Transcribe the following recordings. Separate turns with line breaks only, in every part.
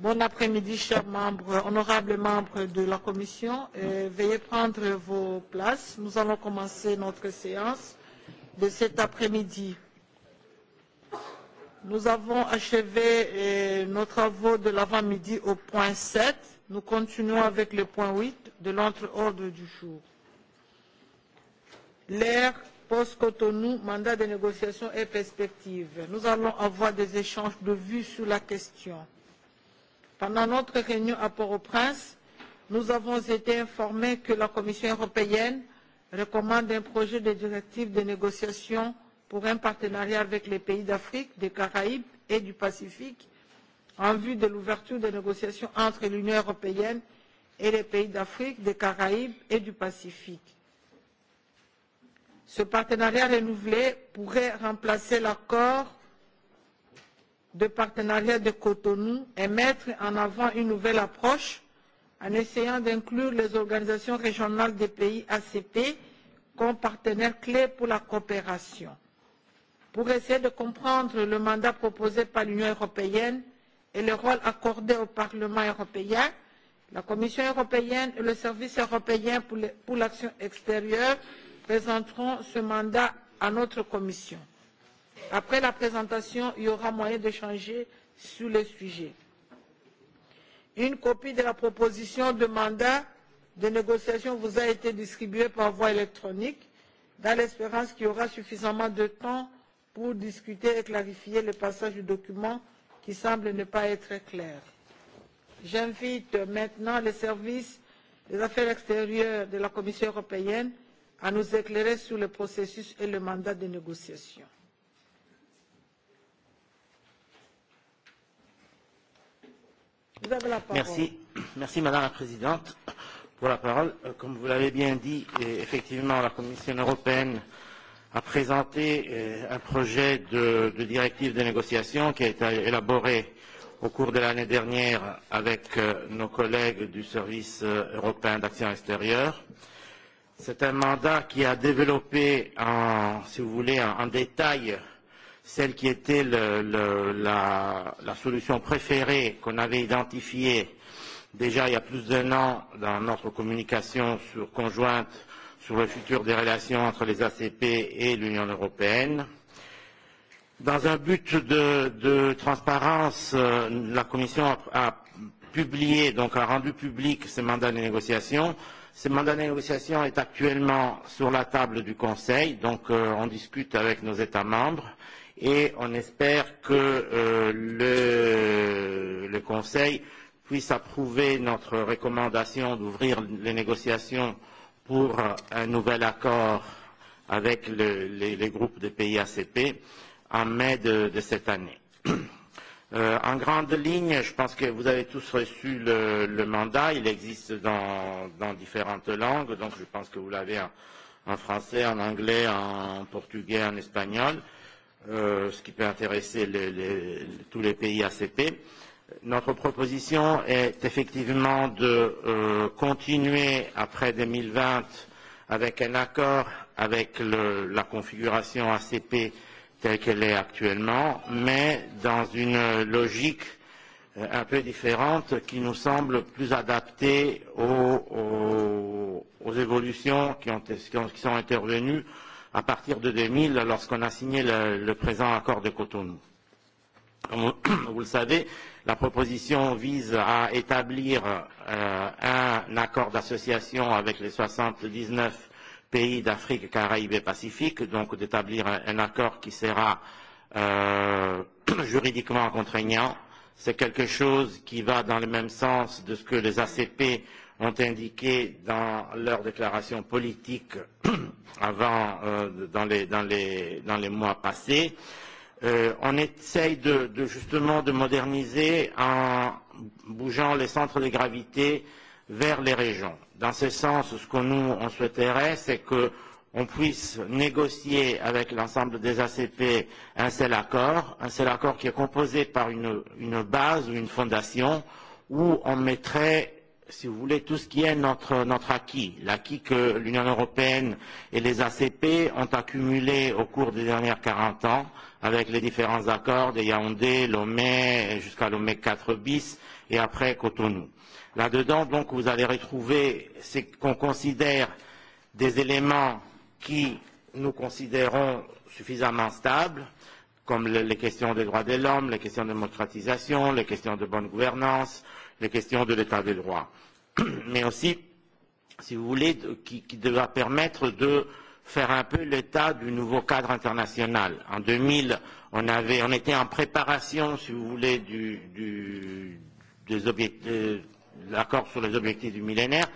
Bon après-midi, chers membres, honorables membres de la Commission. Et veuillez prendre vos places. Nous allons commencer notre séance de cet après-midi. Nous avons achevé eh, nos travaux de l'avant-midi au point 7. Nous continuons avec le point 8 de l'autre ordre du jour. L'ère post-Cotonou, mandat de négociation et perspectives. Nous allons avoir des échanges de vues sur la question. Pendant notre réunion à Port-au-Prince, nous avons été informés que la Commission européenne recommande un projet de directive de négociation pour un partenariat avec les pays d'Afrique, des Caraïbes et du Pacifique en vue de l'ouverture des négociations entre l'Union européenne et les pays d'Afrique, des Caraïbes et du Pacifique. Ce partenariat renouvelé pourrait remplacer l'accord de partenariat de Cotonou et mettre en avant une nouvelle approche en essayant d'inclure les organisations régionales des pays ACP comme partenaires clés pour la coopération. Pour essayer de comprendre le mandat proposé par l'Union européenne et le rôle accordé au Parlement européen, la Commission européenne et le Service européen pour l'action extérieure présenteront ce mandat à notre Commission. Après la présentation, il y aura moyen d'échanger sur le sujet. Une copie de la proposition de mandat de négociation vous a été distribuée par voie électronique dans l'espérance qu'il y aura suffisamment de temps pour discuter et clarifier le passage du document qui semble ne pas être clair. J'invite maintenant les services des affaires extérieures de la Commission européenne à nous éclairer sur le processus et le mandat de négociation.
Vous avez la parole.
Merci. Merci Madame la Présidente pour la parole. Euh, comme vous l'avez bien dit, effectivement, la Commission européenne a présenté euh, un projet de, de directive de négociation qui a été élaboré au cours de l'année dernière avec euh, nos collègues du service européen d'action extérieure. C'est un mandat qui a développé, en, si vous voulez, en, en détail euh, celle qui était le, le, la, la solution préférée qu'on avait identifiée déjà il y a plus d'un an dans notre communication sur, conjointe sur le futur des relations entre les ACP et l'Union européenne. Dans un but de, de transparence, euh, la Commission a, a publié, donc a rendu public ce mandat de négociation. Ce mandat de négociation est actuellement sur la table du Conseil, donc euh, on discute avec nos États membres et on espère que euh, le, le Conseil puisse approuver notre recommandation d'ouvrir les négociations pour un nouvel accord avec le, les, les groupes de pays ACP en mai de, de cette année. Euh, en grande ligne, je pense que vous avez tous reçu le, le mandat. Il existe dans, dans différentes langues, donc je pense que vous l'avez en, en français, en anglais, en portugais, en espagnol. Euh, Euh, ce qui peut intéresser les, les, tous les pays ACP. Notre proposition est effectivement de euh, continuer après 2020 avec un accord avec le, la configuration ACP telle qu'elle est actuellement, mais dans une logique euh, un peu différente qui nous semble plus adaptée aux, aux, aux évolutions qui, ont, qui, ont, qui sont intervenues euh, à partir de 2000 lorsqu'on a signé le, le présent accord de Cotonou. Vous le savez, la proposition vise à établir euh, un accord d'association avec les 79 pays d'Afrique, Caraïbes et Pacifique, donc d'établir un, un accord qui sera euh, juridiquement contraignant. C'est quelque chose qui va dans le même sens de ce que les ACP euh, ont indiqué dans leurs déclarations politiques avant, euh, dans, les, dans, les, dans les mois passés. Euh, on essaye de, de justement de moderniser en bougeant les centres de gravité vers les régions. Dans ce sens, ce que nous on souhaiterait, c'est qu'on puisse négocier avec l'ensemble des ACP un seul accord, un seul accord qui est composé par une, une base ou une fondation où on mettrait si vous voulez, tout ce qui est notre, notre acquis, l'acquis que l'Union européenne et les ACP ont accumulé au cours des dernières 40 ans, avec les différents accords de Yaoundé, Lomé, jusqu'à Lomé 4 bis, et après Cotonou. Là-dedans, donc, vous allez retrouver ce qu'on considère des éléments qui nous considérons suffisamment stables, comme les questions des droits de l'homme, les questions de démocratisation, les questions de bonne gouvernance, euh, les questions de l'état de droit, mais aussi, si vous voulez, de, qui, qui devra permettre de faire un peu l'état du nouveau cadre international. En 2000, on, avait, on était en préparation, si vous voulez, du, du, des objectifs, de euh, l'accord sur les objectifs du millénaire.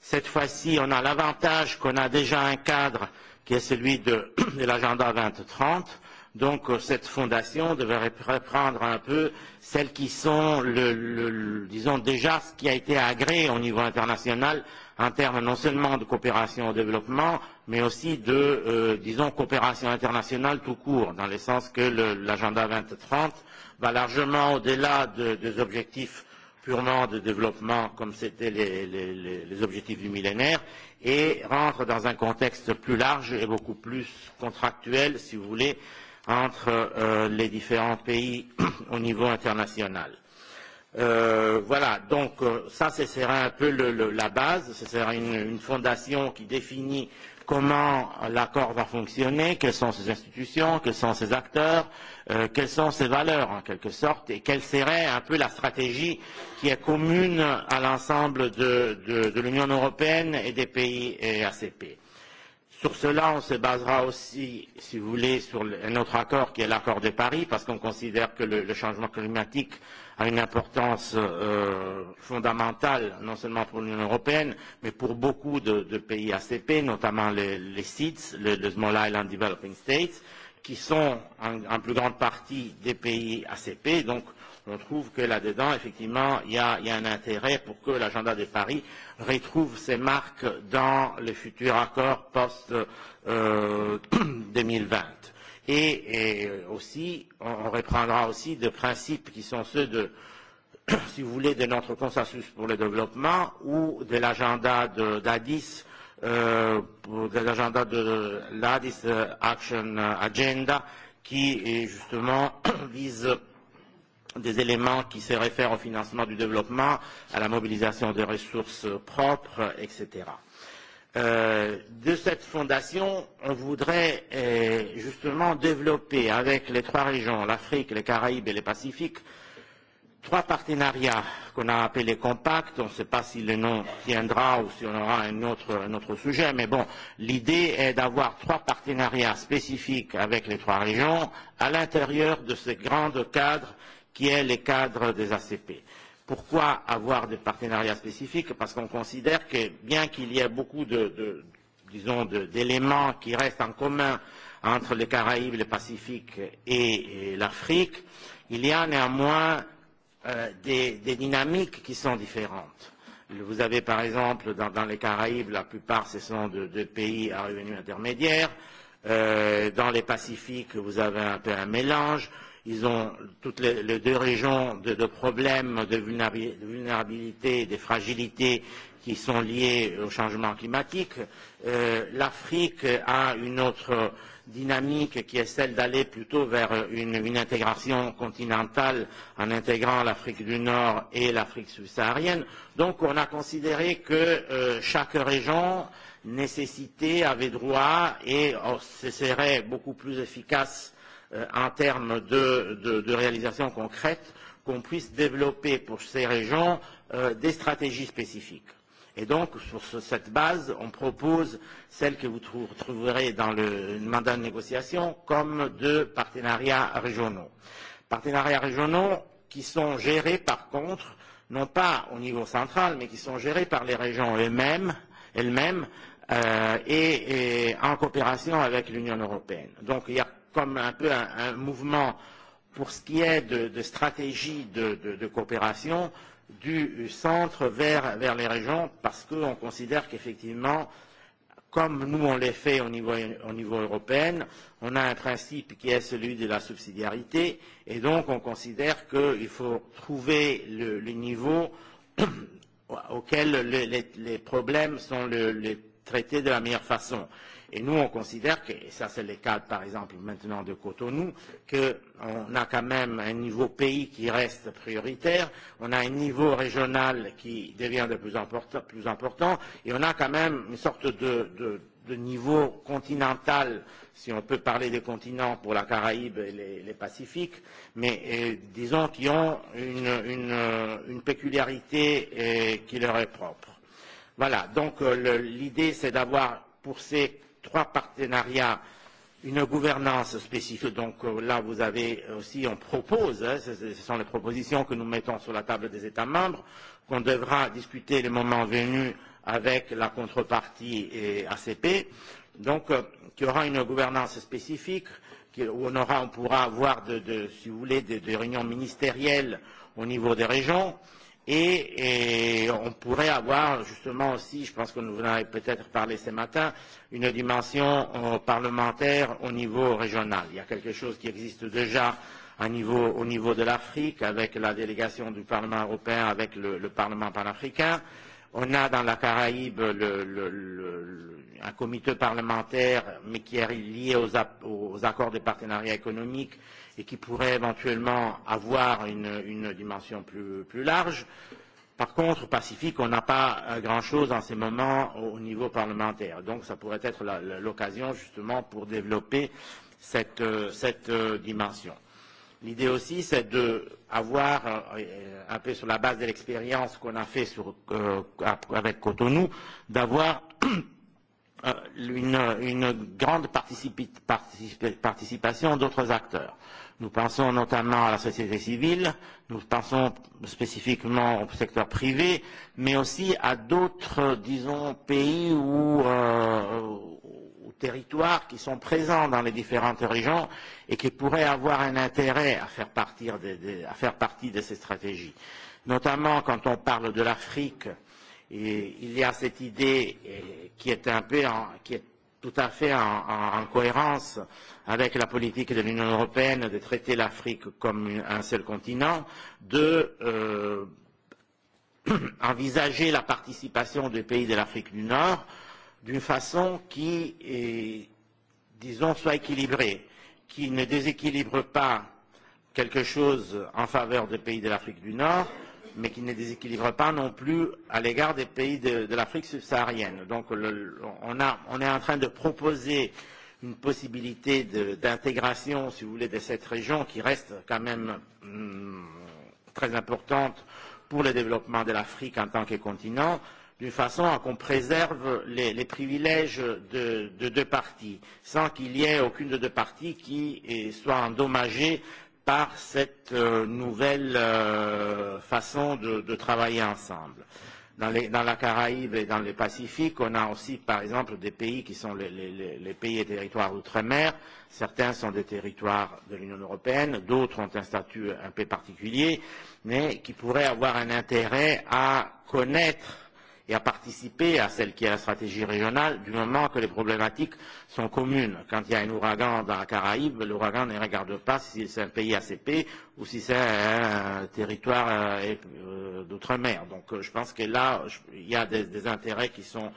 Cette fois-ci, on a l'avantage qu'on a déjà un cadre qui est celui de, de l'agenda 2030 Donc euh, cette fondation devrait reprendre un peu celles qui sont, le, le, le, disons déjà ce qui a été agréé au niveau international en termes non seulement de coopération au développement, mais aussi de, euh, disons, coopération internationale tout court, dans le sens que l'agenda 2030 va largement au-delà de, des objectifs purement de développement, comme c'était les, les, les objectifs du millénaire, et rentre dans un contexte plus large et beaucoup plus contractuel, si vous voulez, euh, entre euh, les différents pays au niveau international. Euh, voilà, donc euh, ça, ce sera un peu le, le, la base, ce sera une, une fondation qui définit comment l'accord va fonctionner, quelles sont ses institutions, quels sont ses acteurs, euh, quelles sont ses valeurs en quelque sorte, et quelle serait un peu la stratégie qui est commune à l'ensemble de, de, de l'Union européenne et des pays et ACP. Euh, Sur cela, on se basera aussi, si vous voulez, sur un autre accord qui est l'accord de Paris, parce qu'on considère que le, le changement climatique a une importance euh, fondamentale, non seulement pour l'Union européenne, mais pour beaucoup de, de pays ACP, notamment les, les SIDS, le, le Small Island Developing States, qui sont en, en plus grande partie des pays ACP. Donc, euh, on trouve que là-dedans, effectivement, il y a, y a un intérêt pour que l'agenda de Paris retrouve ses marques dans le futur accord post-2020. Euh, et, et aussi, on, on reprendra aussi des principes qui sont ceux de, si vous voulez, de notre consensus pour le développement ou de l'agenda d'Addis, euh, de l'agenda de l'Addis Action Agenda qui, justement, vise des éléments qui se réfèrent au financement du développement, à la mobilisation des ressources propres, etc. Euh, de cette fondation, on voudrait euh, justement développer avec les trois régions, l'Afrique, les Caraïbes et les Pacifiques, trois partenariats qu'on a appelés compacts. On ne sait pas si le nom tiendra ou si on aura un autre, un autre sujet, mais bon, l'idée est d'avoir trois partenariats spécifiques avec les trois régions à l'intérieur de ce grand cadre euh, qui est le cadre des ACP. Pourquoi avoir des partenariats spécifiques Parce qu'on considère que bien qu'il y ait beaucoup de, de disons, d'éléments qui restent en commun entre les Caraïbes, le Pacifique et, et l'Afrique, il y a néanmoins euh, des, des dynamiques qui sont différentes. Vous avez par exemple dans, dans les Caraïbes, la plupart ce sont de, de pays à revenus intermédiaires. Euh, dans les Pacifiques, vous avez un peu un mélange. Euh, Ils ont toutes les, les deux régions de, de problèmes de vulnérabilité et de fragilité qui sont liés au changement climatique. Euh, L'Afrique a une autre dynamique qui est celle d'aller plutôt vers une, une intégration continentale en intégrant l'Afrique du Nord et l'Afrique subsaharienne. Donc on a considéré que euh, chaque région nécessitait, avait droit et oh, ce serait beaucoup plus efficace euh, en termes de, de, de réalisation concrète, qu'on puisse développer pour ces régions euh, des stratégies spécifiques. Et donc, sur ce, cette base, on propose celle que vous trouverez dans le mandat de négociation comme de partenariats régionaux. Partenariats régionaux qui sont gérés, par contre, non pas au niveau central, mais qui sont gérés par les régions elles, -mêmes, elles -mêmes, euh, et, et en coopération avec l'Union européenne. Donc, il y a comme un peu un, un mouvement pour ce qui est de, de stratégie de, de, de coopération du centre vers, vers les régions parce qu'on considère qu'effectivement, comme nous on l'est fait au niveau, au niveau européen, on a un principe qui est celui de la subsidiarité et donc on considère qu'il faut trouver le, le niveau auquel les, les, les problèmes sont le, les traités de la meilleure façon. Euh, Et nous, on considère que, et ça c'est le cas par exemple maintenant de Cotonou, qu'on a quand même un niveau pays qui reste prioritaire, on a un niveau régional qui devient de plus, important, plus important, et on a quand même une sorte de, de, de niveau continental, si on peut parler des continents pour la Caraïbe et les, les Pacifiques, mais et, euh, disons qui ont une, une, une peculiarité et, euh, qui leur est propre. Voilà, donc euh, l'idée c'est d'avoir pour ces trois partenariats, une gouvernance spécifique. Donc euh, là, vous avez aussi, on propose, hein, ce, sont les propositions que nous mettons sur la table des États membres, qu'on devra discuter le moment venu avec la contrepartie et ACP. Donc, euh, qu'il y aura une gouvernance spécifique, où on, aura, on pourra avoir, de, de, si vous voulez, des de réunions ministérielles au niveau des régions. Euh, Et, et euh, on pourrait avoir justement aussi, je pense que nous en avez peut-être parlé ce matin, une dimension euh, parlementaire au niveau régional. Il y a quelque chose qui existe déjà à niveau, au niveau de l'Afrique avec la délégation du Parlement européen, avec le, le Parlement panafricain. On a dans la Caraïbe le, le, le, un comité parlementaire, mais qui est lié aux, aux accords de partenariat économique et qui pourrait éventuellement avoir une, une dimension plus, plus large. Par contre, Pacifique, on n'a pas euh, grand-chose en ces moments au, niveau parlementaire. Donc, ça pourrait être l'occasion justement pour développer cette, euh, cette euh, dimension. L'idée aussi, c'est d'avoir, un peu sur la base de l'expérience qu'on a fait sur, euh, avec Cotonou, d'avoir une, une grande participi participation d'autres acteurs. Nous pensons notamment à la société civile, nous pensons spécifiquement au secteur privé, mais aussi à d'autres, disons, pays ou euh, territoires qui sont présents dans les différentes régions et qui pourraient avoir un intérêt à faire, partir de, de, à faire partie de ces stratégies. Notamment quand on parle de l'Afrique, il y a cette idée euh, qui est un peu en, qui est tout à fait en, en, en cohérence avec la politique de l'Union européenne de traiter l'Afrique comme un seul continent, de euh, envisager la participation des pays de l'Afrique du Nord d'une façon qui, est, disons, soit équilibrée, qui ne déséquilibre pas quelque chose en faveur des pays de l'Afrique du Nord, mais qui ne les déséquilibre pas non plus à l'égard des pays de, de l'Afrique subsaharienne. Donc le, on, a, on est en train de proposer une possibilité d'intégration, si vous voulez, de cette région qui reste quand même hum, très importante pour le développement de l'Afrique en tant que continent, d'une façon à qu'on préserve les, les privilèges de, de deux parties, sans qu'il y ait aucune de deux parties qui soit endommagée par cette euh, nouvelle euh, façon de, de travailler ensemble. Dans, les, dans la Caraïbe et dans le Pacifique, on a aussi, par exemple, des pays qui sont les, les, les pays et territoires d'outre-mer. Certains sont des territoires de l'Union européenne, d'autres ont un statut un peu particulier, mais qui pourraient avoir un intérêt à connaître et à participer à celle qui est la stratégie régionale du moment que les problématiques sont communes. Quand il y a un ouragan dans la Caraïbe, l'ouragan ne regarde pas si c'est un pays ACP ou si c'est un territoire euh, euh, d'outre-mer. Donc euh, je pense que là, il y a des, des intérêts qui sont,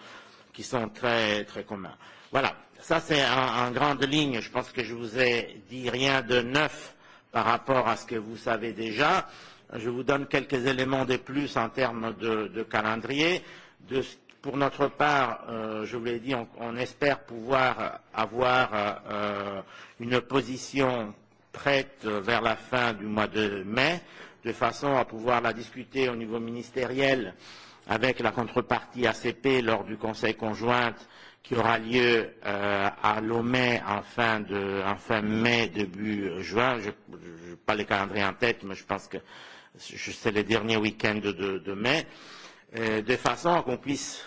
qui sont très, très communs. Voilà, ça c'est en, en grande ligne. Je pense que je vous ai dit rien de neuf par rapport à ce que vous savez déjà. Je vous donne quelques éléments de plus en termes de, de calendrier. De, pour notre part, euh, je vous l'ai dit, on, on espère pouvoir avoir euh, une position prête vers la fin du mois de mai, de façon à pouvoir la discuter au niveau ministériel avec la contrepartie ACP lors du Conseil conjoint qui aura lieu euh, à Lomé en fin, de, en fin mai, début juin. Je n'ai pas les calendriers en tête, mais je pense que euh, c'est les derniers week-ends de, de mai, euh, de façon à qu'on puisse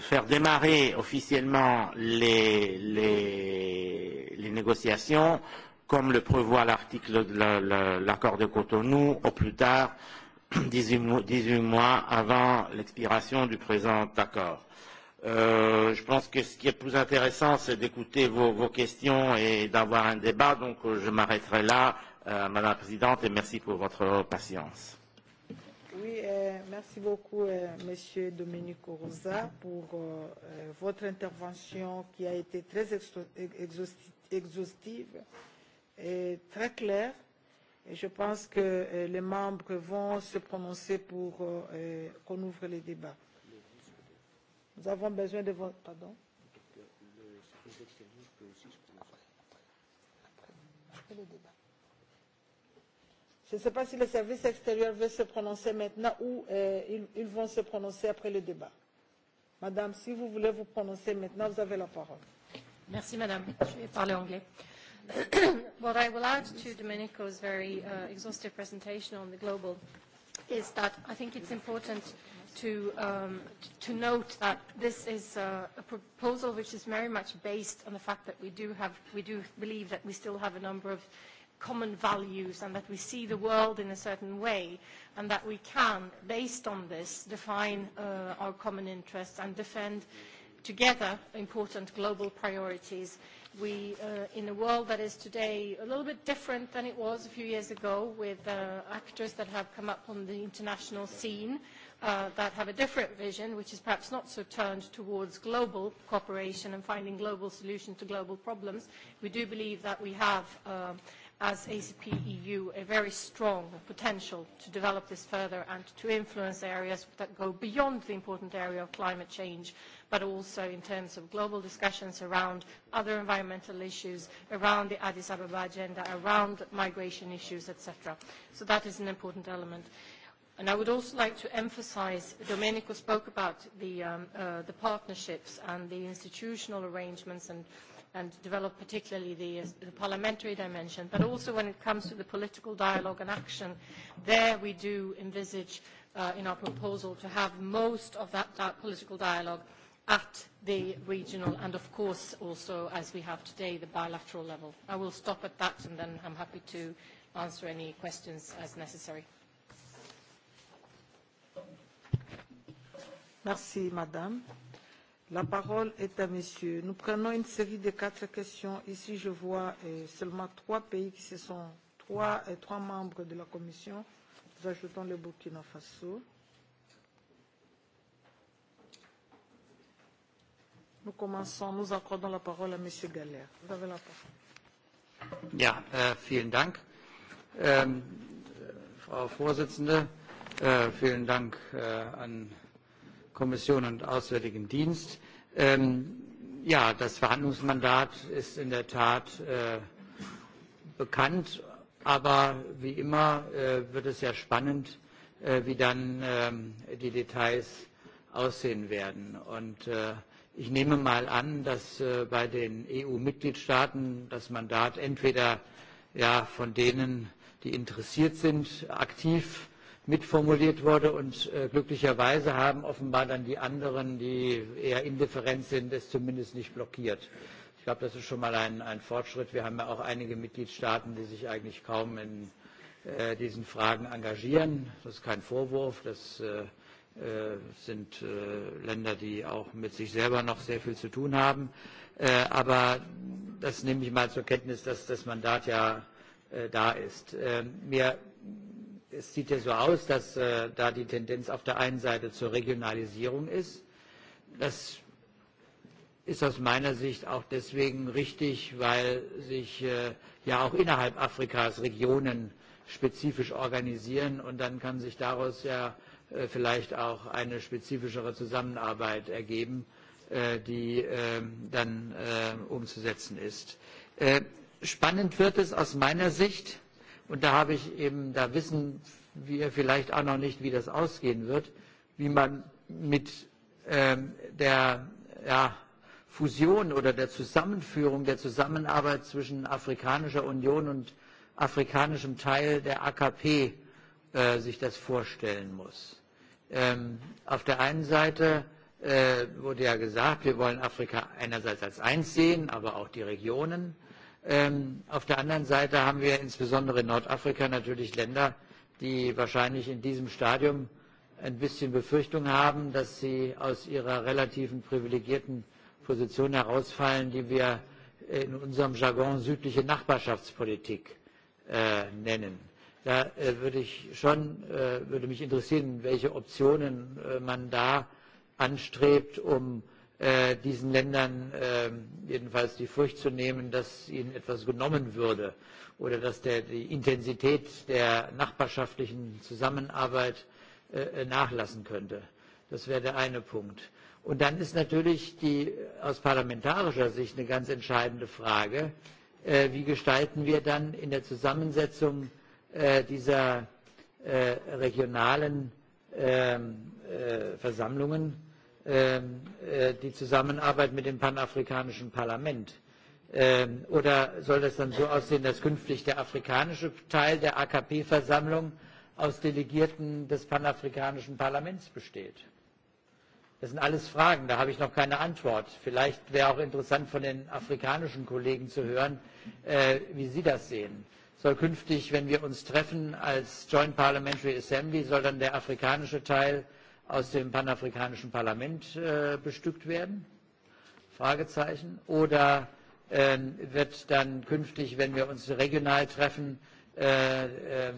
faire démarrer officiellement les, les, les négociations, comme le prévoit l'article de l'accord la, la, de Cotonou, au plus tard 18 mois, 18 mois avant l'expiration du présent accord. Euh, je pense que ce qui est plus intéressant, c'est d'écouter vos, vos questions et d'avoir un débat, donc euh, je m'arrêterai là euh, Madame la Présidente, et merci pour votre patience.
Oui, euh, merci beaucoup, euh, Monsieur Dominique Rosa, pour euh, euh votre intervention qui a été très exhaustive et très claire. Et je pense que euh, les membres vont se prononcer pour euh, euh qu'on ouvre les débats. Nous avons besoin de votre... Pardon le secrétaire peut aussi se prononcer. Après le je ne sais pas si le service extérieur veut se prononcer maintenant ou euh, ils, ils vont se prononcer après le débat. Madame, si vous voulez vous prononcer maintenant, vous avez la parole.
Merci, Madame. Je vais parler anglais. What I will add to Domenico's very uh, exhaustive presentation on the global is that I think it's important to, um, to note that this is a, uh, a proposal which is very much based on the fact that we do, have, we do believe that we still have a number of common values and that we see the world in a certain way and that we can, based on this, define uh, our common interests and defend together important global priorities. We, uh, in a world that is today a little bit different than it was a few years ago with uh, actors that have come up on the international scene uh, that have a different vision, which is perhaps not so turned towards global cooperation and finding global solutions to global problems, we do believe that we have uh, as ACP EU a very strong potential to develop this further and to influence areas that go beyond the important area of climate change, but also in terms of global discussions around other environmental issues, around the Addis Ababa agenda, around migration issues, etc. So that is an important element. And I would also like to emphasize, Domenico spoke about the, um, uh, the partnerships and the institutional arrangements and and develop particularly the, uh, the parliamentary dimension, but also when it comes to the political dialogue and action, there we do envisage uh, in our proposal to have most of that, that political dialogue at the regional and of course also as we have today the bilateral level. I will stop at that and then I'm happy to answer any questions as necessary.
Merci, Madame. La parole est à monsieur. Nous prenons une série de quatre questions. Ici, je vois eh, seulement trois pays qui se sont, trois, eh, trois membres de la Commission. Nous ajoutons le Burkina Faso. Nous commençons, nous accordons la parole à monsieur Galère. Vous avez la parole.
Ja, äh, vielen Dank, ähm, äh, Frau Vorsitzende. Äh, vielen Dank äh, an Kommission und Auswärtigen Dienst. Ähm, ja, das Verhandlungsmandat ist in der Tat äh, bekannt, aber wie immer äh, wird es ja spannend, äh, wie dann äh, die Details aussehen werden. Und äh, ich nehme mal an, dass äh, bei den EU-Mitgliedstaaten das Mandat entweder ja, von denen, die interessiert sind, aktiv mitformuliert wurde. Und äh, glücklicherweise haben offenbar dann die anderen, die eher indifferent sind, es zumindest nicht blockiert. Ich glaube, das ist schon mal ein, ein Fortschritt. Wir haben ja auch einige Mitgliedstaaten, die sich eigentlich kaum in äh, diesen Fragen engagieren. Das ist kein Vorwurf. Das äh, äh, sind äh, Länder, die auch mit sich selber noch sehr viel zu tun haben. Äh, aber das nehme ich mal zur Kenntnis, dass das Mandat ja äh, da ist. Ähm, mir es sieht ja so aus, dass äh, da die Tendenz auf der einen Seite zur Regionalisierung ist. Das ist aus meiner Sicht auch deswegen richtig, weil sich äh, ja auch innerhalb Afrikas Regionen spezifisch organisieren und dann kann sich daraus ja äh, vielleicht auch eine spezifischere Zusammenarbeit ergeben, äh, die äh, dann äh, umzusetzen ist. Äh, spannend wird es aus meiner Sicht, Und da habe ich eben, da wissen wir vielleicht auch noch nicht, wie das ausgehen wird, wie man mit ähm, der ja, Fusion oder der Zusammenführung, der Zusammenarbeit zwischen Afrikanischer Union und afrikanischem Teil der AKP äh, sich das vorstellen muss. Ähm, auf der einen Seite äh, wurde ja gesagt, wir wollen Afrika einerseits als eins sehen, aber auch die Regionen. Äh, Ähm, auf der anderen Seite haben wir insbesondere in Nordafrika natürlich Länder, die wahrscheinlich in diesem Stadium ein bisschen Befürchtung haben, dass sie aus ihrer relativen privilegierten Position herausfallen, die wir in unserem Jargon südliche Nachbarschaftspolitik äh, nennen. Da äh, würde ich schon, äh, würde mich interessieren, welche Optionen äh, man da anstrebt, um äh, Äh, diesen Ländern ähm, jedenfalls die Furcht zu nehmen, dass ihnen etwas genommen würde oder dass der, die Intensität der nachbarschaftlichen Zusammenarbeit äh, äh, nachlassen könnte. Das wäre der eine Punkt. Und dann ist natürlich die aus parlamentarischer Sicht eine ganz entscheidende Frage, äh, wie gestalten wir dann in der Zusammensetzung äh, dieser äh, regionalen äh, äh, Versammlungen Ähm, äh, die Zusammenarbeit mit dem panafrikanischen Parlament? Ähm, oder soll das dann so aussehen, dass künftig der afrikanische Teil der AKP-Versammlung aus Delegierten des panafrikanischen Parlaments besteht? Das sind alles Fragen, da habe ich noch keine Antwort. Vielleicht wäre auch interessant von den afrikanischen Kollegen zu hören, äh, wie sie das sehen. Soll künftig, wenn wir uns treffen als Joint Parliamentary Assembly, soll dann der afrikanische Teil aus dem panafrikanischen Parlament äh, bestückt werden? Fragezeichen. Oder ähm, wird dann künftig, wenn wir uns regional treffen, äh, äh,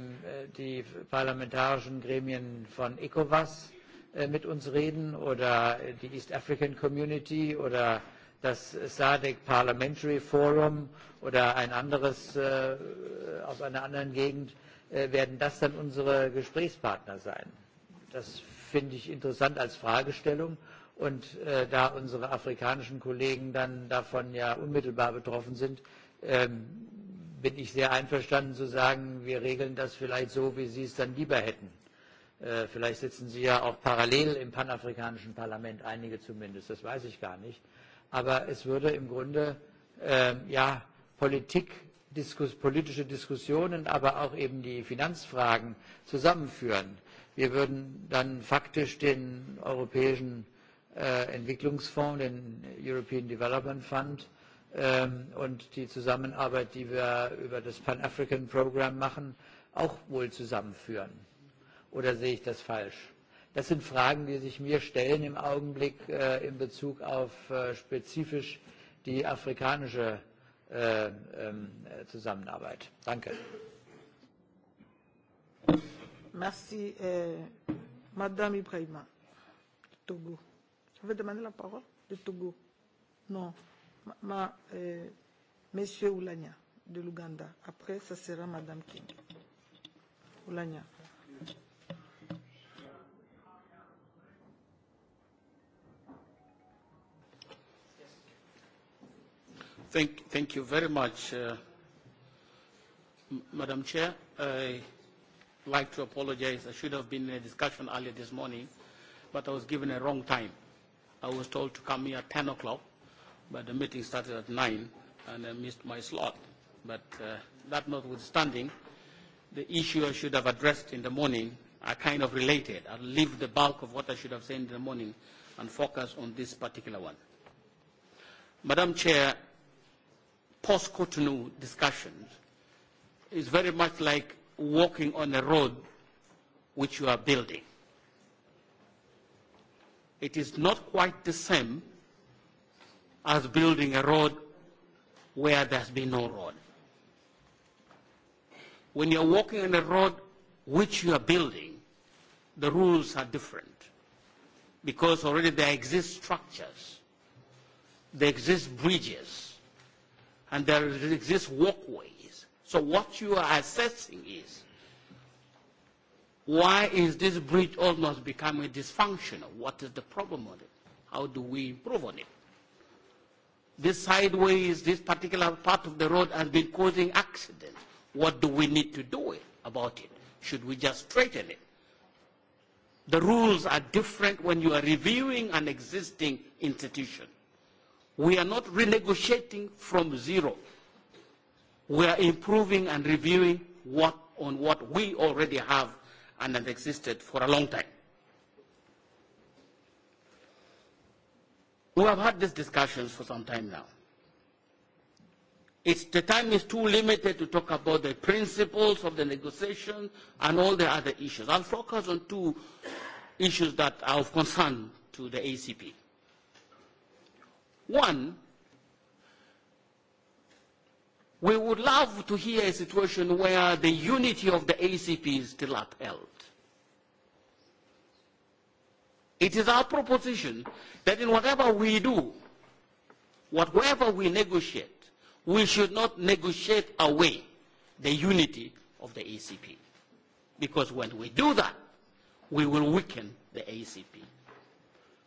die parlamentarischen Gremien von ECOWAS äh, mit uns reden oder die East African Community oder das SADC Parliamentary Forum oder ein anderes äh, aus einer anderen Gegend, äh, werden das dann unsere Gesprächspartner sein? Das finde ich interessant als Fragestellung. Und äh, da unsere afrikanischen Kollegen dann davon ja unmittelbar betroffen sind, ähm, bin ich sehr einverstanden zu sagen, wir regeln das vielleicht so, wie Sie es dann lieber hätten. Äh, vielleicht sitzen Sie ja auch parallel im panafrikanischen Parlament, einige zumindest, das weiß ich gar nicht. Aber es würde im Grunde äh, ja, Politik, Diskus, politische Diskussionen, aber auch eben die Finanzfragen zusammenführen Wir würden dann faktisch den europäischen äh, Entwicklungsfonds, den European Development Fund ähm, und die Zusammenarbeit, die wir über das Pan-African Program machen, auch wohl zusammenführen. Oder sehe ich das falsch? Das sind Fragen, die sich mir stellen im Augenblick äh, in Bezug auf äh, spezifisch die afrikanische äh, äh, Zusammenarbeit. Danke.
Merci, euh, Madame Ibrahima, du Togo. Je vais demander la parole du Togo. Non, ma, ma, euh, Monsieur Oulania de l'Ouganda. Après, ça sera Madame King. Oulania.
Thank, thank you very much, uh, Madam Chair. I like to apologize. I should have been in a discussion earlier this morning, but I was given a wrong time. I was told to come here at 10 o'clock, but the meeting started at 9, and I missed my slot. But uh, that notwithstanding, the issue I should have addressed in the morning are kind of related. I'll leave the bulk of what I should have said in the morning and focus on this particular one. Madam Chair, post-Cotonou discussions is very much like walking on a road which you are building. It is not quite the same as building a road where there's been no road. When you're walking on a road which you are building, the rules are different because already there exist structures, there exist bridges, and there exist walkways So what you are assessing is why is this bridge almost becoming dysfunctional? What is the problem with it? How do we improve on it? This sideways, this particular part of the road has been causing accidents. What do we need to do it, about it? Should we just straighten it? The rules are different when you are reviewing an existing institution. We are not renegotiating from zero we are improving and reviewing what, on what we already have and has existed for a long time. We have had these discussions for some time now. It's, the time is too limited to talk about the principles of the negotiation and all the other issues. I'll focus on two issues that are of concern to the ACP. One We would love to hear a situation where the unity of the ACP is still upheld. It is our proposition that in whatever we do, whatever we negotiate, we should not negotiate away the unity of the ACP. Because when we do that, we will weaken the ACP.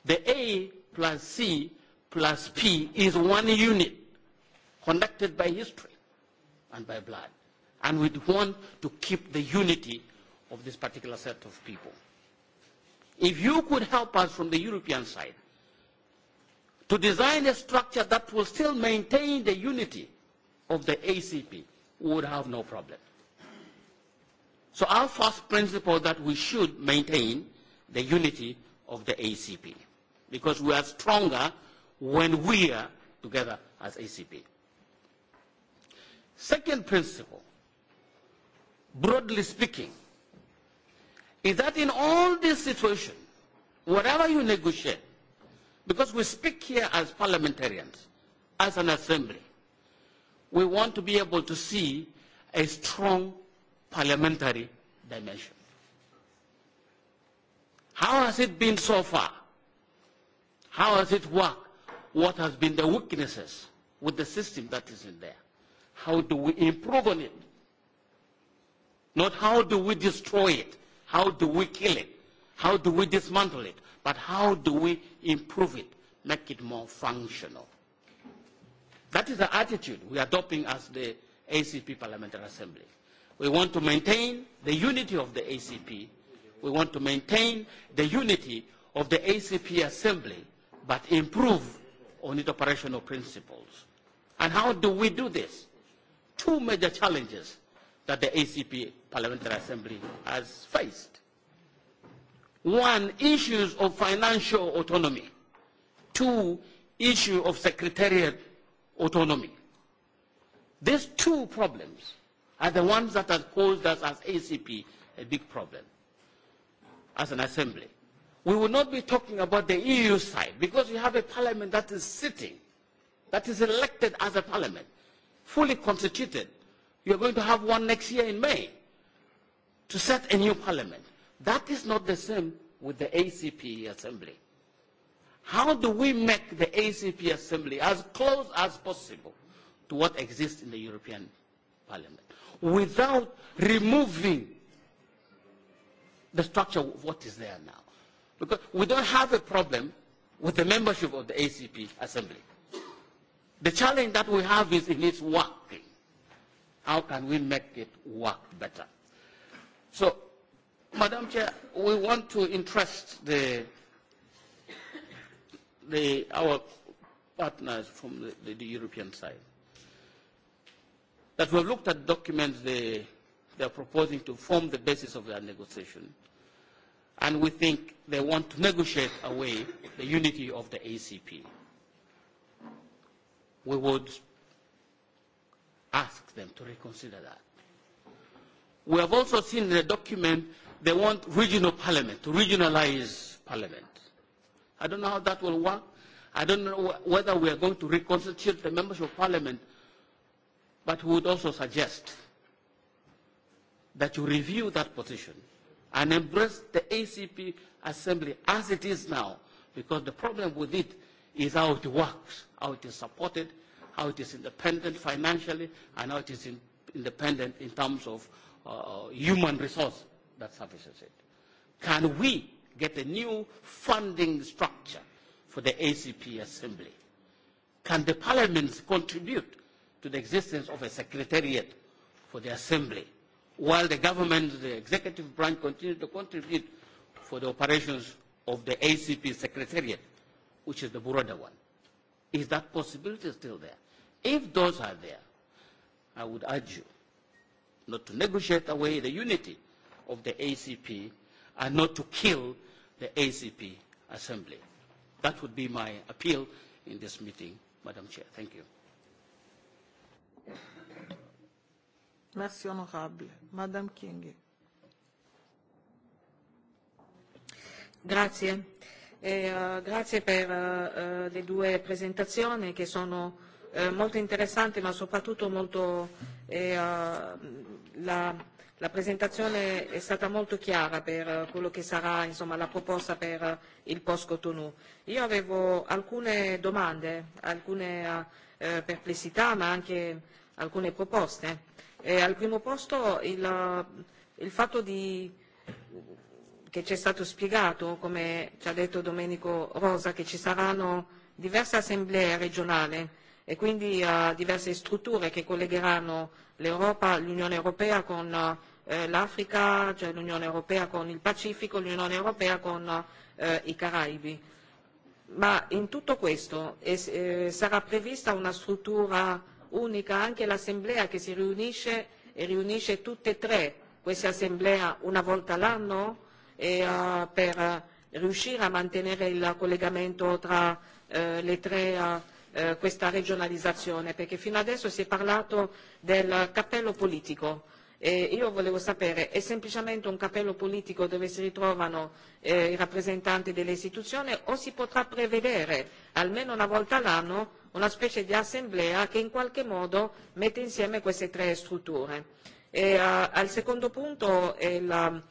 The A plus C plus P is one unit conducted by history and by blood. And we want to keep the unity of this particular set of people. If you could help us from the European side to design a structure that will still maintain the unity of the ACP, we would have no problem. So our first principle that we should maintain the unity of the ACP because we are stronger when we are together as ACP. Second principle, broadly speaking, is that in all these situations, whatever you negotiate, because we speak here as parliamentarians, as an assembly, we want to be able to see a strong parliamentary dimension. How has it been so far? How has it worked? What has been the weaknesses with the system that is in there? how do we improve on it? Not how do we destroy it? How do we kill it? How do we dismantle it? But how do we improve it, make it more functional? That is the attitude we are adopting as the ACP Parliamentary Assembly. We want to maintain the unity of the ACP. We want to maintain the unity of the ACP Assembly, but improve on its operational principles. And how do we do this? two major challenges that the ACP Parliamentary Assembly has faced. One, issues of financial autonomy. Two, issue of secretariat autonomy. These two problems are the ones that have caused us as ACP a big problem as an assembly. We will not be talking about the EU side because we have a parliament that is sitting, that is elected as a parliament fully constituted. You're going to have one next year in May to set a new parliament. That is not the same with the ACP assembly. How do we make the ACP assembly as close as possible to what exists in the European Parliament without removing the structure of what is there now? Because we don't have a problem with the membership of the ACP assembly. The challenge that we have is in its working. How can we make it work better? So, Madam Chair, we want to interest the, the, our partners from the, the, the European side that we've looked at documents they, they are proposing to form the basis of their negotiation, and we think they want to negotiate away the unity of the ACP we would ask them to reconsider that. We have also seen in the document they want regional parliament, to regionalize parliament. I don't know how that will work. I don't know whether we are going to reconstitute the members of parliament, but we would also suggest that you review that position and embrace the ACP assembly as it is now, because the problem with it is how it works how it is supported, how it is independent financially, and how it is in, independent in terms of uh, human resource that services it. Can we get a new funding structure for the ACP Assembly? Can the parliaments contribute to the existence of a secretariat for the Assembly, while the government, the executive branch, continue to contribute for the operations of the ACP Secretariat, which is the Burundi one? Is that possibility still there? If those are there, I would urge you not to negotiate away the unity of the ACP and not to kill the ACP assembly. That would be my appeal in this meeting, Madam Chair. Thank you.
Merci, Honorable. Madame King.
Grazie e grazie per uh, le uh, uh, due presentazioni che sono eh, molto interessanti ma soprattutto molto, eh, la, la presentazione è stata molto chiara per quello che sarà insomma, la proposta per il post-Cotonou. Io avevo alcune domande, alcune uh, perplessità ma anche alcune proposte. E al primo posto il, il fatto di che ci è stato spiegato, come ci ha detto Domenico Rosa, che ci saranno diverse assemblee regionali e quindi uh, diverse strutture che collegheranno l'Europa, l'Unione Europea con uh, l'Africa, cioè l'Unione Europea con il Pacifico, l'Unione Europea con uh, i Caraibi. Ma in tutto questo es, eh, sarà prevista una struttura unica, anche l'assemblea che si riunisce e riunisce tutte e tre queste assemblee una volta l'anno? e uh, per riuscire a mantenere il collegamento tra eh, le tre uh, questa regionalizzazione, perché fino adesso si è parlato del cappello politico. E io volevo sapere, è semplicemente un cappello politico dove si ritrovano eh, i rappresentanti delle istituzioni o si potrà prevedere almeno una volta all'anno una specie di assemblea che in qualche modo mette insieme queste tre strutture? E, uh, al secondo punto è la,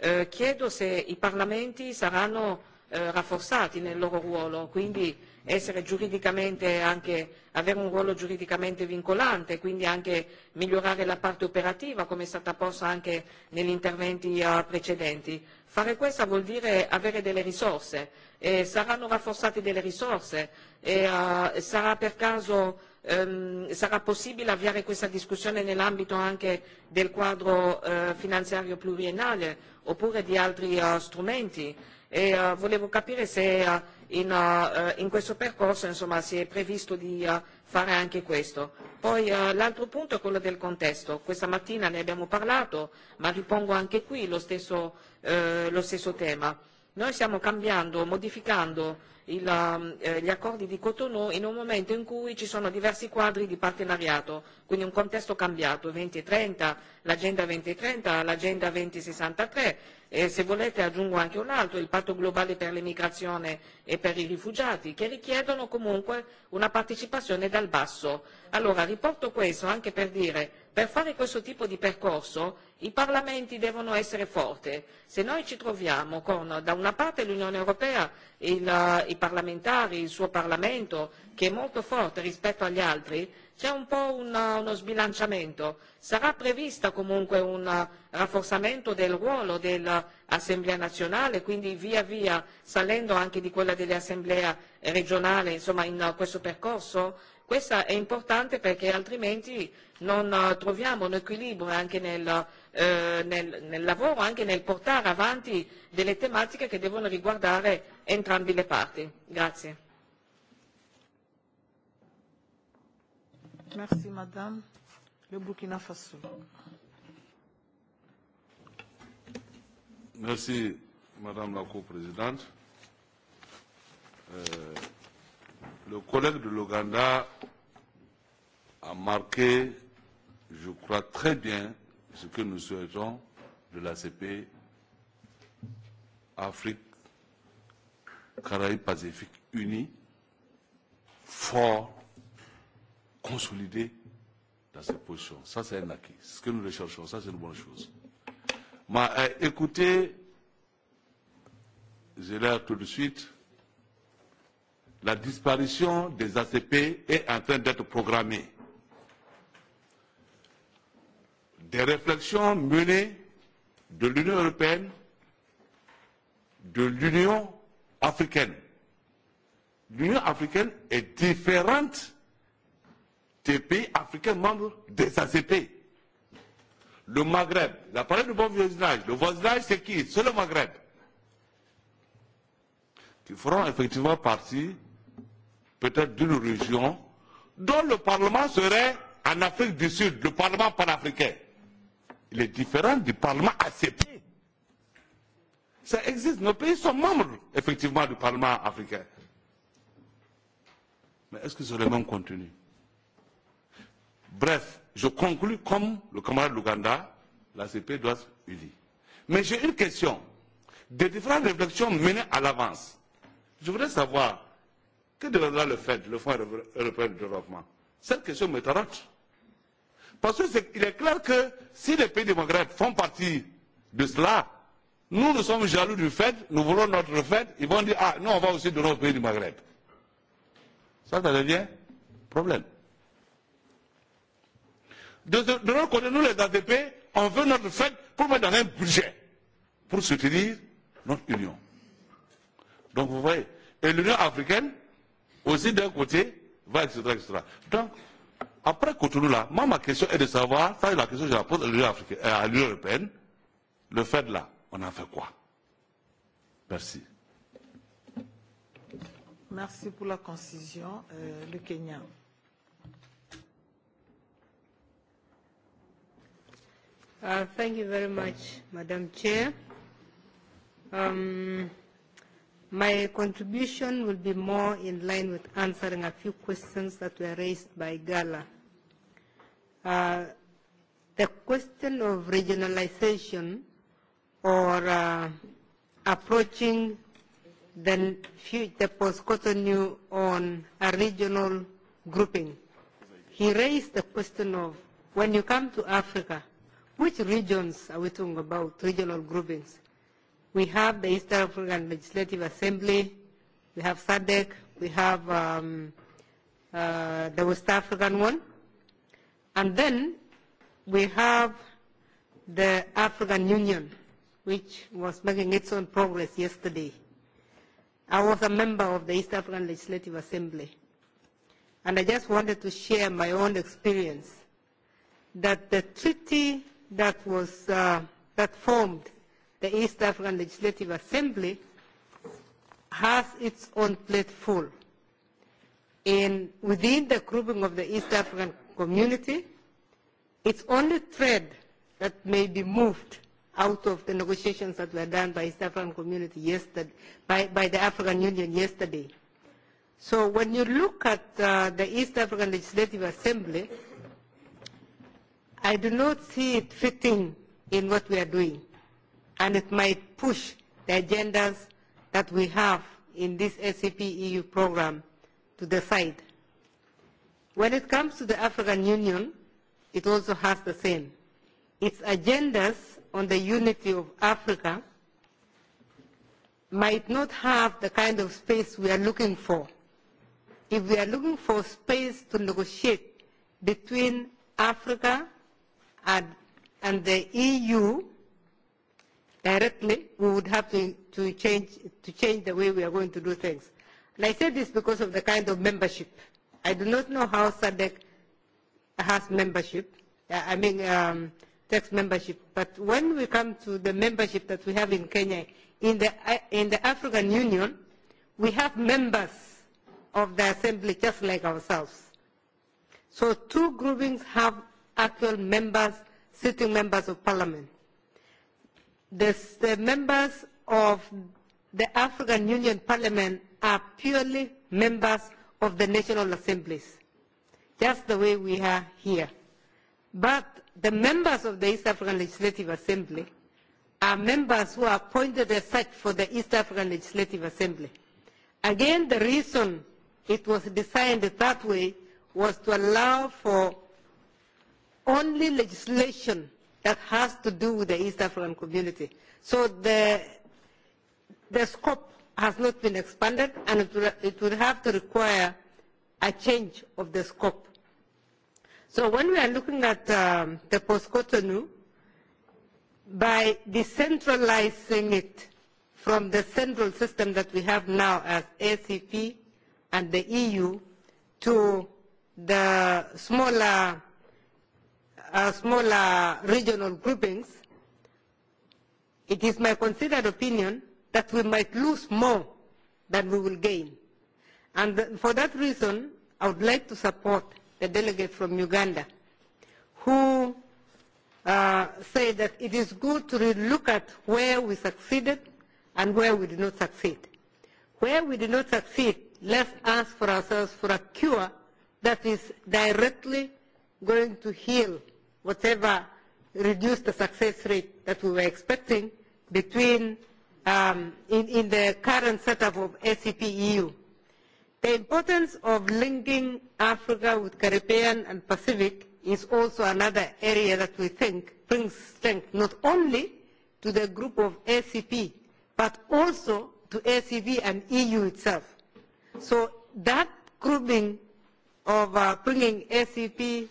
Eh, chiedo se i parlamenti saranno eh, rafforzati nel loro ruolo, quindi essere giuridicamente anche, avere un ruolo giuridicamente vincolante, quindi anche migliorare la parte operativa come è stata posta anche negli interventi eh, precedenti. Fare questo vuol dire avere delle risorse, eh, saranno rafforzate delle risorse, e, eh, sarà per caso ehm, sarà possibile avviare questa discussione nell'ambito anche del quadro eh, finanziario pluriennale oppure di altri eh, strumenti e eh, volevo capire se eh, in, eh, in questo percorso insomma, si è previsto di fare anche questo. Poi l'altro punto è quello del contesto. Questa mattina ne abbiamo parlato, ma ripongo anche qui lo stesso, lo stesso tema. Noi stiamo cambiando, modificando il, ehm, eh, gli accordi di Cotonou in un momento in cui ci sono diversi quadri di partenariato, quindi un contesto cambiato, 2030, l'agenda 2030, l'agenda 2063, e se volete aggiungo anche un altro, il patto globale per l'immigrazione e per i rifugiati, che richiedono comunque una partecipazione dal basso. Allora riporto questo anche per dire Per fare questo tipo di percorso i parlamenti devono essere forti. Se noi ci troviamo con da una parte l'Unione Europea, il, i parlamentari, il suo Parlamento, che è molto forte rispetto agli altri, c'è un po' un, uno sbilanciamento. Sarà prevista comunque un rafforzamento del ruolo dell'Assemblea nazionale, quindi via via salendo anche di quella dell'Assemblea regionale, insomma in questo percorso? Questa è importante perché altrimenti non eh, troviamo un equilibrio anche nel, eh, nel, nel lavoro, anche nel portare avanti delle tematiche che devono riguardare entrambe le parti. Grazie.
Merci, madame. Le Burkina Faso.
Merci, madame la coprésidente. Euh, le collègue de l'Ouganda a marqué je crois très bien ce que nous souhaitons de l'ACP Afrique, Caraïbes, Pacifique unie, fort, consolidé dans ses positions. Ça, c'est un acquis. Ce que nous recherchons, ça, c'est une bonne chose. Mais euh, écoutez, j'ai l'air tout de suite, la disparition des ACP est en train d'être programmée des réflexions menées de l'Union européenne, de l'Union africaine. L'Union africaine est différente des pays africains membres des ACP. Le Maghreb, la parole du bon voisinage, le voisinage c'est qui C'est le Maghreb. Qui feront effectivement partie peut-être d'une région dont le Parlement serait en Afrique du Sud, le Parlement panafricain les différentes du Parlement ACP. Ça existe. Nos pays sont membres, effectivement, du Parlement africain. Mais est-ce que c'est le même contenu Bref, je conclue comme le camarade Luganda, l'ACP doit être unie. Mais j'ai une question. Des différentes réflexions menées à l'avance, je voudrais savoir que deviendra le FED, le Fonds européen de développement Cette question me tarote. Parce qu'il est, est clair que si les pays du Maghreb font partie de cela, nous, nous sommes jaloux du fait, nous voulons notre fait, ils vont dire, ah, nous, on va aussi donner au pays du Maghreb. Ça, ça devient problème. De, de, de notre côté, nous, les ADP, on veut notre fait pour mettre dans un budget, pour soutenir notre union. Donc, vous voyez, et l'Union africaine, aussi d'un côté, va, etc., etc. Donc, Après Cotonou, là, moi, ma question est de savoir, ça, la question que je la pose à l'Union, africaine, à l'Union européenne, le fait là, on en fait quoi Merci.
Merci pour la concision, euh, le Kenya. Uh, thank you very much,
Madam Chair. Um, My contribution will be more in line with answering a few questions that were raised by Gala. Uh, the question of regionalization or uh, approaching the, the post-Cotonou on a regional grouping. He raised the question of when you come to Africa, which regions are we talking about, regional groupings? We have the East African Legislative Assembly, we have SADC, we have um, uh, the West African one, and then we have the African Union, which was making its own progress yesterday. I was a member of the East African Legislative Assembly, and I just wanted to share my own experience that the treaty that was uh, that formed the East African Legislative Assembly has its own plate full. And within the grouping of the East African community, it's only thread that may be moved out of the negotiations that were done by East African community yesterday, by, by the African Union yesterday. So when you look at uh, the East African Legislative Assembly, I do not see it fitting in what we are doing and it might push the agendas that we have in this SCP EU program to the side. When it comes to the African Union, it also has the same. Its agendas on the unity of Africa might not have the kind of space we are looking for. If we are looking for space to negotiate between Africa and, and the EU, directly, we would have to, to, change, to change the way we are going to do things. And I say this because of the kind of membership. I do not know how SADC has membership, I mean um, tax membership, but when we come to the membership that we have in Kenya, in the, in the African Union, we have members of the assembly just like ourselves. So two groupings have actual members, sitting members of parliament the, the members of the African Union Parliament are purely members of the national assemblies, just the way we are here. But the members of the East African Legislative Assembly are members who are appointed as such for the East African Legislative Assembly. Again, the reason it was designed that way was to allow for only legislation that has to do with the East African community. So the, the scope has not been expanded and it would, it would have to require a change of the scope. So when we are looking at um, the post-Cotonou, by decentralizing it from the central system that we have now as ACP and the EU to the smaller uh, smaller regional groupings, it is my considered opinion that we might lose more than we will gain. And for that reason, I would like to support the delegate from Uganda who uh, say that it is good to look at where we succeeded and where we did not succeed. Where we did not succeed, let's ask for ourselves for a cure that is directly going to heal whatever reduce the success rate that we were expecting between um, in, in the current setup of ACP EU. The importance of linking Africa with Caribbean and Pacific is also another area that we think brings strength not only to the group of ACP but also to ACP and EU itself. So that grouping of uh, bringing ACP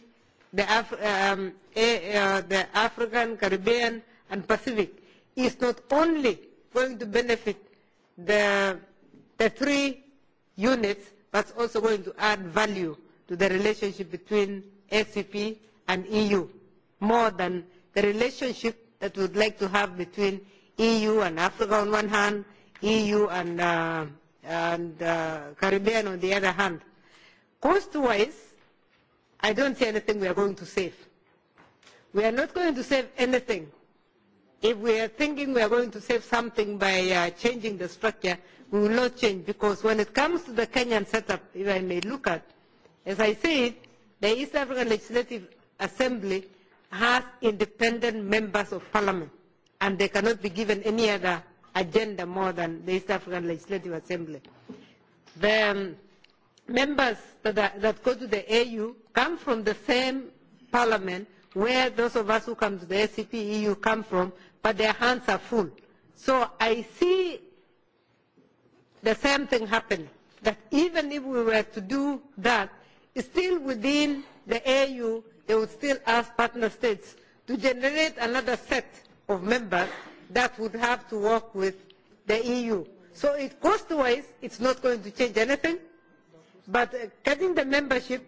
the, Af um, a, uh, the African, Caribbean, and Pacific is not only going to benefit the, the three units, but also going to add value to the relationship between ACP and EU, more than the relationship that we would like to have between EU and Africa on one hand, EU and, uh, and uh, Caribbean on the other hand. Cost-wise, I don't see anything we are going to save. We are not going to save anything. If we are thinking we are going to save something by uh, changing the structure, we will not change because when it comes to the Kenyan setup, if I may look at, as I said, the East African Legislative Assembly has independent members of parliament and they cannot be given any other agenda more than the East African Legislative Assembly. The, um, members that, are, that go to the AU come from the same parliament where those of us who come to the ACP EU come from, but their hands are full. So I see the same thing happen, that even if we were to do that, still within the AU, they would still ask partner states to generate another set of members that would have to work with the EU. So it cost-wise, it's not going to change anything But uh, cutting the membership,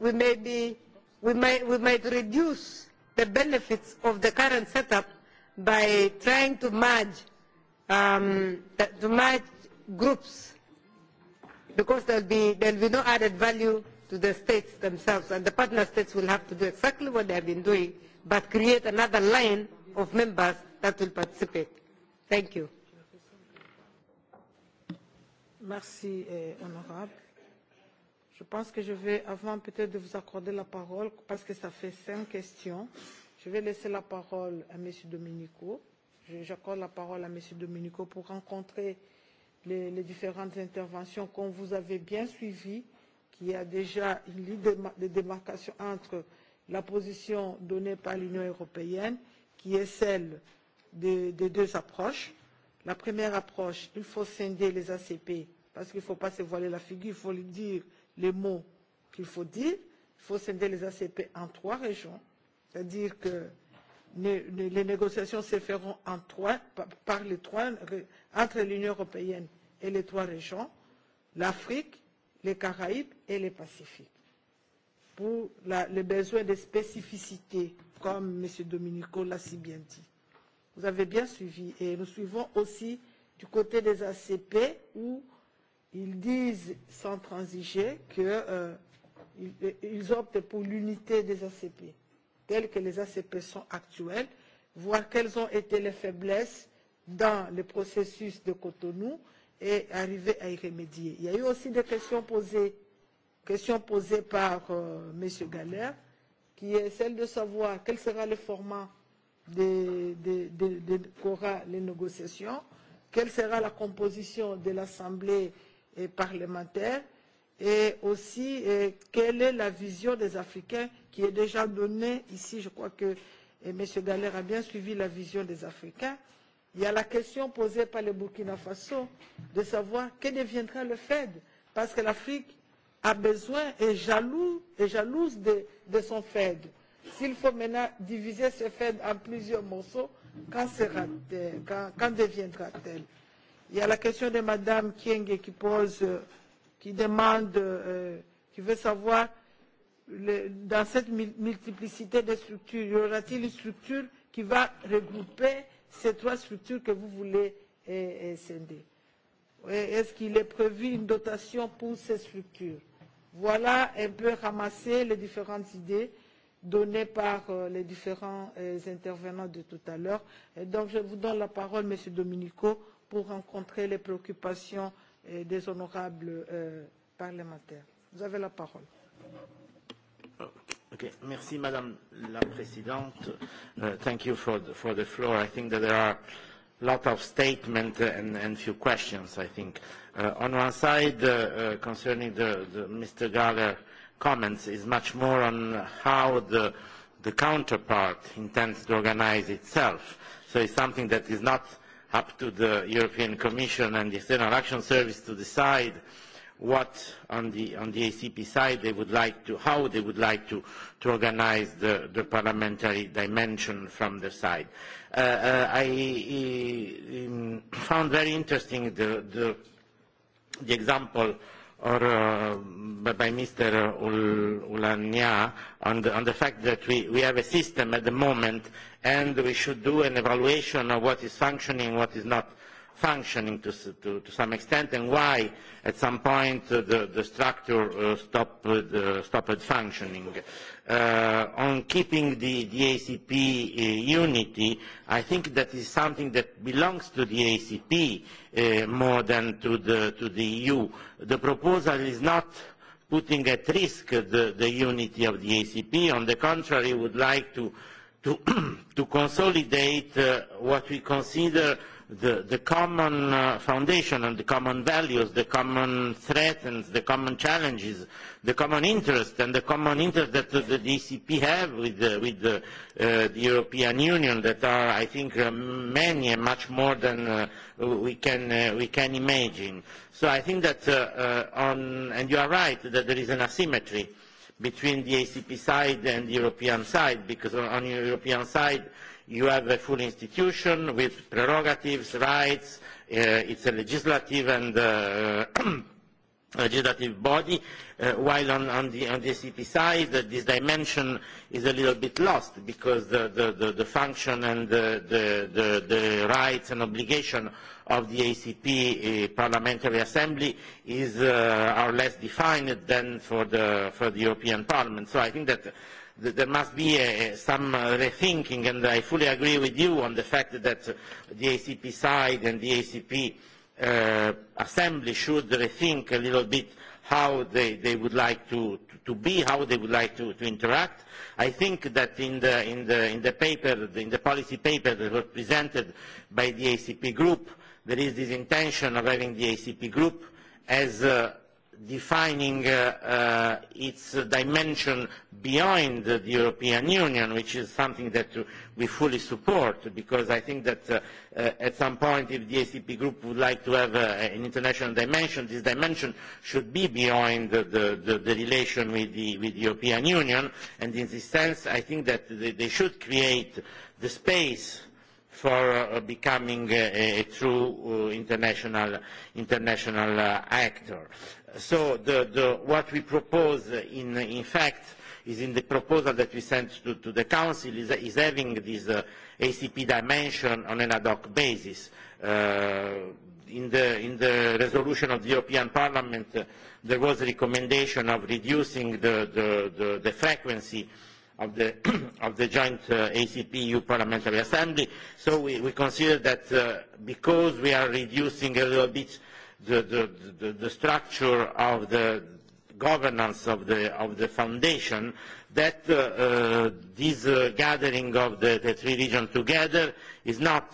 we may be, we might, we might reduce the benefits of the current setup by trying to merge, um, to merge groups, because there'll be there'll be no added value to the states themselves, and the partner states will have to do exactly what they have been doing, but create another line of members
that will participate. Thank you. Merci, eh, honorable. Je pense que je vais, avant peut-être de vous accorder la parole, parce que ça fait cinq questions, je vais laisser la parole à M. Dominico. J'accorde la parole à M. Dominico pour rencontrer les, les différentes interventions qu'on vous avez bien suivies, qu'il y a déjà une ligne de démarcation entre la position donnée par l'Union européenne, qui est celle des, des deux approches. La première approche, il faut scinder les ACP, parce qu'il ne faut pas se voiler la figure, il faut le dire, les mots qu'il faut dire. Il faut scinder les ACP en trois régions, c'est-à-dire que les négociations se feront en trois, par, les trois, entre l'Union européenne et les trois régions, l'Afrique, les Caraïbes et les Pacifiques. Pour la, le besoin de spécificité, comme M. Dominico l'a si bien dit. Vous avez bien suivi et nous suivons aussi du côté des ACP où euh, ils disent sans transiger qu'ils euh, euh optent pour l'unité des ACP, telles que les ACP sont actuelles, voir quelles ont été les faiblesses dans le processus de Cotonou et arriver à y remédier. Il y a eu aussi des questions posées, questions posées par euh, M. Galère, qui est celle de savoir quel sera le format de, de, de, de, de qu'aura les négociations, quelle sera la composition de l'Assemblée et parlementaire et aussi et euh, quelle est la vision des Africains qui est déjà donnée ici. Je crois que M. Galère a bien suivi la vision des Africains. Il y a la question posée par le Burkina Faso de savoir que deviendra le Fed parce que l'Afrique a besoin et jaloux, est jalouse de, de son Fed. S'il faut maintenant diviser ce Fed en plusieurs morceaux, quand, sera t elle quand, quand deviendra-t-elle Il y a la question de Madame Kieng qui pose, euh, qui demande, euh, qui veut savoir, le, dans cette multiplicité de structures, y aura-t-il une structure qui va regrouper ces trois structures que vous voulez eh, eh, scinder Est-ce qu'il est prévu une dotation pour ces structures Voilà un peu ramasser les différentes idées données par euh, les différents euh, intervenants de tout à l'heure. donc, je vous donne la parole, Monsieur Dominico, pour rencontrer les préoccupations euh, des honorables euh, parlementaires. Vous avez la parole.
Oh, okay. Merci, Madame la Présidente. Uh, thank you for the, for the floor. I think that there are a lot of statements and, and few questions, I think. Uh, on one side, uh, uh, concerning the, the Mr. Galler comments, is much more on how the, the counterpart intends to organize itself. So it's something that is not up to the European Commission and the External Action Service to decide what on the, on the ACP side they would like to, how they would like to, to organize the, the parliamentary dimension from their side. Uh, uh I um, found very interesting the, the, the example or uh, by Mr. Ulania on the, on the fact that we, we have a system at the moment and we should do an evaluation of what is functioning, what is not functioning to, to, to some extent, and why at some point uh, the, the structure uh, stopped, uh, stopped functioning. Uh, on keeping the, the ACP uh, unity, I think that is something that belongs to the ACP uh, more than to the, to the EU. The proposal is not putting at risk the, the unity of the ACP. On the contrary, would like to uh, to, to consolidate uh, what we consider the, the common uh, foundation and the common values, the common threats and the common challenges, the common interest and the common interest that uh, the DCP have with, uh, with the, uh, the European Union that are, I think, uh, many and much more than uh, we, can, uh, we can imagine. So I think that uh, uh, on, and you are right, that there is an asymmetry uh, between the ACP side and the European side, because on, the European side you have a full institution with prerogatives, rights, uh, it's a legislative and uh, legislative body, uh, while on, on, the, on the ACP side uh, this dimension is a little bit lost because the, the, the, the function and the, the, the, the rights and obligation of the ACP uh, eh, Parliamentary Assembly is uh, are less defined than for the, for the European Parliament. So I think that th there must be a, eh, some uh, rethinking, and I fully agree with you on the fact that the ACP side and the ACP uh, Assembly should rethink a little bit how they, they would like to, to be, how they would like to, to interact. I think that in the, in, the, in the paper, in the policy paper that was presented by the ACP group, uh, there is this intention of having the ACP group as uh, defining uh, uh, its dimension beyond the European Union, which is something that we fully support, because I think that uh, uh, at some point, if the ACP group would like to have uh, an international dimension, this dimension should be beyond the, the, the, the relation with the, with the European Union, and in this sense, I think that they, they should create the space uh, for uh, becoming a, a true uh, international, international uh, actor. So the, the, what we propose, in, in fact, is in the proposal that we sent to, to the Council is, is having this uh, ACP dimension on an ad hoc basis. Uh, in, the, in the resolution of the European Parliament, uh, there was a recommendation of reducing the, the, the, the frequency uh, of the, of the joint uh, ACP-EU Parliamentary Assembly. So we, we consider that uh, because we are reducing a little bit the, the, the, the structure of the governance of the, of the foundation, that uh, uh, this uh, gathering of the, the three regions together is not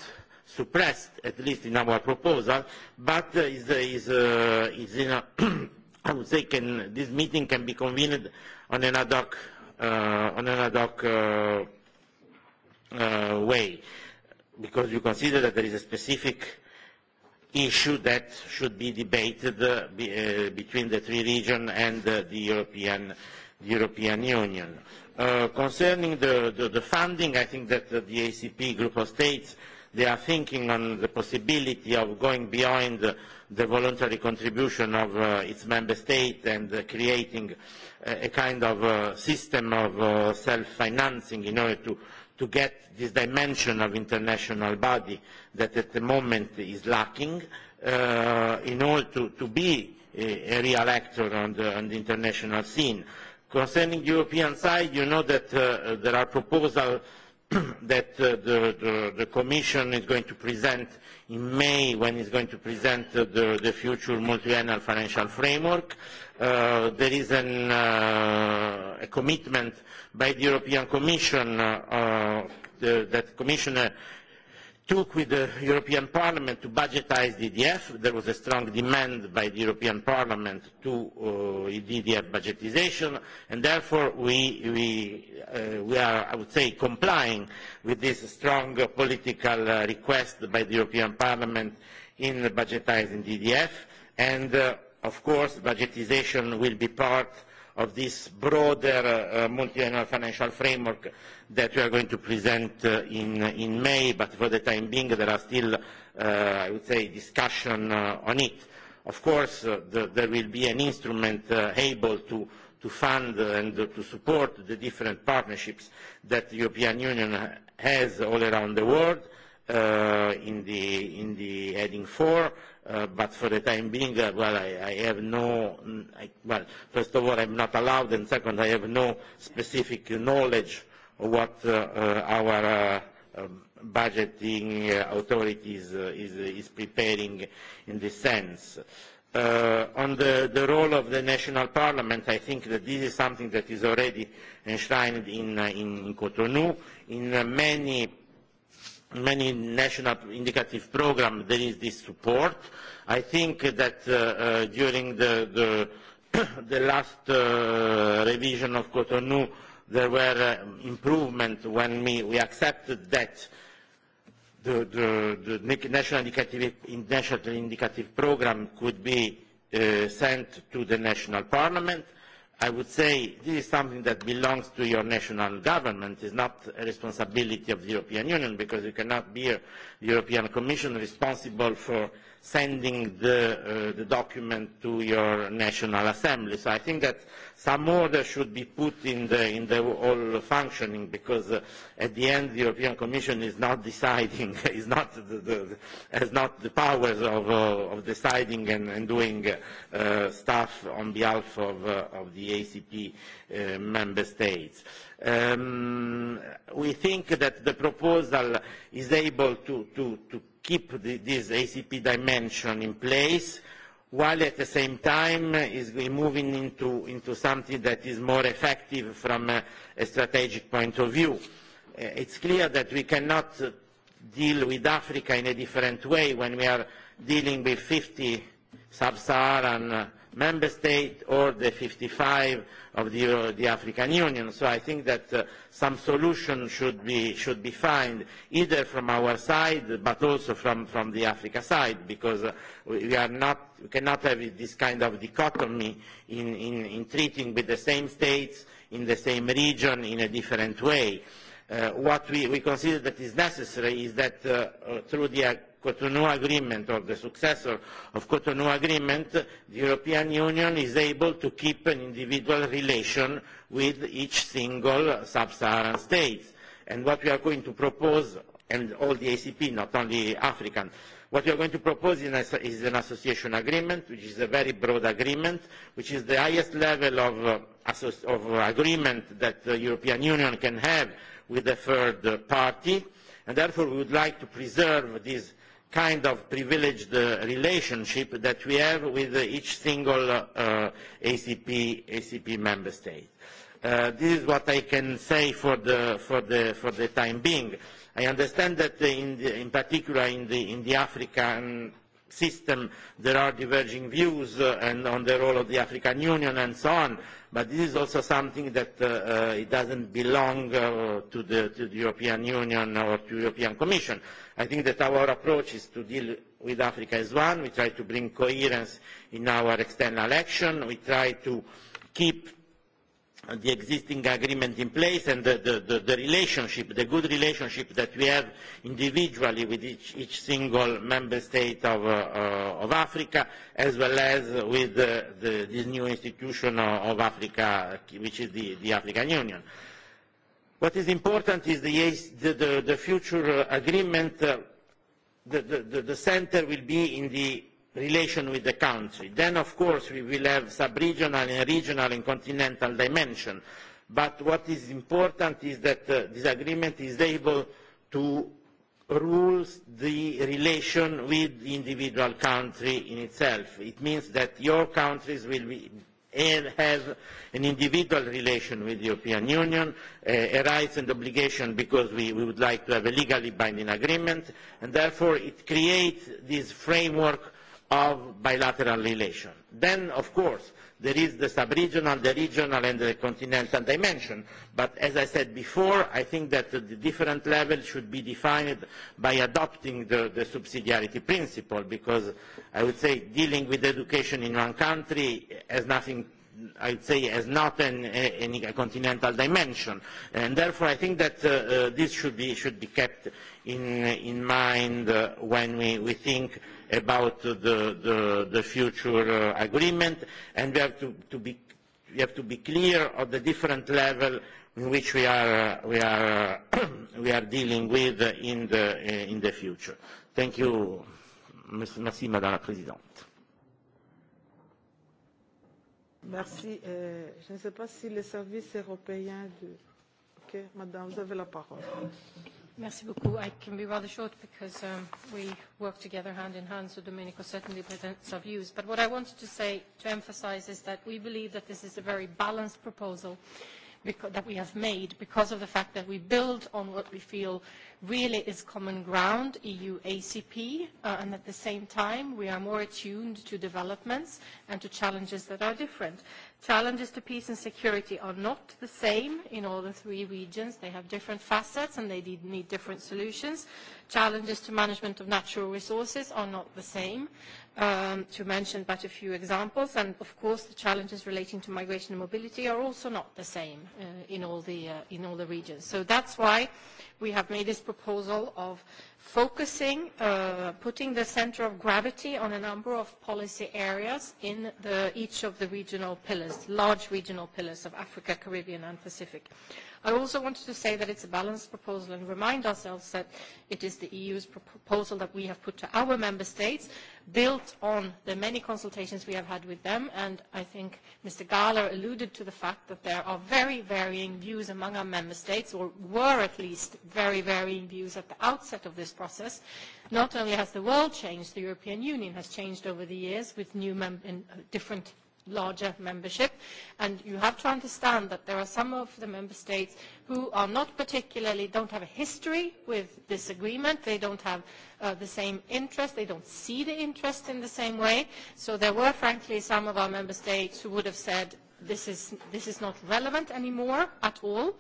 suppressed, at least in our proposal, but uh, is, uh, is, uh, is in a, I would say can, this meeting can be convened on an ad hoc uh, on an ad hoc uh, uh, way, because you consider that there is a specific issue that should be debated uh, be, uh, between the three regions and uh, the European, European Union. Uh, concerning the, the, the funding, I think that uh, the ACP group of states uh, they are thinking on the possibility of going beyond uh, the voluntary contribution of uh, its member state and uh, creating a, a kind of uh, system of uh, self-financing in order to, to get this dimension of international body that at the moment is lacking uh, in order to, to be a, a real actor on the, on the international scene. Concerning the European side, you know that uh, there are proposals that uh, the, the, the Commission is going to present in May when it's going to present uh, the, the future multi-annual financial framework. Uh, there is an, uh, a commitment by the European Commission uh, uh, the, that Commissioner took with the European Parliament to budgetize DDF. There was a strong demand by the European Parliament to uh, DDF budgetization, and therefore we, we, uh, we are, I would say, complying with this strong political uh, request by the European Parliament in budgetizing DDF. And, uh, of course, budgetization will be part of this broader uh, multi-annual financial framework that we are going to present uh, in, in May, but for the time being there are still, uh, I would say, discussion uh, on it. Of course, uh, the, there will be an instrument uh, able to to fund and to support the different partnerships that the European Union has all around the world uh, in, the, in the heading 4 Uh, but for the time being, uh, well, I, I have no, mm, I, well, first of all, I'm not allowed, and second, I have no specific knowledge of what uh, uh, our uh, um, budgeting uh, authorities uh, is, is preparing in this sense. Uh, on the, the role of the national parliament, I think that this is something that is already enshrined in, uh, in Cotonou. In uh, many many national indicative programs there is this support. I think that uh, uh, during the, the, the last uh, revision of Cotonou, there were uh, improvements when we, we accepted that the, the, the national, indicative, national indicative program could be uh, sent to the national parliament. I would say this is something that belongs to your national government, is not a responsibility of the European Union, because you cannot be a European Commission responsible for sending the, uh, the document to your National Assembly. So I think that some order should be put in the, in the whole functioning because uh, at the end the European Commission is not deciding, is not the, the, has not the powers of, uh, of deciding and, and doing uh, stuff on behalf of, uh, of the ACP uh, member states. Um, we think that the proposal is able to, to, to keep the, this ACP dimension in place, while at the same time is moving into, into something that is more effective from a, a strategic point of view. Uh, it's clear that we cannot uh, deal with Africa in a different way when we are dealing with 50 sub-Saharan uh, member state or the 55 of the, uh, the African Union. So I think that uh, some solution should be, should be found either from our side but also from, from the Africa side because uh, we, are not, we cannot have this kind of dichotomy in, in, in treating with the same states in the same region in a different way. Uh, Uh, what we, we consider that is necessary is that uh, uh through the Cotonou Agreement or the successor of Cotonou Agreement, the European Union is able to keep an individual relation with each single sub-Saharan state. And what we are going to propose, and all the ACP, not only African, What we are going to propose is an association agreement, which is a very broad agreement, which is the highest level of, uh, of agreement that the European Union can have with a third uh, party. And therefore, we would like to preserve this kind of privileged uh, relationship that we have with uh, each single uh, uh ACP, ACP member state. Uh, this is what I can say for the, for the, for the time being. I understand that in, the, in particular in the, in the African system there are diverging views uh, and on the role of the African Union and so on, But this is also something that uh, uh, it doesn't belong uh, to, the, to the European Union or to the European Commission. I think that our approach is to deal with Africa as one. We try to bring coherence in our external action. We try to keep the existing agreement in place and the, the, the, the relationship, the good relationship that we have individually with each, each single member state of, uh, uh, of Africa, as well as with uh, the, this new institution of, of Africa, which is the, the African Union. What is important is the, the, the, the future agreement. Uh, the, the, the center will be in the relation with the country. Then, of course, we will have sub-regional and regional and continental dimension. But what is important is that uh, this agreement is able to rules the relation with the individual country in itself. It means that your countries will be, have an individual relation with the European Union, uh, a rights and obligation because we, we would like to have a legally binding agreement, and therefore it creates this framework of bilateral relations. Then, of course, there is the sub-regional, the regional, and the continental dimension. But as I said before, I think that the different levels should be defined by adopting the, the subsidiarity principle, because I would say dealing with education in one country has nothing I'd say as not an, a, a continental dimension, and therefore I think that uh, uh, this should be should be kept in in mind uh, when we, we think about the, the, the future uh, agreement, and we have to, to be we have to be clear on the different level in which we are uh, we are uh, we are dealing with in the uh, in the future. Thank you. Merci, Madame la Présidente.
Merci. Euh, je ne sais pas si le service européen de. Ok, Madame, vous avez la parole.
Merci beaucoup. I can be rather short because um, we work together hand in hand, so Domenico certainly presents our views. But what I wanted to say, to emphasize, is that we believe that this is a very balanced proposal that we have made because of the fact that we build on what we feel really is common ground, EU ACP, uh, and at the same time we are more attuned to developments and to challenges that are different. Challenges to peace and security are not the same in all the three regions. They have different facets and they need different solutions. Challenges to management of natural resources are not the same um, to mention but a few examples. And of course, the challenges relating to migration and mobility are also not the same uh, in, all the, uh, in all the regions. So that's why we have made this proposal of focusing, uh, putting the center of gravity on a number of policy areas in each of the regional pillars, large regional pillars of Africa, Caribbean and Pacific. I also wanted to say that it's a balanced proposal and remind ourselves that it is the EU's proposal that we have put to our member states, built on the many consultations we have had with them. And I think Mr. Gahler alluded to the fact that there are very varying views among our member states, or were at least very varying views at the outset of this process. Not only has the world changed, the European Union has changed over the years with new mem uh, different larger membership. And you have to understand that there are some of the member states who are not particularly, don't have a history with this agreement. They don't have uh, the same interest. They don't see the interest in the same way. So there were, frankly, some of our member states who would have said, this is, this is not relevant anymore at all,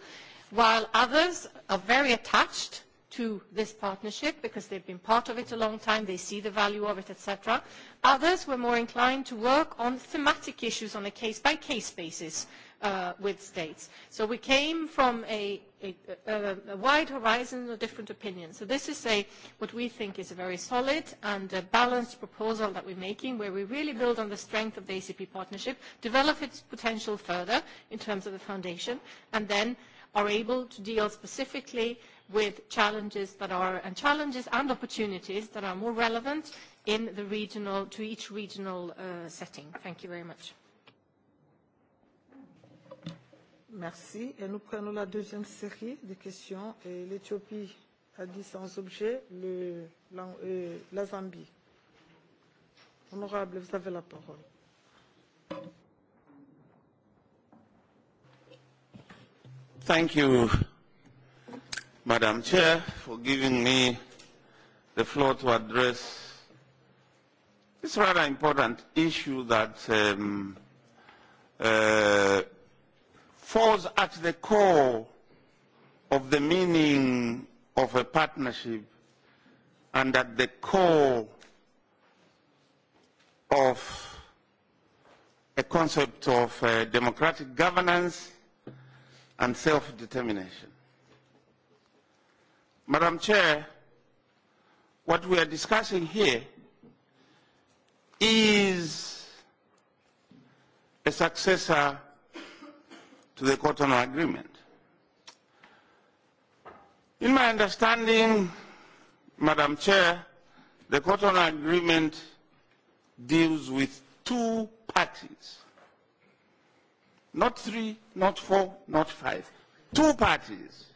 while others are very attached to this partnership because they've been part of it a long time, they see the value of it, etc. Others were more inclined to work on thematic issues on a case-by-case -case basis uh, with states. So we came from a, a, a, a wide horizon of different opinions. So this is a, what we think is a very solid and a balanced proposal that we're making where we really build on the strength of the ACP partnership, develop its potential further in terms of the foundation, and then are able to deal specifically with challenges that are, and challenges and opportunities that are more relevant in the regional, to each regional uh, setting. Thank you very much. Merci.
Et nous prenons la deuxième série de questions. Et L'Éthiopie a dit sans objet, le, la, euh, la Zambie. Honorable, vous avez la parole.
Thank
you, Madam Chair, for giving me the floor to address this rather important issue that um, uh, falls at the core of the meaning of a partnership and at the core of a concept of uh, democratic governance and self-determination. Madam Chair, what we are discussing here is a successor to the Cotonou Agreement. In my understanding, Madam Chair, the Cotonou Agreement deals with two parties. Not three, not four, not five. Two parties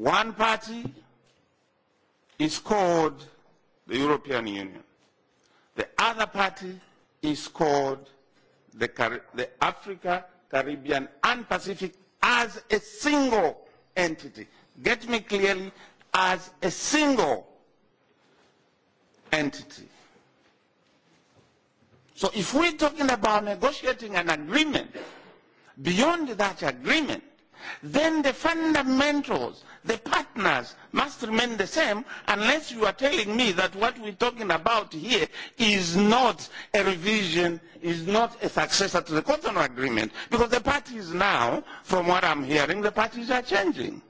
One party is called the European Union. The other party is called the, Car- the Africa, Caribbean and Pacific as a single entity. Get me clearly, as a single entity. So if we're talking about negotiating an agreement, beyond that agreement, then the fundamentals, the partners must remain the same unless you are telling me that what we're talking about here is not a revision, is not a successor to the Cotonou Agreement. Because the parties now, from what I'm hearing, the parties are changing.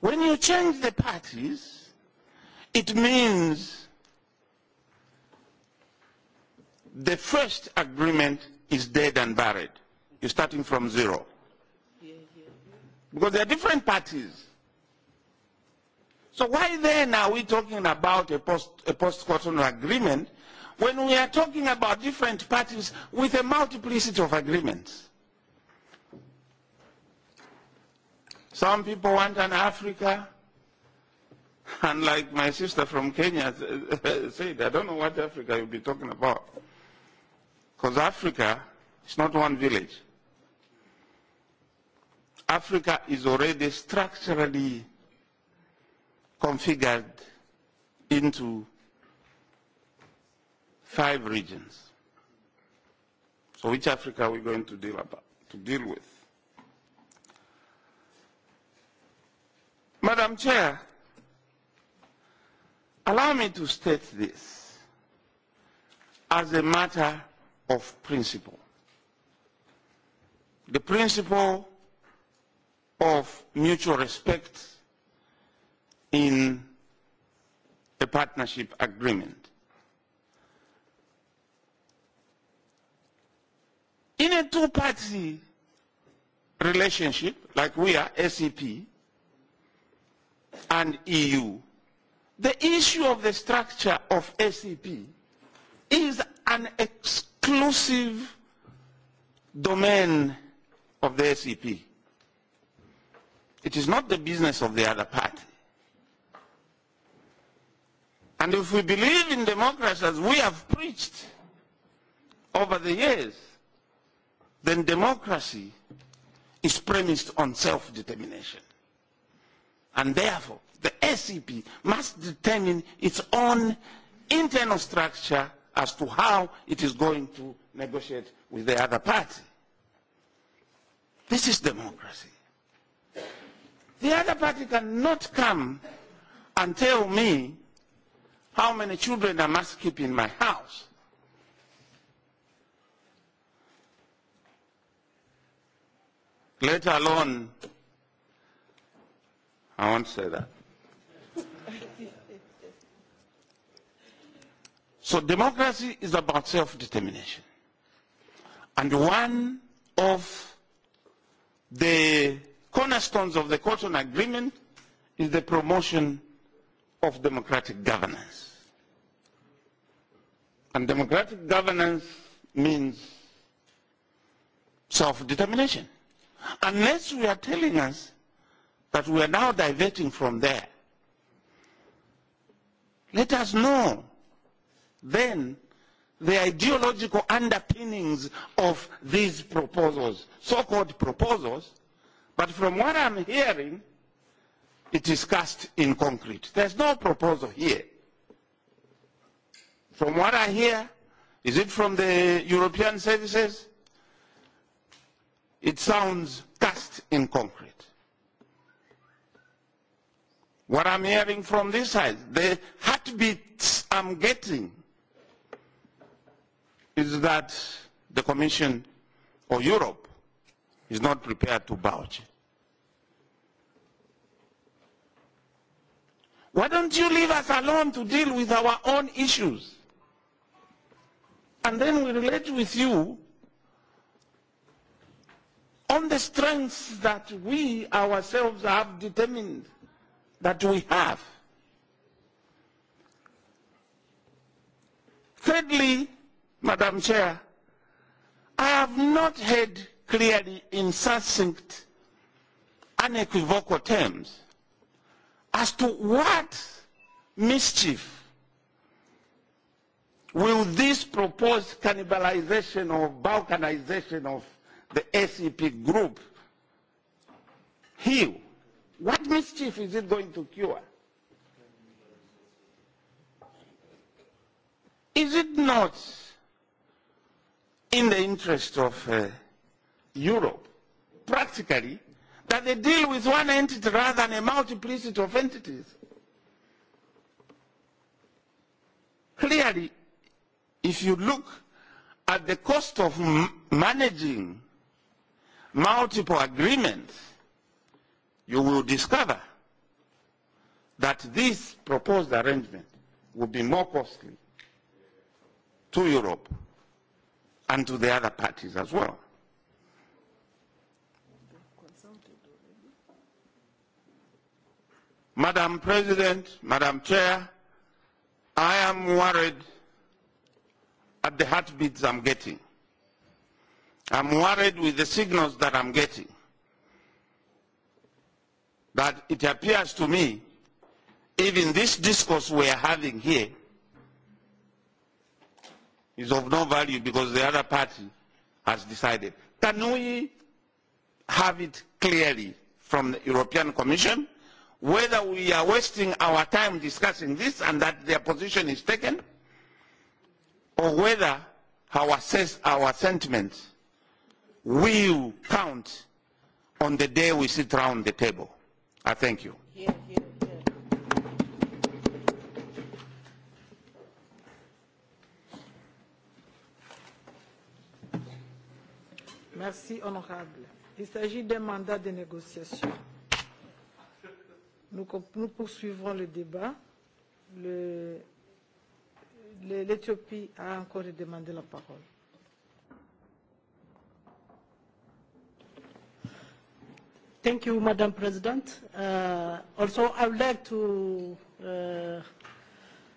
When you change the parties, it means the first agreement is dead and buried. You're starting from zero. Because there are different parties. So why then are we talking about a post a post agreement when we are talking about different parties with a multiplicity of agreements? Some people want an Africa, and like my sister from Kenya said, I don't know what Africa you'll be talking about. Because Africa is not one village. Africa is already structurally configured into five regions. So which Africa are we going to deal about, to deal with? Madam Chair, allow me to state this as a matter of of principle. The principle of mutual respect in a partnership agreement. In a two-party relationship, like we are, SEP and EU, the issue of the structure of SEP is an exclusive exclusive domain of the SEP. It is not the business of the other party. And if we believe in democracy as we have preached over the years, then democracy is premised on self-determination. And therefore, the SEP must determine its own internal structure as to how it is going to negotiate with the other party. This is democracy. The other party cannot come and tell me how many children I must keep in my house. Let alone, I won't say that. So democracy is about self-determination. And one of the cornerstones of the Cotton Agreement is the promotion of democratic governance. And democratic governance means self-determination. Unless we are telling us that we are now diverting from there, let us know then the ideological underpinnings of these proposals, so-called proposals, but from what I'm hearing, it is cast in concrete. There's no proposal here. From what I hear, is it from the European services? It sounds cast in concrete. What I'm hearing from this side, the heartbeats I'm getting is that the Commission or Europe is not prepared to vouch. Why don't you leave us alone to deal with our own issues? And then we relate with you on the strengths that we ourselves have determined that we have. Thirdly, Madam Chair, I have not heard clearly in succinct, unequivocal terms as to what mischief will this proposed cannibalization or balkanization of the SEP group heal? What mischief is it going to cure? Is it not in the interest of uh, Europe, practically, that they deal with one entity rather than a multiplicity of entities. Clearly, if you look at the cost of m managing multiple agreements, you will discover that this proposed arrangement will be more costly to Europe and to the other parties as well. Madam President, Madam Chair, I am worried at the heartbeats I'm getting. I'm worried with the signals that I'm getting. That it appears to me, even this discourse we are having here, is of no value because the other party has decided. Can we have it clearly from the European Commission whether we are wasting our time discussing this and that their position is taken or whether our, ses- our sentiments will count on the day we sit round the table. I thank you.
Merci, honorable. Il s'agit d'un mandat de négociation. Nous, nous poursuivrons le débat. L'Éthiopie a encore demandé la parole.
Thank you, Madam President. Uh, also, I would like to uh,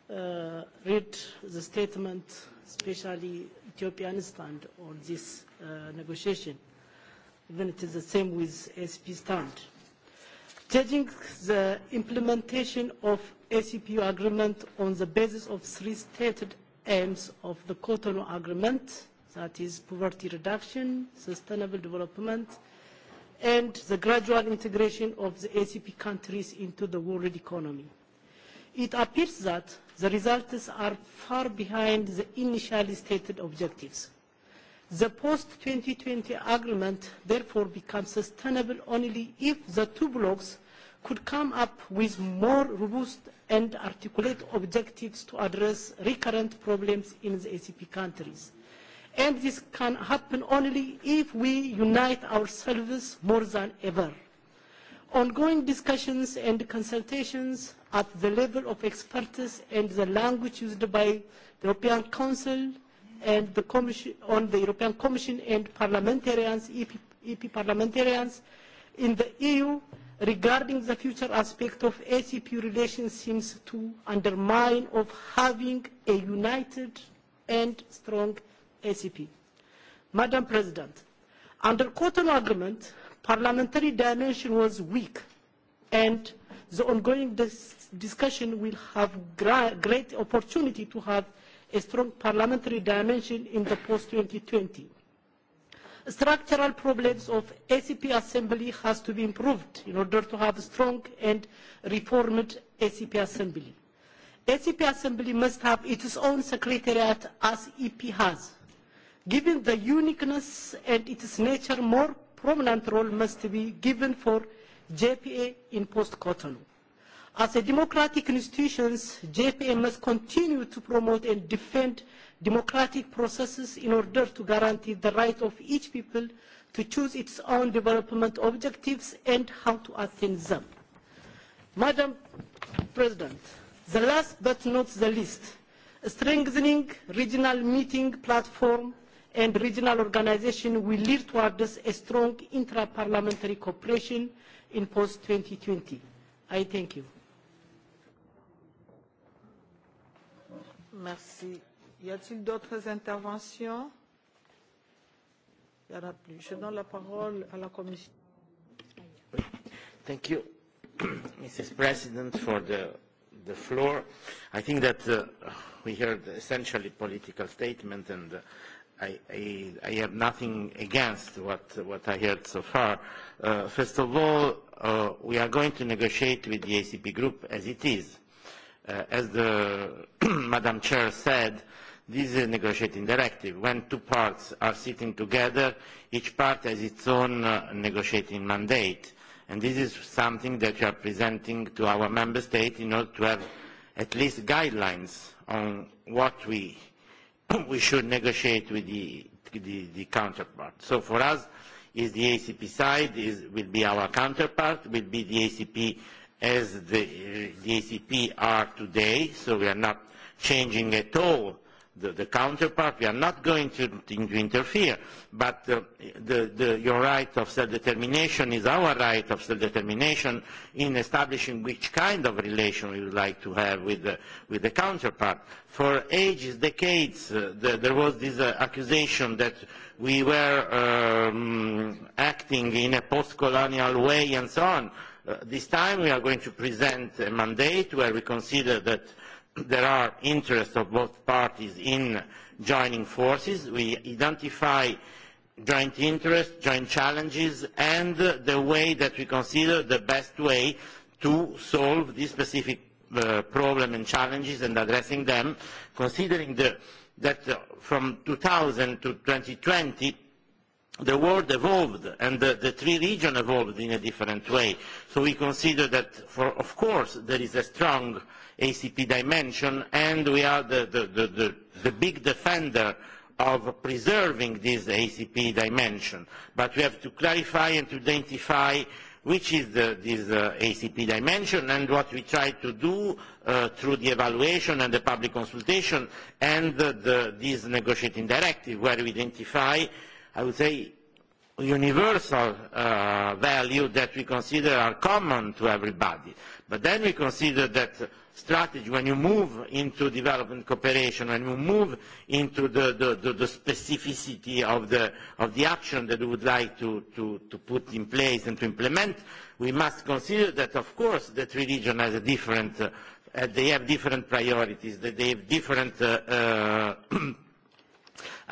uh, read the statement, especially Ethiopian stand on this uh, negotiation, even it is the same with ACP stand. Judging the implementation of ACPU agreement on the basis of three stated aims of the Cotonou agreement, that is poverty reduction, sustainable development, and the gradual integration of the ACP countries into the world economy it appears that the results are far behind the initially stated objectives. The post-2020 agreement therefore becomes sustainable only if the two blocs could come up with more robust and articulate objectives to address recurrent problems in the ACP countries. And this can happen only if we unite ourselves more than ever. Ongoing discussions and consultations at the level of expertise and the language used by the European Council and the Commission, on the European Commission and parliamentarians, EP, EP parliamentarians in the EU regarding the future aspect of ACP relations seems to undermine of having a united and strong ACP. Madam President, under Cotonou agreement, parliamentary dimension was weak and the ongoing dis discussion will have great opportunity to have a strong parliamentary dimension in the post-2020. Structural problems of ACP Assembly has to be improved in order to have a strong and reformed ACP Assembly. ACP Assembly must have its own secretariat as EP has. Given the uniqueness and its nature, more prominent role must be given for JPA in post-Cotonou. As a democratic institutions, JPA must continue to promote and defend democratic processes in order to guarantee the right of each people to choose its own development objectives and how to attain them. Madam President, the last but not the least, strengthening regional meeting platform and regional organization will lead towards a strong intra-parliamentary cooperation in post-2020. I thank you.
Merci. Y a-t-il d'autres interventions Il n'y en a plus. Je donne la parole à la Commission.
Thank you, Mrs. President, for the, the floor. I think that uh, we heard essentially political statement and uh, I, I, I have nothing against what, what I heard so far. Uh, first of all, uh, we are going to negotiate with the ACP group as it is. Uh, as the Madam Chair said, this is a negotiating directive. When two parts are sitting together, each part has its own uh, negotiating mandate. And this is something that we are presenting to our member state in order to have at least guidelines on what we, we should negotiate with the, the, the counterpart. So for us, is the ACP side, is, will be our counterpart, will be the ACP as the, uh, the ACP are today, so we are not changing at all the, the counterpart. We are not going to, to interfere, but uh, the, the, your right of self-determination is our right of self-determination in establishing which kind of relation we would like to have with the, with the counterpart. For ages, decades, uh, the, there was this uh, accusation that we were um, acting in a post-colonial way and so on. Uh, this time we are going to present a mandate where we consider that there are interests of both parties in joining forces. We identify joint interests, joint challenges, and the way that we consider the best way to solve this specific uh, problem and challenges and addressing them, considering the, that uh, from 2000 to 2020, the world evolved and the, the three regions evolved in a different way. So we consider that, for, of course, there is a strong ACP dimension and we are the, the, the, the, the big defender of preserving this ACP dimension. But we have to clarify and to identify which is the, this uh, ACP dimension and what we try to do uh, through the evaluation and the public consultation and the, the, this negotiating directive where we identify uh, I would say, universal uh, value that we consider are common to everybody. But then we consider that strategy, when you move into development cooperation, when you move into the, the, the, the specificity of the, of the action that we would like to, to, to put in place and to implement, we must consider that, of course, that religion has a different, uh, they have different priorities, that they have different uh, uh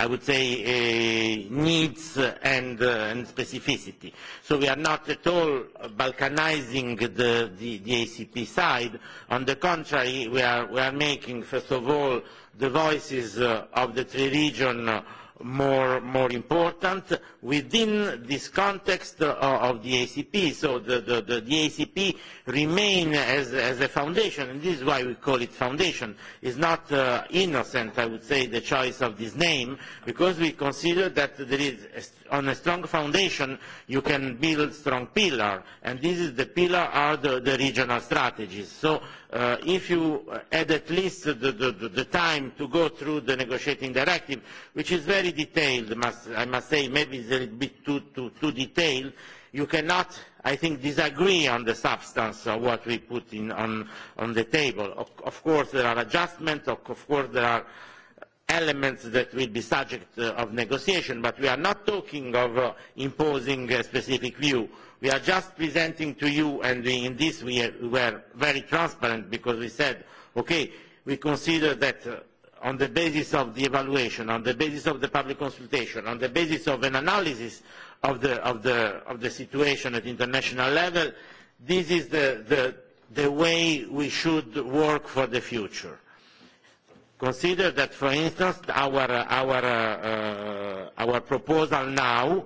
I would say, uh, needs and, uh, and specificity. So we are not at all balkanizing the, the, the ACP side. On the contrary, we are, we are making, first of all, the voices uh, of the three regions uh, more, more important within this context uh, of the ACP. So the, the, the, the ACP remain as, as a foundation, and this is why we call it foundation. It's not uh, innocent, I would say, the choice of this name, because we consider that there is a on a strong foundation, you can build strong pillar. And this is the pillar are the, the regional strategies. So uh, if you add at least the, the, the time to go through the negotiating directive, which is very detailed, must, I must say, maybe it's a little bit too, too, too detailed, you cannot, I think, disagree on the substance of what we put in on, on the table. Of, of course, there are adjustments. Of, of course, there are elements that will be subject uh, of negotiation, but we are not talking of uh, imposing a specific view. We are just presenting to you, and we, in this we, are, we were very transparent because we said, okay, we consider that uh, on the basis of the evaluation, on the basis of the public consultation, on the basis of an analysis of the, of the, of the situation at international level, this is the, the, the way we should work for the future. Consider that, for instance, our, our, uh, our proposal now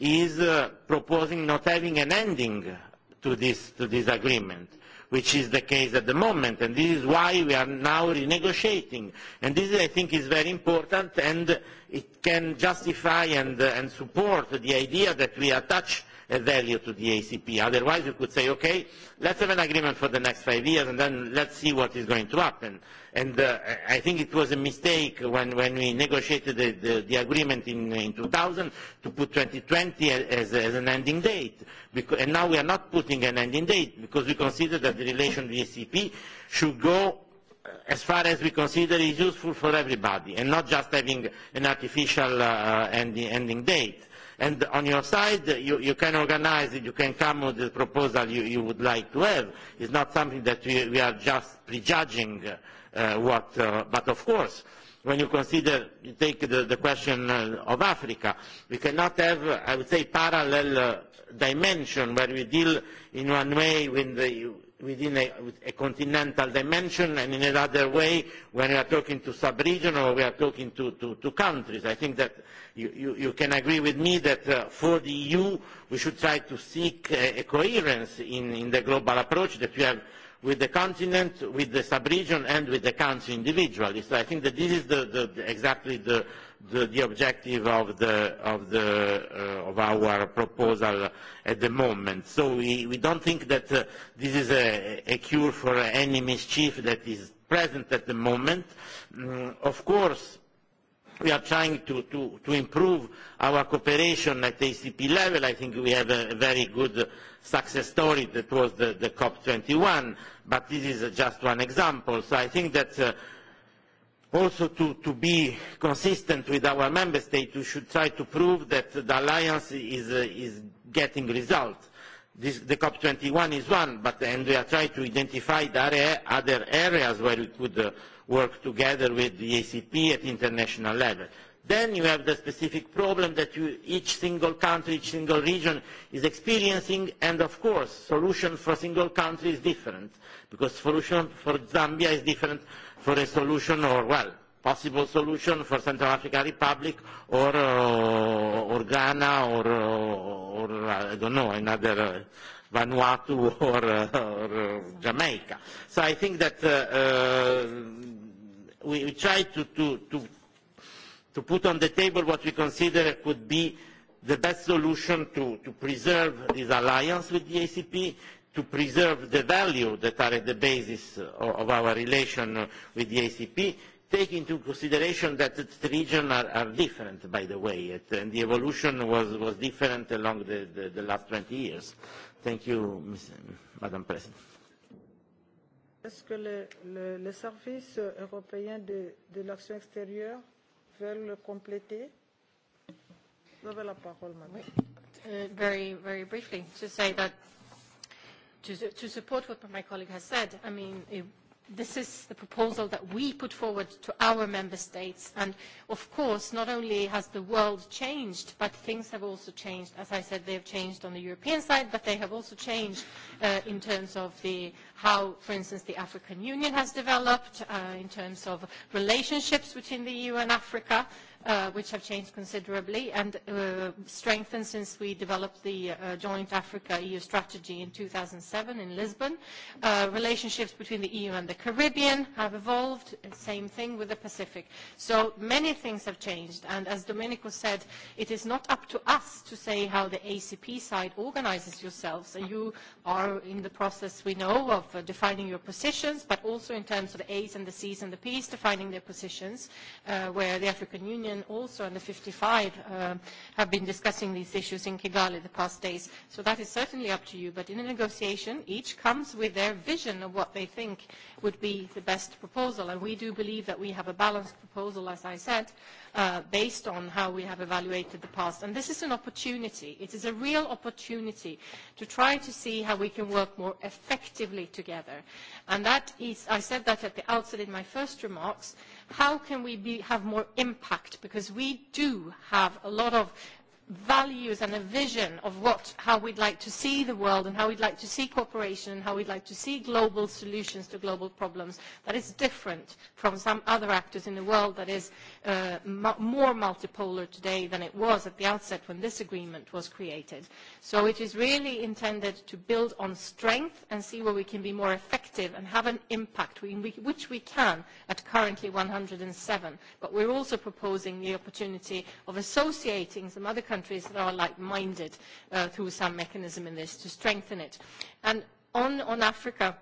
is uh, proposing not having an ending to this, to this agreement which is the case at the moment. And this is why we are now renegotiating. And this, I think, is very important, and it can justify and, uh, and support the idea that we attach value to the ACP. Otherwise, you could say, okay, let's have an agreement for the next five years, and then let's see what is going to happen. And uh, I think it was a mistake when, when we negotiated the, the, the agreement in, in 2000 to put 2020 as, as an ending date. Because, and now we are not putting an ending date because we consider that the relation with the ACP should go uh, as far as we consider is useful for everybody and not just having an artificial uh, ending, ending date. And on your side, you, you can organize it, you can come with the proposal you, you would like to have. It's not something that we, we are just prejudging uh, what, uh, but of course, when you consider, you take the, the question uh, of Africa, we cannot have, I would say, parallel uh, dimension where we deal in one way with the within a, a continental dimension and in another way when we are talking to sub-region or we are talking to, to, to countries. I think that you, you, you can agree with me that uh, for the EU we should try to seek a, a coherence in, in the global approach that we have with the continent, with the sub-region and with the country individually. So I think that this is the, the, the exactly the, the, the objective of, the, of, the, uh, of our proposal at the moment. So we, we don't think that uh, this is a, a cure for any mischief that is present at the moment. Mm, of course, we are trying to, to, to improve our cooperation at the ACP level. I think we have a, a very good success story that was the, the COP21, but this is just one example. So I think that uh, also to, to be consistent with our member state, we should try to prove that the alliance is, uh, is getting results. This, the COP21 is one, but and we are trying to identify the area, other areas where we could uh, work together with the ACP at international level. Then you have the specific problem that you, each single country, each single region is experiencing, and of course, solution for single country is different, because solution for Zambia is different for a solution or, well, possible solution for Central African Republic or, uh, or Ghana or, uh, or, uh, I don't know, another uh, Vanuatu or, uh, or uh, Jamaica. So I think that uh, uh, we, we try to, to, to, to put on the table what we consider could be the best solution to, to preserve this alliance with the ACP, to preserve the value that are at the basis of our relation with the ACP, take into consideration that the regions are, are different, by the way, it, and the evolution was, was different along the, the, the last 20 years. Thank you, Ms. Madam President.
Est-ce que le, le, le service européen de, de l'action extérieure veut le compléter
Vous avez la parole, madame. Oui. Uh, very, very briefly, to say that to, to support what my colleague has said, I mean, it, this is the proposal that we put forward to our member states. And of course, not only has the world changed, but things have also changed. As I said, they have changed on the European side, but they have also changed uh, in terms of the, how, for instance, the African Union has developed, uh, in terms of relationships between the EU and Africa. Uh, Uh, which have changed considerably and uh, strengthened since we developed the uh, joint Africa-EU strategy in 2007 in Lisbon. relationships between the EU and the Caribbean have evolved, same thing with the Pacific. So many things have changed, and as Domenico said, it is not up to us to say how the ACP side organizes yourselves, and you are in the process, we know, of defining your positions, but also in terms of the A's and the C's and the P's defining their positions, where the African Union UN also and the 55 uh, have been discussing these issues in Kigali the past days. So that is certainly up to you. But in a negotiation, each comes with their vision of what they think would be the best proposal. And we do believe that we have a balanced proposal, as I said, uh, based on how we have evaluated the past. And this is an opportunity. It is a real opportunity to try to see how we can work more effectively together. And that is, I said that at the outset in my first remarks, how can we be, have more impact? Because we do have a lot of values and a vision of what, how we'd like to see the world and how we'd like to see cooperation and how we'd like to see global solutions to global problems that is different from some other actors in the world that is uh, mu more multipolar today than it was at the outset when this agreement was created. So it is really intended to build on strength and see where we can be more effective and have an impact, we, we, which we can at currently 107. But we're also proposing the opportunity of associating some other countries countries that are like-minded uh, through some mechanism in this to strengthen it. And on, on Africa,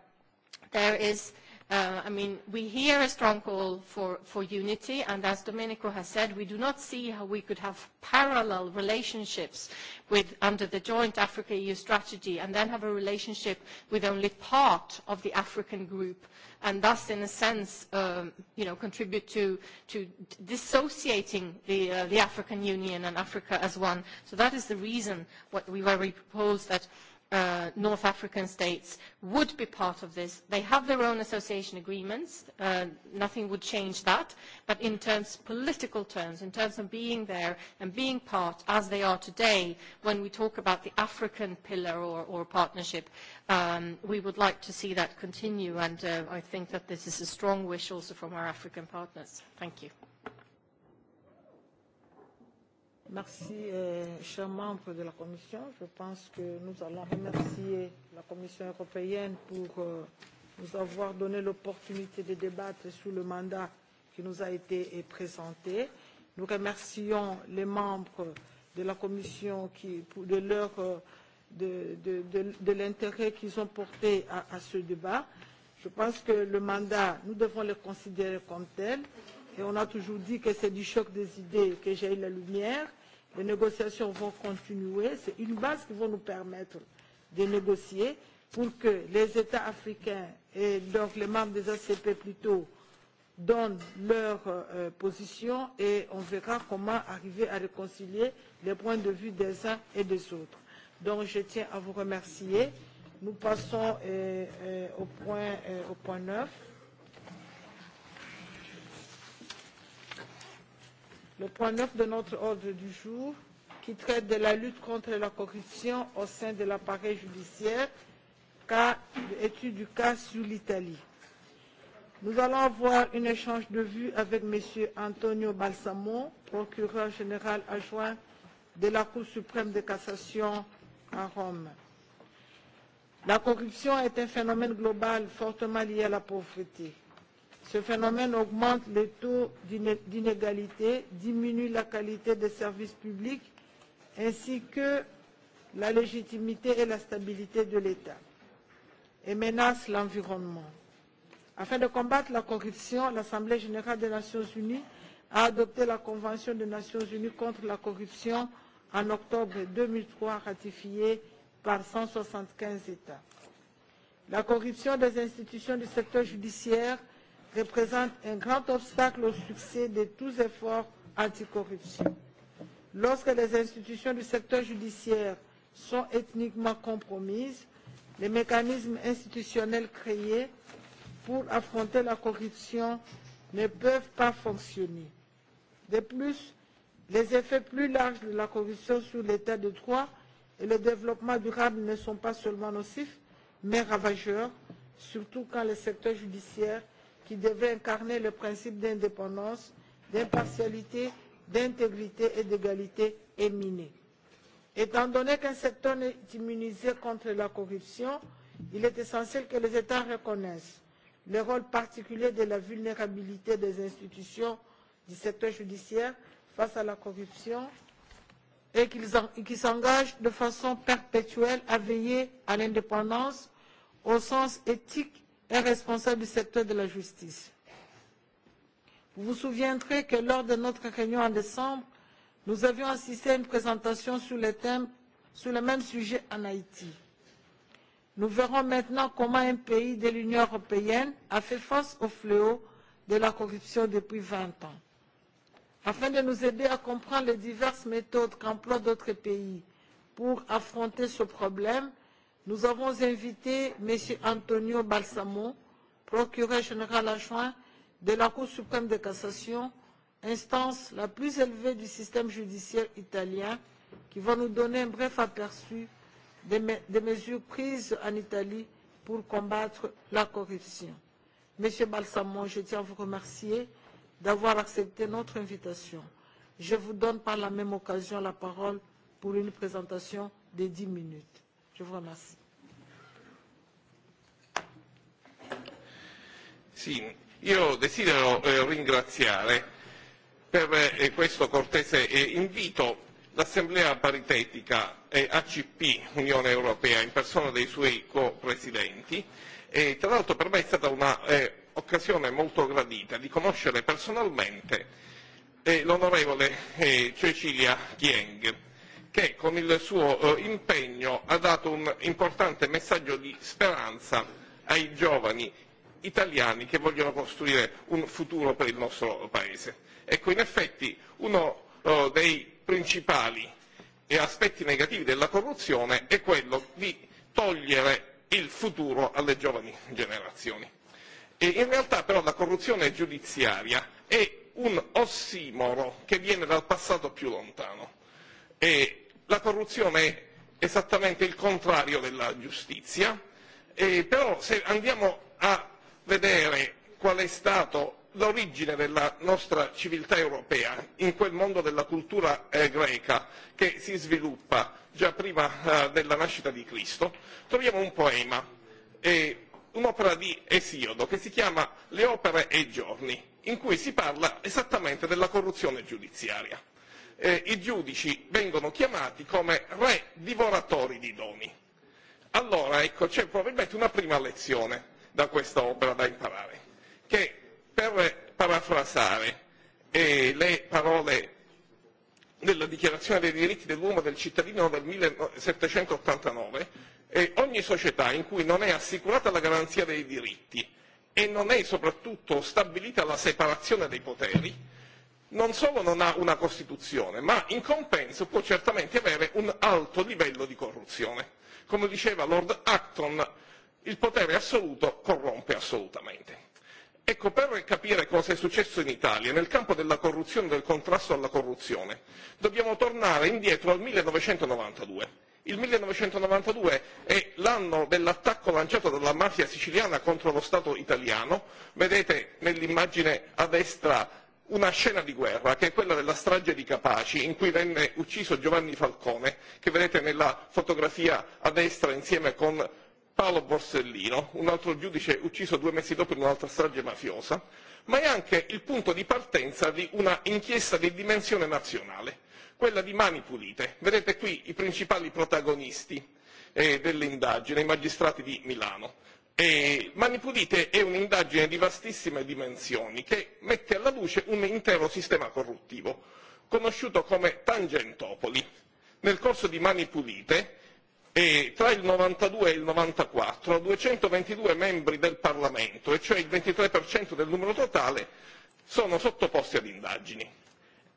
there is Uh, I mean, we hear a strong call for, for unity, and as Domenico has said, we do not see how we could have parallel relationships with, under the joint Africa-EU strategy and then have a relationship with only part of the African group and thus, in a sense, um, you know, contribute to, to dissociating the, uh, the African Union and Africa as one. So that is the reason what we, why we propose that uh, North African states would be part of this. They have their own association agreements. Uh, nothing would change that. But in terms, political terms, in terms of being there and being part as they are today, when we talk about the African pillar or, or partnership, um, we would like to see that continue. And uh, I think that this is a strong wish also from our African partners. Thank you.
Merci, euh, chers membres de la Commission. Je pense que nous allons remercier la Commission européenne pour euh, nous avoir donné l'opportunité de débattre sous le mandat qui nous a été présenté. Nous remercions les membres de la Commission qui, de leur euh, de, de, de, de l'intérêt qu'ils ont porté à, à ce débat. Je pense que le mandat, nous devons le considérer comme tel. Et on a toujours dit que c'est du choc des idées que j'ai eu la lumière. Les négociations vont continuer. C'est une base qui va nous permettre de négocier pour que les États africains et donc les membres des ACP plutôt donnent leur euh, position et on verra comment arriver à réconcilier les points de vue des uns et des autres. Donc je tiens à vous remercier. Nous passons euh, euh, au, point, euh, au point 9. le point neuf de notre ordre du jour qui traite de la lutte contre la corruption au sein de l'appareil judiciaire cas, étude du cas sur l'Italie. Nous allons avoir un échange de vues avec M. Antonio Balsamo, procureur général adjoint de la Cour suprême de cassation à Rome. La corruption est un phénomène global fortement lié à la pauvreté ce phénomène augmente les taux d'inégalité, diminue la qualité des services publics ainsi que la légitimité et la stabilité de l'État et menace l'environnement. Afin de combattre la corruption, l'Assemblée générale des Nations unies a adopté la Convention des Nations unies contre la corruption en octobre 2003, ratifiée par 175 États. La corruption des institutions du secteur judiciaire représente un grand obstacle au succès de tous efforts anticorruption. Lorsque les institutions du secteur judiciaire sont ethniquement compromises, les mécanismes institutionnels créés pour affronter la corruption ne peuvent pas fonctionner. De plus, les effets plus larges de la corruption sur l'état de droit et le développement durable ne sont pas seulement nocifs, mais ravageurs, surtout quand le secteur judiciaire qui devait incarner le principe d'indépendance, d'impartialité, d'intégrité et d'égalité est miné. Étant donné qu'un secteur est immunisé contre la corruption, il est essentiel que les États reconnaissent le rôle particulier de la vulnérabilité des institutions du secteur judiciaire face à la corruption et qu'ils qu s'engagent de façon perpétuelle à veiller à l'indépendance au sens éthique est responsable du secteur de la justice. Vous vous souviendrez que lors de notre réunion en décembre, nous avions assisté à une présentation sur le, thème, sur le même sujet en Haïti. Nous verrons maintenant comment un pays de l'Union européenne a fait face au fléau de la corruption depuis 20 ans. Afin de nous aider à comprendre les diverses méthodes qu'emploient d'autres pays pour affronter ce problème, Nous avons invité M. Antonio Balsamo, procureur général adjoint de la Cour suprême de cassation, instance la plus élevée du système judiciaire italien, qui va nous donner un bref aperçu des, me des mesures prises en Italie pour combattre la corruption. Monsieur Balsamo, je tiens à vous remercier d'avoir accepté notre invitation. Je vous donne par la même occasion la parole pour une présentation de 10 minutes. Je vous remercie.
Sì, io desidero eh, ringraziare per eh, questo cortese eh, invito l'Assemblea paritetica eh, ACP Unione Europea in persona dei suoi co-presidenti. E, tra l'altro per me è stata un'occasione eh, molto gradita di conoscere personalmente eh, l'onorevole eh, Cecilia Chieng che con il suo eh, impegno ha dato un importante messaggio di speranza ai giovani italiani che vogliono costruire un futuro per il nostro Paese. Ecco, in effetti uno eh, dei principali aspetti negativi della corruzione è quello di togliere il futuro alle giovani generazioni. E in realtà però la corruzione giudiziaria è un ossimoro che viene dal passato più lontano. E la corruzione è esattamente il contrario della giustizia, eh, però se andiamo a vedere qual è stato l'origine della nostra civiltà europea in quel mondo della cultura eh, greca che si sviluppa già prima eh, della nascita di Cristo, troviamo un poema, eh, un'opera di Esiodo che si chiama Le opere e i giorni, in cui si parla esattamente della corruzione giudiziaria eh, i giudici vengono chiamati come re divoratori di doni. Allora, ecco, c'è probabilmente una prima lezione da questa opera da imparare, che per parafrasare eh, le parole della dichiarazione dei diritti dell'uomo del cittadino del 1789, eh, ogni società in cui non è assicurata la garanzia dei diritti e non è soprattutto stabilita la separazione dei poteri, non solo non ha una Costituzione, ma in compenso può certamente avere un alto livello di corruzione. Come diceva Lord Acton, il potere assoluto corrompe assolutamente. Ecco, per capire cosa è successo in Italia nel campo della corruzione e del contrasto alla corruzione, dobbiamo tornare indietro al 1992. Il 1992 è l'anno dell'attacco lanciato dalla mafia siciliana contro lo Stato italiano. Vedete nell'immagine a destra una scena di guerra, che è quella della strage di Capaci, in cui venne ucciso Giovanni Falcone, che vedete nella fotografia a destra insieme con Paolo Borsellino, un altro giudice ucciso due mesi dopo in un'altra strage mafiosa, ma è anche il punto di partenza di una inchiesta di dimensione nazionale, quella di Mani Pulite. Vedete qui i principali protagonisti eh, dell'indagine, i magistrati di Milano. E Pulite è un'indagine di vastissime dimensioni che mette alla luce un intero sistema corruttivo, conosciuto come Tangentopoli. Nel corso di Manipulite, e tra il 92 e il 94, 222 membri del Parlamento, e cioè il 23% del numero totale, sono sottoposti ad indagini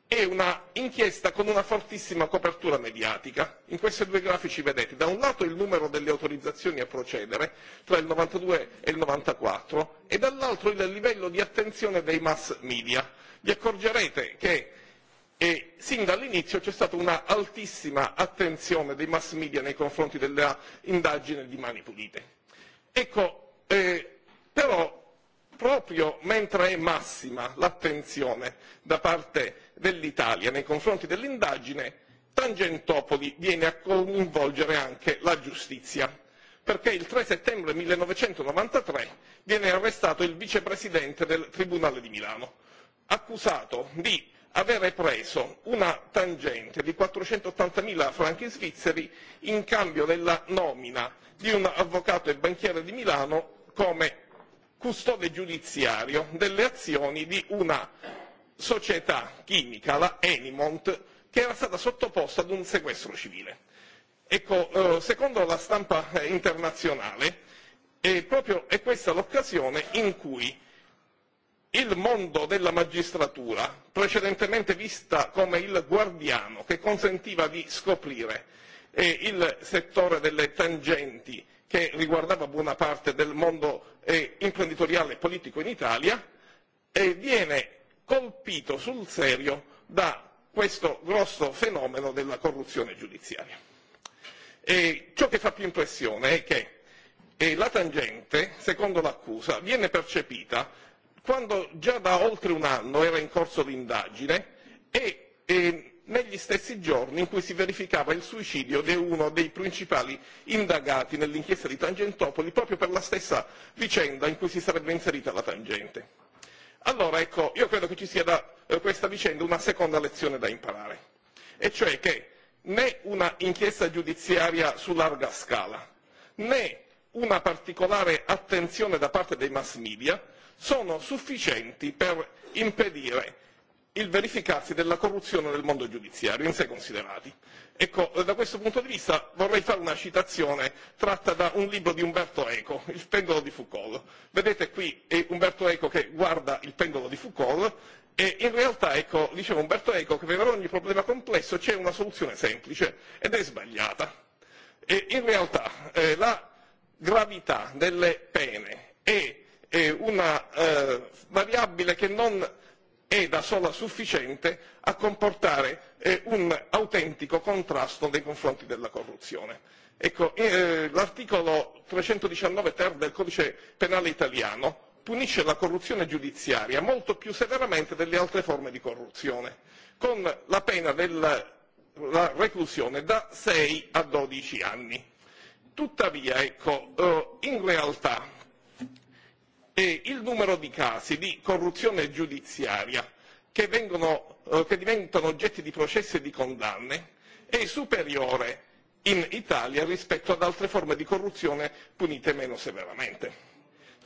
è una inchiesta con una fortissima copertura mediatica. In questi due grafici vedete da un lato il numero delle autorizzazioni a procedere tra il 92 e il 94 e dall'altro il livello di attenzione dei mass media. Vi accorgerete che e eh, sin dall'inizio c'è stata una altissima attenzione dei mass media nei confronti dell'indagine di Mani Pulite. Ecco, eh, però proprio mentre è massima l'attenzione da parte dell'Italia nei confronti dell'indagine, Tangentopoli viene a coinvolgere anche la giustizia, perché il 3 settembre 1993 viene arrestato il vicepresidente del Tribunale di Milano, accusato di avere preso una tangente di 480.000 franchi svizzeri in cambio della nomina di un avvocato e banchiere di Milano come custode giudiziario delle azioni di una società chimica, la Enimont, che era stata sottoposta ad un sequestro civile. Ecco, eh, secondo la stampa eh, internazionale, è proprio è questa l'occasione in cui il mondo della magistratura, precedentemente vista come il guardiano che consentiva di scoprire eh, il settore delle tangenti che riguardava buona parte del mondo eh, imprenditoriale e politico in Italia e viene colpito sul serio da questo grosso fenomeno della corruzione giudiziaria. E ciò che fa più impressione è che eh, la tangente, secondo l'accusa, viene percepita quando già da oltre un anno era in corso l'indagine e, eh, negli stessi giorni in cui si verificava il suicidio di uno dei principali indagati nell'inchiesta di Tangentopoli, proprio per la stessa vicenda in cui si sarebbe inserita la tangente. Allora, ecco, io credo che ci sia da eh, questa vicenda una seconda lezione da imparare, e cioè che né una inchiesta giudiziaria su larga scala, né una particolare attenzione da parte dei mass media sono sufficienti per impedire il verificarsi della corruzione nel mondo giudiziario in sé considerati. Ecco, da questo punto di vista vorrei fare una citazione tratta da un libro di Umberto Eco, Il pendolo di Foucault. Vedete qui è eh, Umberto Eco che guarda il pendolo di Foucault e in realtà, ecco, diceva Umberto Eco che per ogni problema complesso c'è una soluzione semplice ed è sbagliata. E in realtà eh, la gravità delle pene è, è una eh, variabile che non è da sola sufficiente a comportare eh, un autentico contrasto nei confronti della corruzione. Ecco, eh, l'articolo 319 ter del codice penale italiano punisce la corruzione giudiziaria molto più severamente delle altre forme di corruzione, con la pena della la reclusione da 6 a 12 anni. Tuttavia, ecco, eh, in realtà e il numero di casi di corruzione giudiziaria che, vengono, eh, che diventano oggetti di processi e di condanne è superiore in Italia rispetto ad altre forme di corruzione punite meno severamente.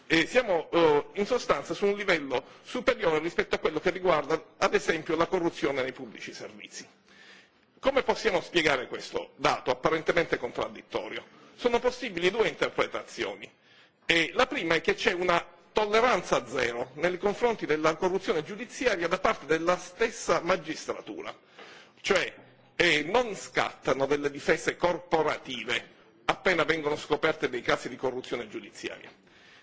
E siamo eh, in sostanza su un livello superiore rispetto a quello che riguarda ad esempio la corruzione nei pubblici servizi. Come possiamo spiegare questo dato apparentemente contraddittorio? Sono possibili due interpretazioni. E la prima è che c'è una tolleranza zero nei confronti della corruzione giudiziaria da parte della stessa magistratura, cioè eh, non scattano delle difese corporative appena vengono scoperte dei casi di corruzione giudiziaria.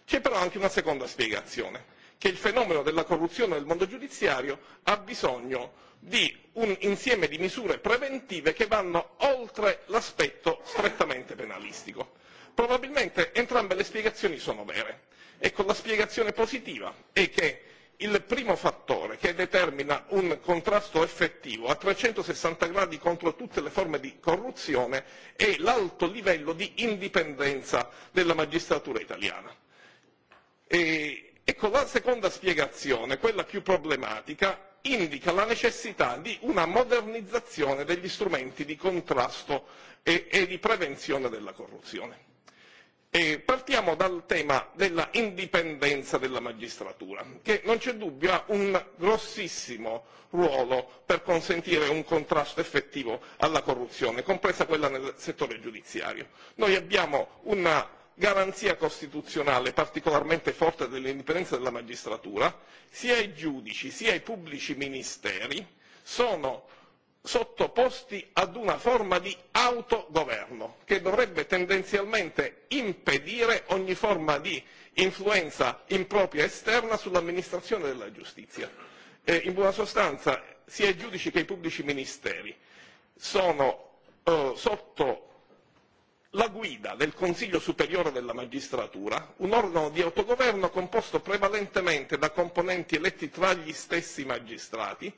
C'è però anche una seconda spiegazione, che il fenomeno della corruzione nel mondo giudiziario ha bisogno di un insieme di misure preventive che vanno oltre l'aspetto strettamente penalistico. Probabilmente entrambe le spiegazioni sono vere. Ecco, la spiegazione positiva è che il primo fattore che determina un contrasto effettivo a 360 gradi contro tutte le forme di corruzione è l'alto livello di indipendenza della magistratura italiana. E, ecco, la seconda spiegazione, quella più problematica, indica la necessità di una modernizzazione degli strumenti di contrasto e, e di prevenzione della corruzione. E partiamo dal tema della indipendenza della magistratura, che non c'è dubbio ha un grossissimo ruolo per consentire un contrasto effettivo alla corruzione, compresa quella nel settore giudiziario. Noi abbiamo una garanzia costituzionale particolarmente forte dell'indipendenza della magistratura, sia i giudici sia i pubblici ministeri sono sottoposti ad una forma di autogoverno che dovrebbe tendenzialmente impedire ogni forma di influenza impropria esterna sull'amministrazione della giustizia. E in buona sostanza sia i giudici che i pubblici ministeri sono eh, sotto la guida del Consiglio Superiore della Magistratura, un organo di autogoverno composto prevalentemente da componenti eletti tra gli stessi magistrati,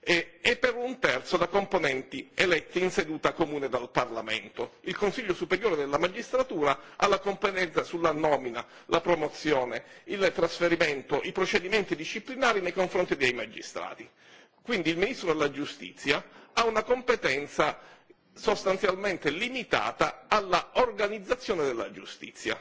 e, e per un terzo da componenti eletti in seduta comune dal Parlamento. Il Consiglio superiore della magistratura ha la competenza sulla nomina, la promozione, il trasferimento, i procedimenti disciplinari nei confronti dei magistrati. Quindi il Ministro della Giustizia ha una competenza sostanzialmente limitata alla organizzazione della giustizia.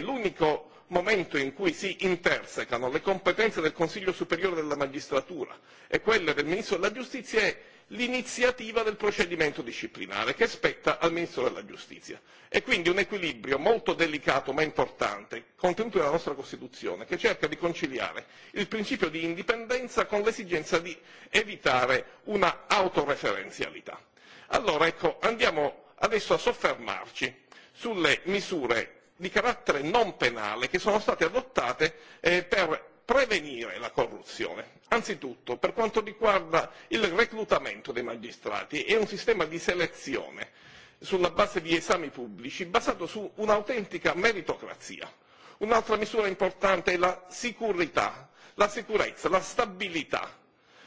l'unico momento in cui si intersecano le competenze del Consiglio superiore della magistratura e quelle del Ministro della Giustizia è l'iniziativa del procedimento disciplinare che spetta al Ministro della Giustizia. È quindi un equilibrio molto delicato ma importante contenuto nella nostra Costituzione che cerca di conciliare il principio di indipendenza con l'esigenza di evitare una autoreferenzialità. Allora ecco, andiamo adesso a soffermarci sulle misure di carattere non penale che sono state adottate eh, per prevenire la corruzione. Anzitutto, per quanto riguarda il reclutamento dei magistrati, è un sistema di selezione sulla base di esami pubblici basato su un'autentica meritocrazia. Un'altra misura importante è la sicurezza, la sicurezza, la stabilità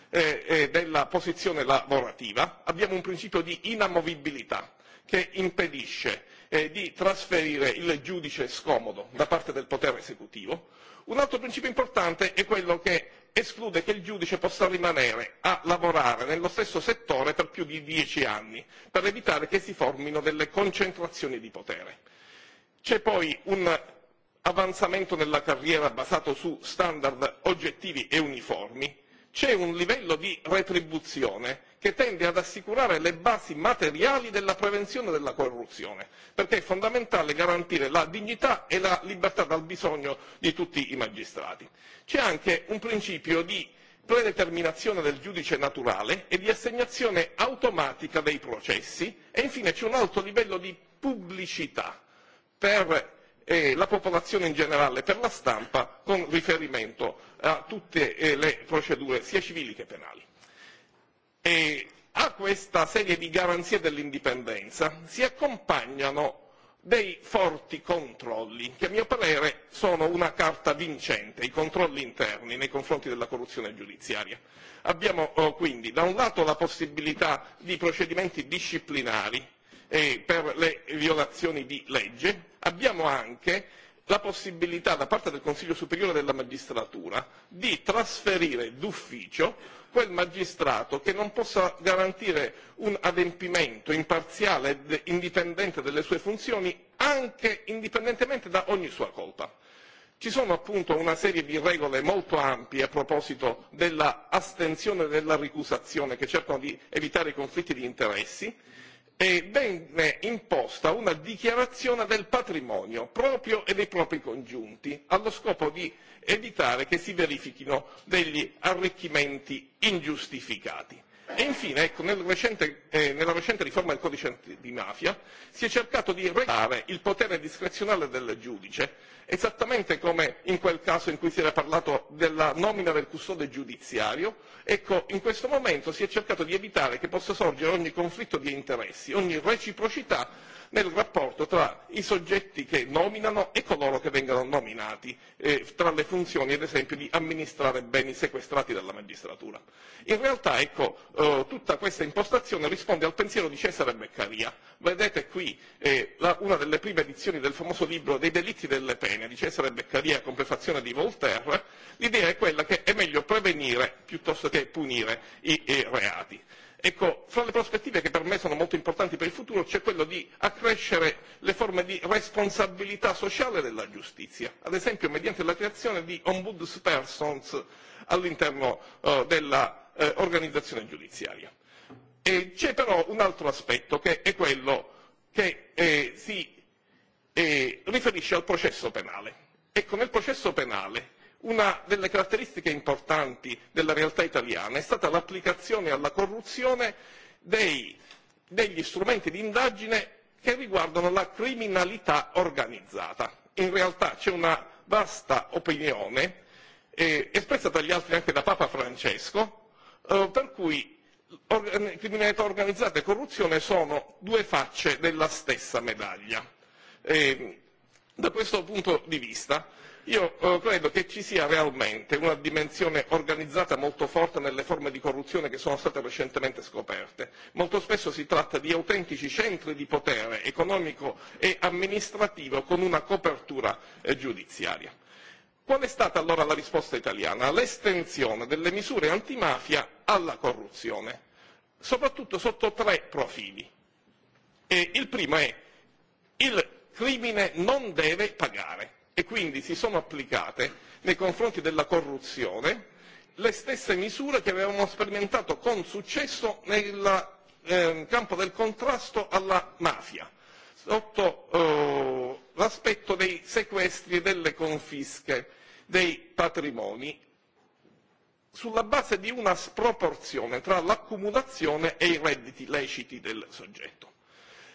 eh, eh, della posizione lavorativa. Abbiamo un principio di inamovibilità che impedisce eh, di trasferire il giudice scomodo da parte del potere esecutivo. Un altro principio importante è quello che esclude che il giudice possa rimanere a lavorare nello stesso settore per più di dieci anni, per evitare che si formino delle concentrazioni di potere. C'è poi un avanzamento nella carriera basato su standard oggettivi e uniformi, c'è un livello di retribuzione che tende ad assicurare le basi materiali della prevenzione della corruzione, perché è fondamentale garantire la dignità e la libertà dal bisogno di tutti i magistrati. C'è anche un principio di predeterminazione del giudice naturale e di assegnazione automatica dei processi e infine c'è un alto livello di pubblicità per eh, la popolazione in generale, per la stampa, con riferimento a tutte eh, le procedure sia civili che penali. E a questa serie di garanzie dell'indipendenza si accompagnano dei forti controlli, che a mio parere sono una carta vincente, i controlli interni nei confronti della corruzione giudiziaria. Abbiamo oh, quindi da un lato la possibilità di procedimenti disciplinari eh, per le violazioni di legge, abbiamo anche la possibilità da parte del Consiglio Superiore della Magistratura di trasferire d'ufficio quel magistrato che non possa garantire un adempimento imparziale ed indipendente delle sue funzioni anche indipendentemente da ogni sua colpa. Ci sono appunto una serie di regole molto ampie a proposito della astensione e della ricusazione che cercano di evitare i conflitti di interessi e venne eh, imposta una dichiarazione del patrimonio proprio e dei propri congiunti, allo scopo di evitare che si verifichino degli arricchimenti ingiustificati. E infine, ecco, nel recente, eh, nella recente riforma del codice di mafia si è cercato di regolare il potere discrezionale del giudice, esattamente come in quel caso in cui si era parlato della nomina del custode giudiziario, ecco, in questo momento si è cercato di evitare che possa sorgere ogni conflitto di interessi, ogni reciprocità nel rapporto tra i soggetti che nominano e coloro che vengono nominati, eh, tra le funzioni ad esempio di amministrare beni sequestrati dalla magistratura. In realtà ecco, eh, tutta questa impostazione risponde al pensiero di Cesare Beccaria. Vedete qui eh, la, una delle prime edizioni del famoso libro dei delitti delle pene di Cesare Beccaria con prefazione di Voltaire, l'idea è quella che è meglio prevenire piuttosto che punire i, i reati. Ecco, fra le prospettive che per me sono molto importanti per il futuro c'è quello di accrescere le forme di responsabilità sociale della giustizia, ad esempio mediante la creazione di ombudspersons all'interno uh, eh, dell'organizzazione eh, uh, giudiziaria. E c'è però un altro aspetto che è quello che eh, si eh, riferisce al processo penale. Ecco, nel processo penale una delle caratteristiche importanti della realtà italiana è stata l'applicazione alla corruzione dei, degli strumenti di indagine che riguardano la criminalità organizzata. In realtà c'è una vasta opinione, eh, espressa dagli altri anche da Papa Francesco, eh, per cui or- criminalità organizzata e corruzione sono due facce della stessa medaglia. Eh, da questo punto di vista Io eh, credo che ci sia realmente una dimensione organizzata molto forte nelle forme di corruzione che sono state recentemente scoperte. Molto spesso si tratta di autentici centri di potere economico e amministrativo con una copertura eh, giudiziaria. Qual è stata allora la risposta italiana? L'estensione delle misure antimafia alla corruzione, soprattutto sotto tre profili. E il primo è il crimine non deve pagare e quindi si sono applicate nei confronti della corruzione le stesse misure che avevamo sperimentato con successo nel eh, campo del contrasto alla mafia, sotto eh, l'aspetto dei sequestri e delle confische dei patrimoni, sulla base di una sproporzione tra l'accumulazione e i redditi leciti del soggetto.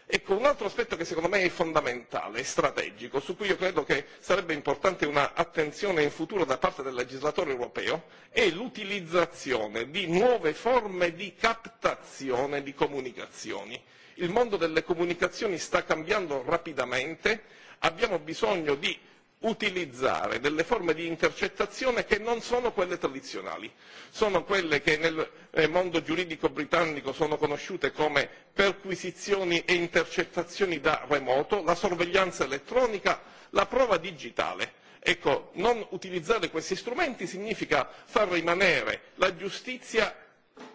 Ecco, un altro aspetto che secondo me è fondamentale, è strategico, su cui io credo che sarebbe importante un'attenzione in futuro da parte del legislatore europeo, è l'utilizzazione di nuove forme di captazione di comunicazioni. Il mondo delle comunicazioni sta cambiando rapidamente, abbiamo bisogno di utilizzare delle forme di intercettazione che non sono quelle tradizionali, sono quelle che nel mondo giuridico britannico sono conosciute come perquisizioni e intercettazioni da remoto, la sorveglianza elettronica, la prova digitale. Ecco, non utilizzare questi strumenti significa far rimanere la giustizia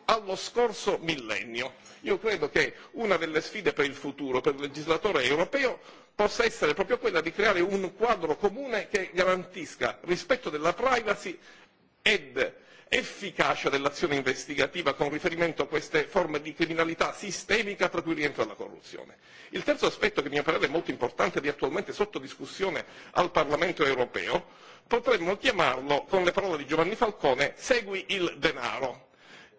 allo scorso millennio. Io credo che una delle sfide per il futuro, per il legislatore europeo, possa essere proprio quella di creare un quadro comune che garantisca rispetto della privacy ed efficacia dell'azione investigativa con riferimento a queste forme di criminalità sistemica tra cui rientra la corruzione. Il terzo aspetto che mi parere molto importante ed è attualmente sotto discussione al Parlamento europeo, potremmo chiamarlo, con le parole di Giovanni Falcone, segui il denaro.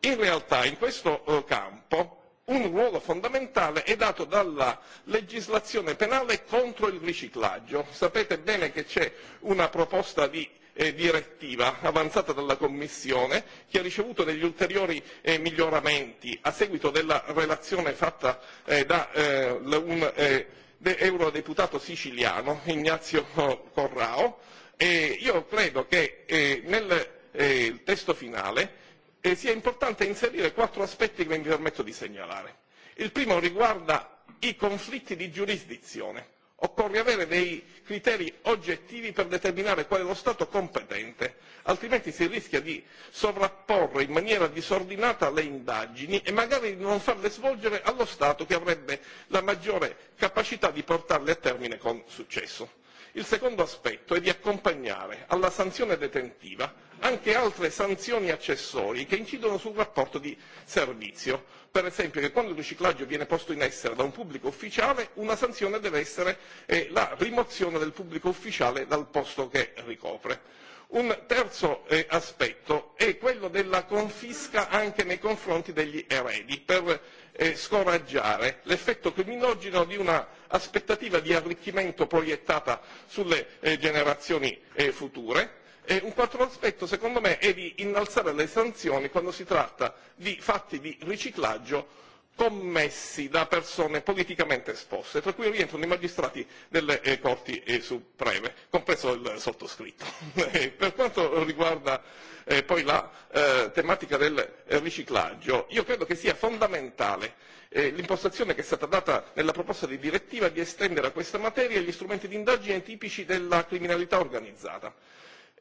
In realtà in questo eh, campo un ruolo fondamentale è dato dalla legislazione penale contro il riciclaggio. Sapete bene che c'è una proposta di eh, direttiva avanzata dalla Commissione che ha ricevuto degli ulteriori eh, miglioramenti a seguito della relazione fatta eh, da eh, un eh, eurodeputato siciliano Ignazio Corrao. E io credo che eh, nel eh, testo finale eh, sia importante inserire quattro aspetti che mi permetto di segnalare. Il primo riguarda i conflitti di giurisdizione. Occorre avere dei criteri oggettivi per determinare qual è lo Stato competente, altrimenti si rischia di sovrapporre in maniera disordinata le indagini e magari di non farle svolgere allo Stato che avrebbe la maggiore capacità di portarle a termine con successo. Il secondo aspetto è di accompagnare alla sanzione detentiva anche altre sanzioni accessorie che incidono sul rapporto di servizio. Per esempio che quando il riciclaggio viene posto in essere da un pubblico ufficiale una sanzione deve essere eh, la rimozione del pubblico ufficiale dal posto che ricopre. Un terzo eh, aspetto è quello della confisca anche nei confronti degli eredi per eh, scoraggiare l'effetto criminogeno di una aspettativa di arricchimento proiettata sulle eh, generazioni eh, future E un quarto aspetto, secondo me, è di innalzare le sanzioni quando si tratta di fatti di riciclaggio commessi da persone politicamente esposte, tra cui rientrano i magistrati delle eh, Corti eh, Supreme, compreso il sottoscritto. per quanto riguarda eh, poi la eh, tematica del eh, riciclaggio, io credo che sia fondamentale eh, l'impostazione che è stata data nella proposta di direttiva di estendere a questa materia gli strumenti di indagine tipici della criminalità organizzata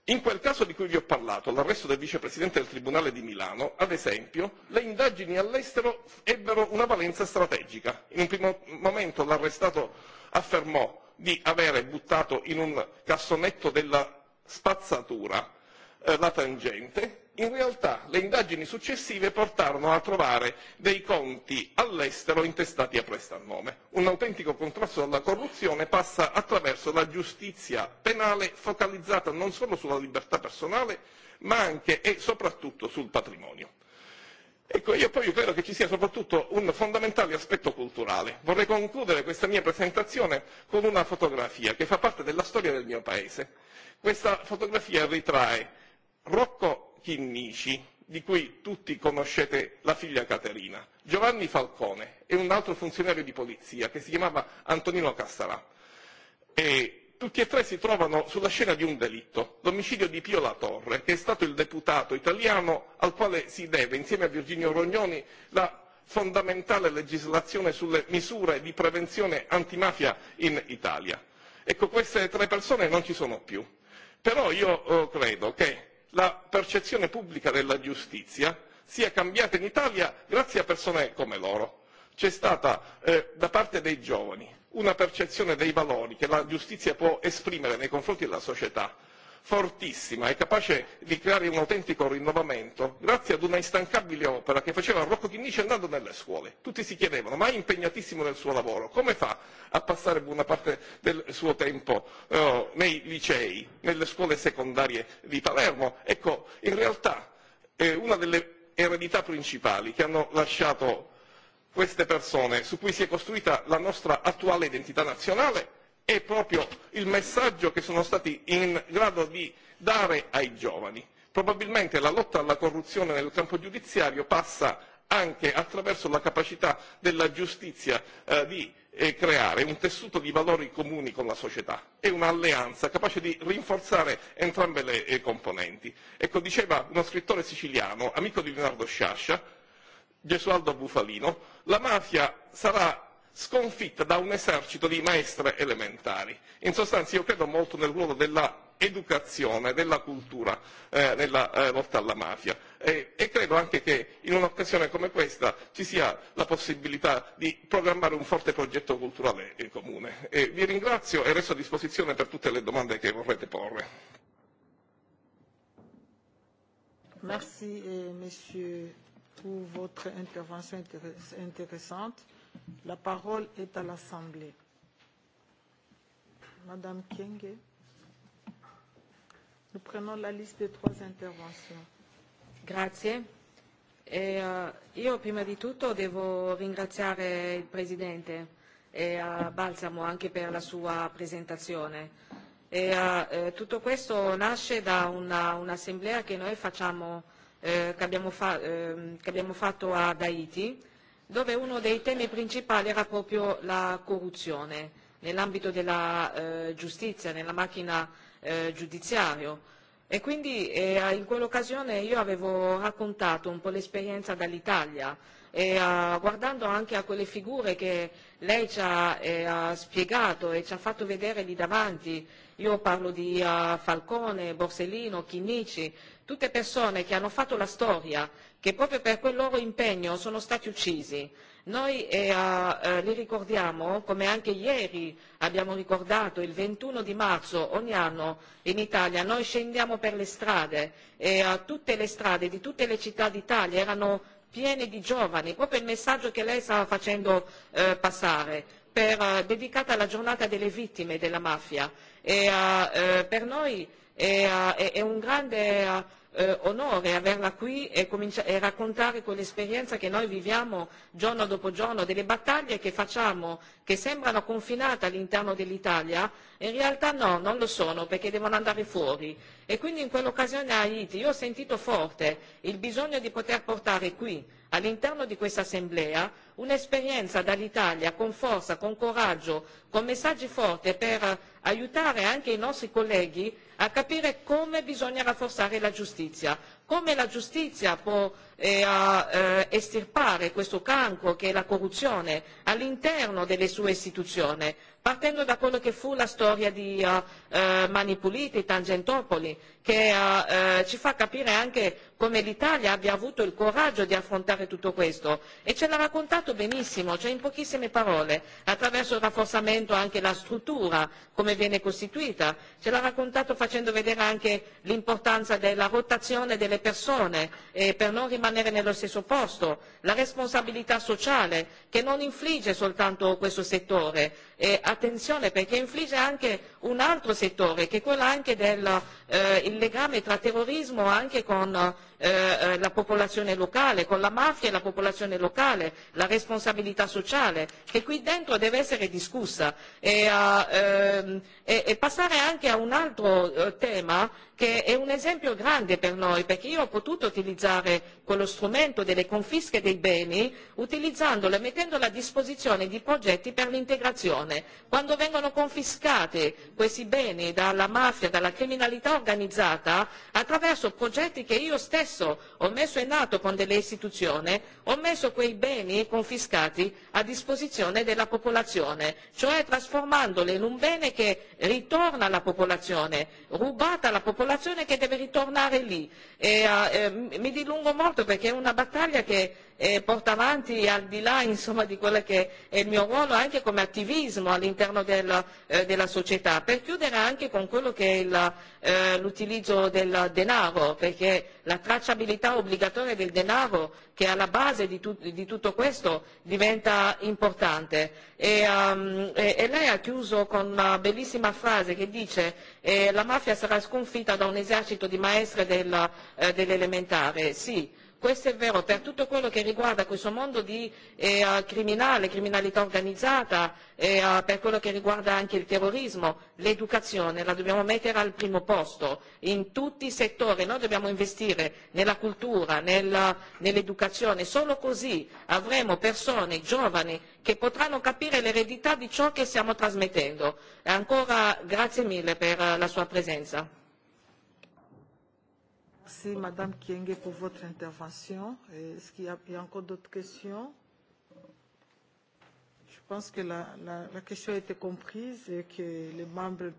In quel caso di cui vi ho parlato, l'arresto del vicepresidente del Tribunale di Milano, ad esempio, le indagini all'estero ebbero una valenza strategica. In un primo momento l'arrestato affermò di avere buttato in un cassonetto della spazzatura eh, la tangente in realtà le indagini successive portarono a trovare dei conti all'estero intestati a prestanome. Un autentico contrasto alla corruzione passa attraverso la giustizia penale focalizzata non solo sulla libertà personale, ma anche e soprattutto sul patrimonio. Ecco, io poi credo che ci sia soprattutto un fondamentale aspetto culturale. Vorrei concludere questa mia presentazione con una fotografia che fa parte della storia del mio paese. Questa fotografia ritrae Rocco Chinnici, di cui tutti conoscete la figlia Caterina. Giovanni Falcone e un altro funzionario di polizia che si chiamava Antonino Cassarà. E tutti e tre si trovano sulla scena di un delitto, l'omicidio di Pio La Torre, che è stato il deputato italiano al quale si deve, insieme a Virginio Rognoni, la fondamentale legislazione sulle misure di prevenzione antimafia in Italia. Ecco, queste tre persone non ci sono più. Però io eh, credo che la percezione pubblica della giustizia sia cambiata in Italia grazie a persone come loro. C'è stata eh, da parte dei giovani una percezione dei valori che la giustizia può esprimere nei confronti della società fortissima e capace di creare un autentico rinnovamento grazie ad una instancabile opera che faceva Rocco Chinnici andando nelle scuole. Tutti si chiedevano, ma è impegnatissimo nel suo lavoro, come fa a passare buona parte del suo tempo oh, nei licei, nelle scuole secondarie di Palermo? Ecco, in realtà eh, una delle eredità principali che hanno lasciato queste persone, su cui si è costruita la nostra attuale identità nazionale, è proprio il messaggio che sono stati in grado di dare ai giovani. Probabilmente la lotta alla corruzione nel campo giudiziario passa anche attraverso la capacità della giustizia eh, di eh, creare un tessuto di valori comuni con la società e un'alleanza capace di rinforzare entrambe le eh, componenti. Ecco, diceva uno scrittore siciliano, amico di Leonardo Sciascia, Gesualdo Bufalino, la mafia sarà sconfitta da un esercito di maestre elementari. In sostanza io credo molto nel ruolo dell'educazione, della cultura eh, nella eh, lotta alla mafia e, e credo anche che in un'occasione come questa ci sia la possibilità di programmare un forte progetto culturale eh, comune. E vi ringrazio e resto a disposizione per tutte le domande che vorrete porre.
Merci, eh, monsieur, pour votre intervention intéressante. La parole est à l'Assemblée. Madame Kenge, nous prenons la liste des trois interventions.
Grazie. E, uh, io prima di tutto devo ringraziare il Presidente e uh, Balsamo anche per la sua presentazione. E, uh, eh, tutto questo nasce da un'assemblea un che noi facciamo, eh, che, abbiamo fa- eh, che abbiamo fatto ad Haiti dove uno dei temi principali era proprio la corruzione nell'ambito della eh, giustizia, nella macchina eh, giudiziaria. E quindi eh, in quell'occasione io avevo raccontato un po' l'esperienza dall'Italia, e, eh, guardando anche a quelle figure che lei ci ha, eh, ha spiegato e ci ha fatto vedere lì davanti, Io parlo di uh, Falcone, Borsellino, Chinnici, tutte persone che hanno fatto la storia, che proprio per quel loro impegno sono stati uccisi. Noi eh, uh, li ricordiamo, come anche ieri abbiamo ricordato, il 21 di marzo ogni anno in Italia noi scendiamo per le strade e uh, tutte le strade di tutte le città d'Italia erano piene di giovani, proprio il messaggio che lei stava facendo uh, passare, per, eh, dedicata alla giornata delle vittime della mafia eh, uh, per noi è, è un grande uh, eh, onore averla qui e, comincia- e raccontare quell'esperienza che noi viviamo giorno dopo giorno, delle battaglie che facciamo, che sembrano confinate all'interno dell'Italia, in realtà no, non lo sono perché devono andare fuori. E quindi in quell'occasione a Haiti io ho sentito forte il bisogno di poter portare qui, all'interno di questa assemblea, un'esperienza dall'Italia con forza, con coraggio, con messaggi forti per aiutare anche i nostri colleghi a capire come bisogna rafforzare la giustizia, come la giustizia può eh, a, eh, estirpare questo cancro che è la corruzione all'interno delle sue istituzioni, partendo da quello che fu la storia di uh, uh, Mani Puliti, Tangentopoli, che uh, uh, ci fa capire anche come l'Italia abbia avuto il coraggio di affrontare tutto questo e ce l'ha raccontato benissimo, cioè in pochissime parole, attraverso il rafforzamento anche la struttura, come viene costituita, ce l'ha raccontato facendo vedere anche l'importanza della rotazione delle persone eh, per non rimanere nello stesso posto, la responsabilità sociale che non infligge soltanto questo settore, attenzione perché infligge anche un altro settore che è quello anche del eh, il legame tra terrorismo anche con eh, eh, la popolazione locale, con la mafia e la popolazione locale, la responsabilità sociale che qui dentro deve essere discussa e, uh, eh, ehm, e, e passare anche a un altro eh, tema che è un esempio grande per noi perché io ho potuto utilizzare quello strumento delle confische dei beni utilizzandolo e mettendolo a disposizione di progetti per l'integrazione. Quando vengono confiscate questi beni dalla mafia, dalla criminalità organizzata attraverso progetti che io stesso ho messo in atto con delle istituzioni, ho messo quei beni confiscati a disposizione della popolazione, cioè trasformandoli in un bene che ritorna alla popolazione, rubata alla popolazione che deve ritornare lì. E, uh, eh, mi dilungo molto perché è una battaglia che eh, porta avanti al di là insomma, di quello che è il mio ruolo anche come attivismo all'interno del, eh, della società. Per chiudere anche con quello che è il, eh, l'utilizzo del denaro, perché la tracciabilità obbligatoria del denaro che è alla base di, tu, di tutto questo diventa importante. E, um, e, e lei ha chiuso con una bellissima frase che dice eh, la mafia sarà sconfitta da un esercito di maestre del, eh, dell'elementare. Sì, questo è vero per tutto quello che riguarda questo mondo di eh, criminale, criminalità organizzata, eh, per quello che riguarda anche il terrorismo, l'educazione la dobbiamo mettere al primo posto in tutti i settori, noi dobbiamo investire nella cultura, nella, nell'educazione, solo così avremo persone giovani che potranno capire l'eredità di ciò che stiamo trasmettendo. Ancora grazie mille per la sua presenza.
Merci, Madame Kienge, pour votre intervention. Est-ce qu'il y, a, il y a encore d'autres questions Je pense que la, la, la question a été comprise et que les membres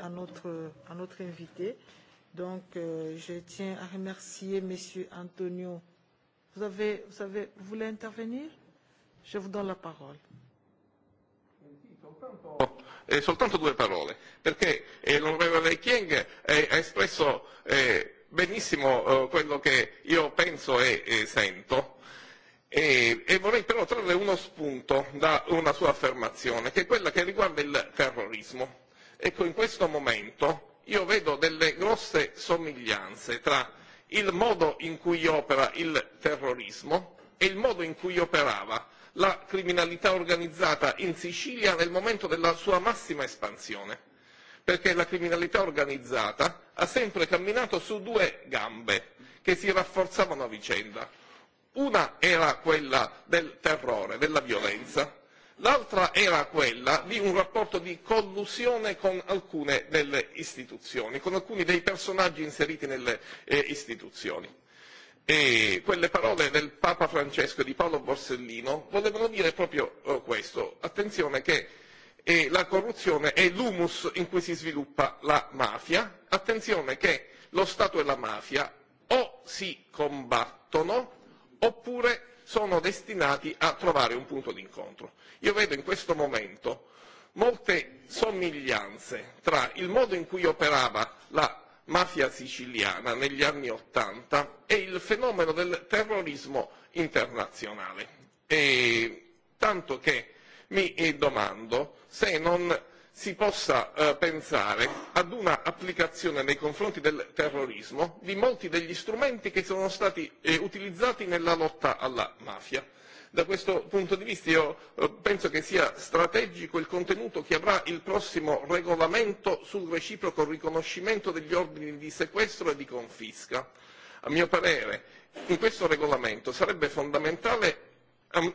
à notre, à notre invité. Donc, euh, je tiens à remercier Monsieur Antonio. Vous, avez, vous, avez, vous voulez intervenir Je vous donne la
parole soltanto, eh, soltanto due parole, perché eh, l'onorevole Chieng eh, ha espresso eh, benissimo eh, quello che io penso e, e sento. E, e vorrei però trarre uno spunto da una sua affermazione, che è quella che riguarda il terrorismo. Ecco, in questo momento io vedo delle grosse somiglianze tra il modo in cui opera il terrorismo e il modo in cui operava la criminalità organizzata in Sicilia nel momento della sua massima espansione, perché la criminalità organizzata ha sempre camminato su due gambe che si rafforzavano a vicenda. Una era quella del terrore, della violenza, l'altra era quella di un rapporto di collusione con alcune delle istituzioni, con alcuni dei personaggi inseriti nelle eh, istituzioni. E quelle parole del Papa Francesco di Paolo Borsellino volevano dire proprio oh, questo. Attenzione che eh, la corruzione è l'humus in cui si sviluppa la mafia. Attenzione che lo Stato e la mafia o si combattono oppure sono destinati a trovare un punto d'incontro. Io vedo in questo momento molte somiglianze tra il modo in cui operava la mafia siciliana negli anni Ottanta e il fenomeno del terrorismo internazionale. E, tanto che mi eh, domando se non si possa eh, pensare ad una applicazione nei confronti del terrorismo di molti degli strumenti che sono stati eh, utilizzati nella lotta alla mafia da questo punto di vista io eh, penso che sia strategico il contenuto che avrà il prossimo regolamento sul reciproco riconoscimento degli ordini di sequestro e di confisca. A mio parere in questo regolamento sarebbe fondamentale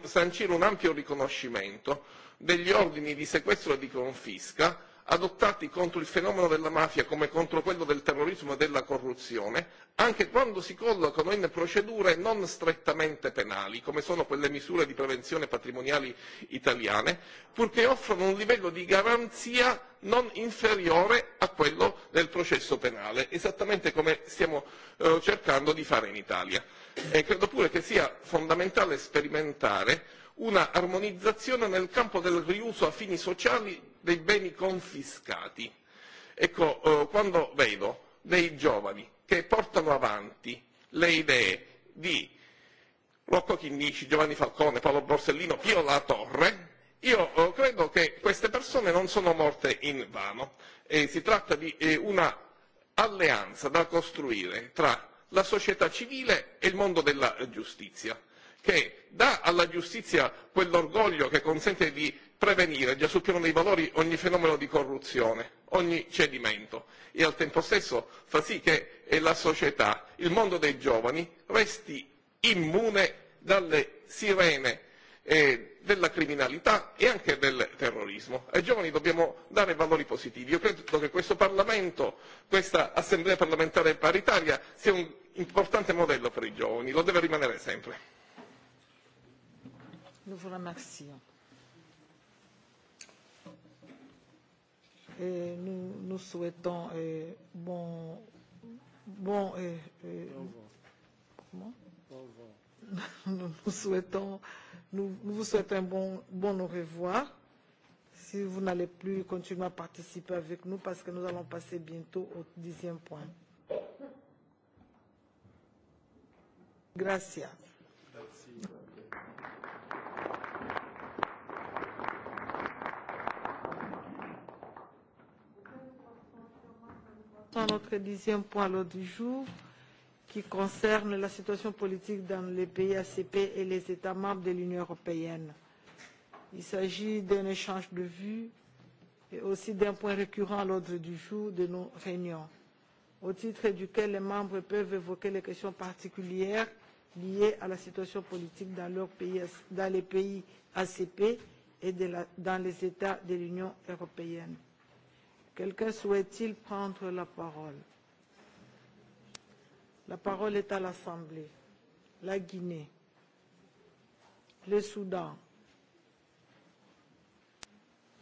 sancire un ampio riconoscimento degli ordini di sequestro e di confisca adottati contro il fenomeno della mafia come contro quello del terrorismo e della corruzione, anche quando si collocano in procedure non strettamente penali, come sono quelle misure di prevenzione patrimoniali italiane, purché offrono un livello di garanzia non inferiore a quello del processo penale, esattamente come stiamo eh, cercando di fare in Italia. E credo pure che sia fondamentale sperimentare una armonizzazione nel campo del riuso a fini sociali dei beni confiscati. Ecco, eh, quando vedo dei giovani che portano avanti le idee di Rocco Chinnici, Giovanni Falcone, Paolo Borsellino, Pio La Torre, io eh, credo che queste persone non sono morte in vano. Eh, si tratta di eh, una alleanza da costruire tra la società civile e il mondo della giustizia che dà alla giustizia quell'orgoglio che consente di prevenire già sul piano dei valori ogni fenomeno di corruzione, ogni cedimento e al tempo stesso fa sì che la società, il mondo dei giovani resti immune dalle sirene eh, della criminalità e anche del terrorismo. Ai giovani dobbiamo dare valori positivi. Io credo che questo Parlamento, questa Assemblea parlamentare paritaria sia un importante modello per i giovani, lo deve rimanere sempre.
Nous vous remercions. Et nous, nous souhaitons euh, bon, bon, euh, euh, comment nous, nous, souhaitons, nous, nous vous souhaitons un bon, bon au revoir. Si vous n'allez plus continuer à participer avec nous, parce que nous allons passer bientôt au dixième point. Gracias. maintenant notre dixième point à l'ordre du jour qui concerne la situation politique dans les pays ACP et les États membres de l'Union européenne. Il s'agit d'un échange de vues et aussi d'un point récurrent à l'ordre du jour de nos réunions, au titre duquel les membres peuvent évoquer les questions particulières liées à la situation politique dans, leur pays, dans les pays ACP et de la, dans les États de l'Union européenne. Quelqu'un souhaite-t-il prendre la parole La parole est à l'Assemblée. La Guinée, le Soudan,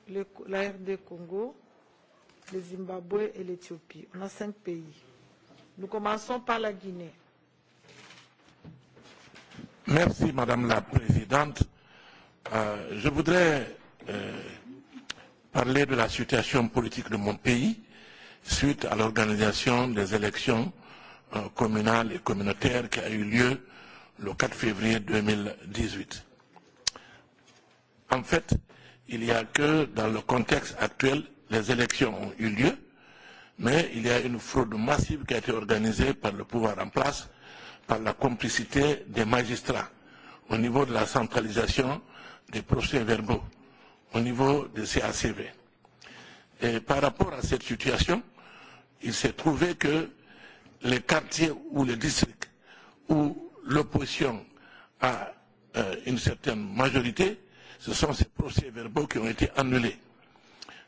le, la RD Congo, le Zimbabwe et l'Éthiopie. On a cinq pays. Nous commençons par la Guinée.
Merci, Madame la Présidente. Euh, je voudrais euh, parler de la situation politique de mon pays suite à l'organisation des élections euh, communales et communautaires qui a eu lieu le 4 février 2018. En fait, il n'y a que dans le contexte actuel, les élections ont eu lieu, mais il y a une fraude massive qui a été organisée par le pouvoir en place, par la complicité des magistrats au niveau de la centralisation des procès verbaux au niveau de ces ACV. Et par rapport à cette situation, il s'est trouvé que les quartiers ou les districts où l'opposition a euh, une certaine majorité, ce sont ces procès-verbaux qui ont été annulés.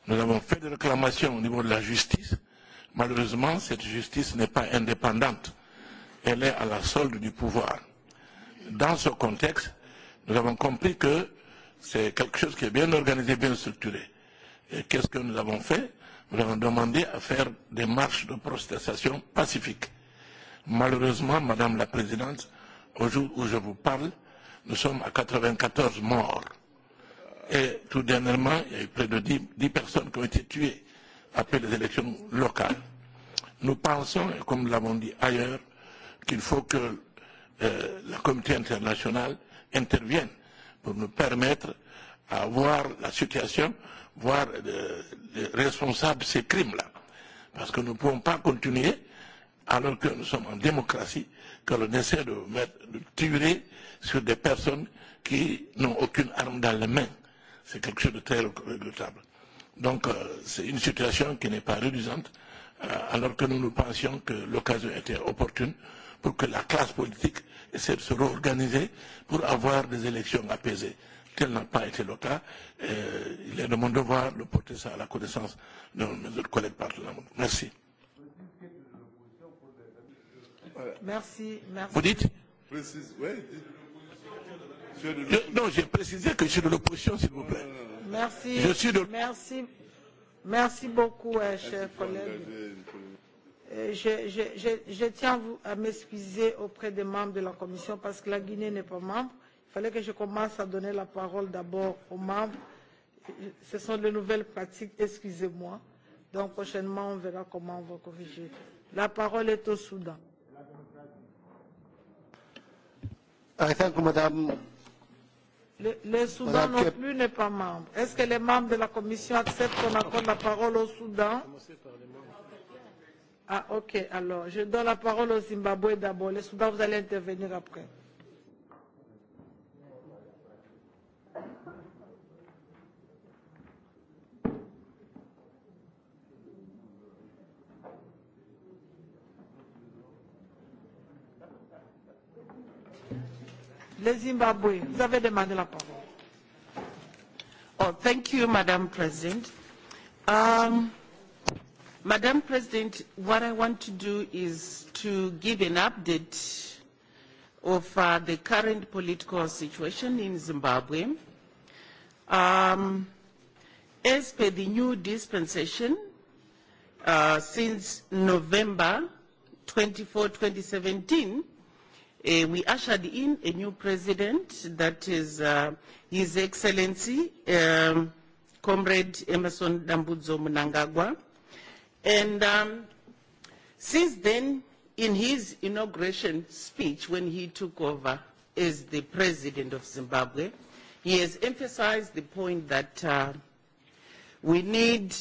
Nous avons fait des réclamations au niveau de la justice. Malheureusement, cette justice n'est pas indépendante. Elle est à la solde du pouvoir. Dans ce contexte, nous avons compris que C'est quelque chose qui est bien organisé, bien structuré. Et qu'est-ce que nous avons fait Nous avons demandé à faire des marches de protestation pacifiques. Malheureusement, Madame la Présidente, au jour où je vous parle, nous sommes à 94 morts. Et tout dernièrement, il y a eu près de 10, 10 personnes qui ont été tuées après les élections locales. Nous pensons, et comme nous l'avons dit ailleurs, qu'il faut que euh, la communauté internationale intervienne pour nous permettre à voir la situation, voir les responsables de ces crimes-là. Parce que nous ne pouvons pas continuer, alors que nous sommes en démocratie, que l'on essaie de, mettre, de tirer sur des personnes qui n'ont aucune arme dans les mains. C'est quelque chose de très regrettable. Donc euh, c'est une situation qui n'est pas réduisante, euh, alors que nous nous pensions que l'occasion était opportune pour que la classe politique seront organisées pour avoir des élections apaisées. Tel n'a pas été le cas. Euh, il est de mon devoir de porter ça à la connaissance de mes autres collègues partenaires. Merci.
Merci, merci. Vous dites
Je,
non, j'ai précisé que je suis de l'opposition, s'il vous plaît. Merci. Je suis de...
Merci. Merci beaucoup, euh, cher collègue je, je, je, je tiens à m'excuser auprès des membres de la Commission parce que la Guinée n'est pas membre. Il fallait que je commence à donner la parole d'abord aux membres. Ce sont de nouvelles pratiques, excusez-moi. Donc prochainement, on verra comment on va corriger. La parole est au Soudan.
I thank you, Madame
Le, le Soudan Madame non Kep... plus n'est pas membre. Est-ce que les membres de la Commission acceptent qu'on accorde la parole au Soudan
Commencez par les membres.
Ah, ok. Alors, je donne la parole au Zimbabwe d'abord. Le Soudan, vous allez intervenir après.
Le Zimbabwe, vous avez demandé la parole. Oh, thank you, Madame President. Um, Madam President, what I want to do is to give an update of uh, the current political situation in Zimbabwe. Um, as per the new dispensation, uh, since November 24, 2017, Uh, we ushered in a new president, that is uh, His Excellency um, Comrade Emerson Dambudzo Mnangagwa. And um, since then, in his inauguration speech when he took over as the president of Zimbabwe, he has emphasized the point that uh, we need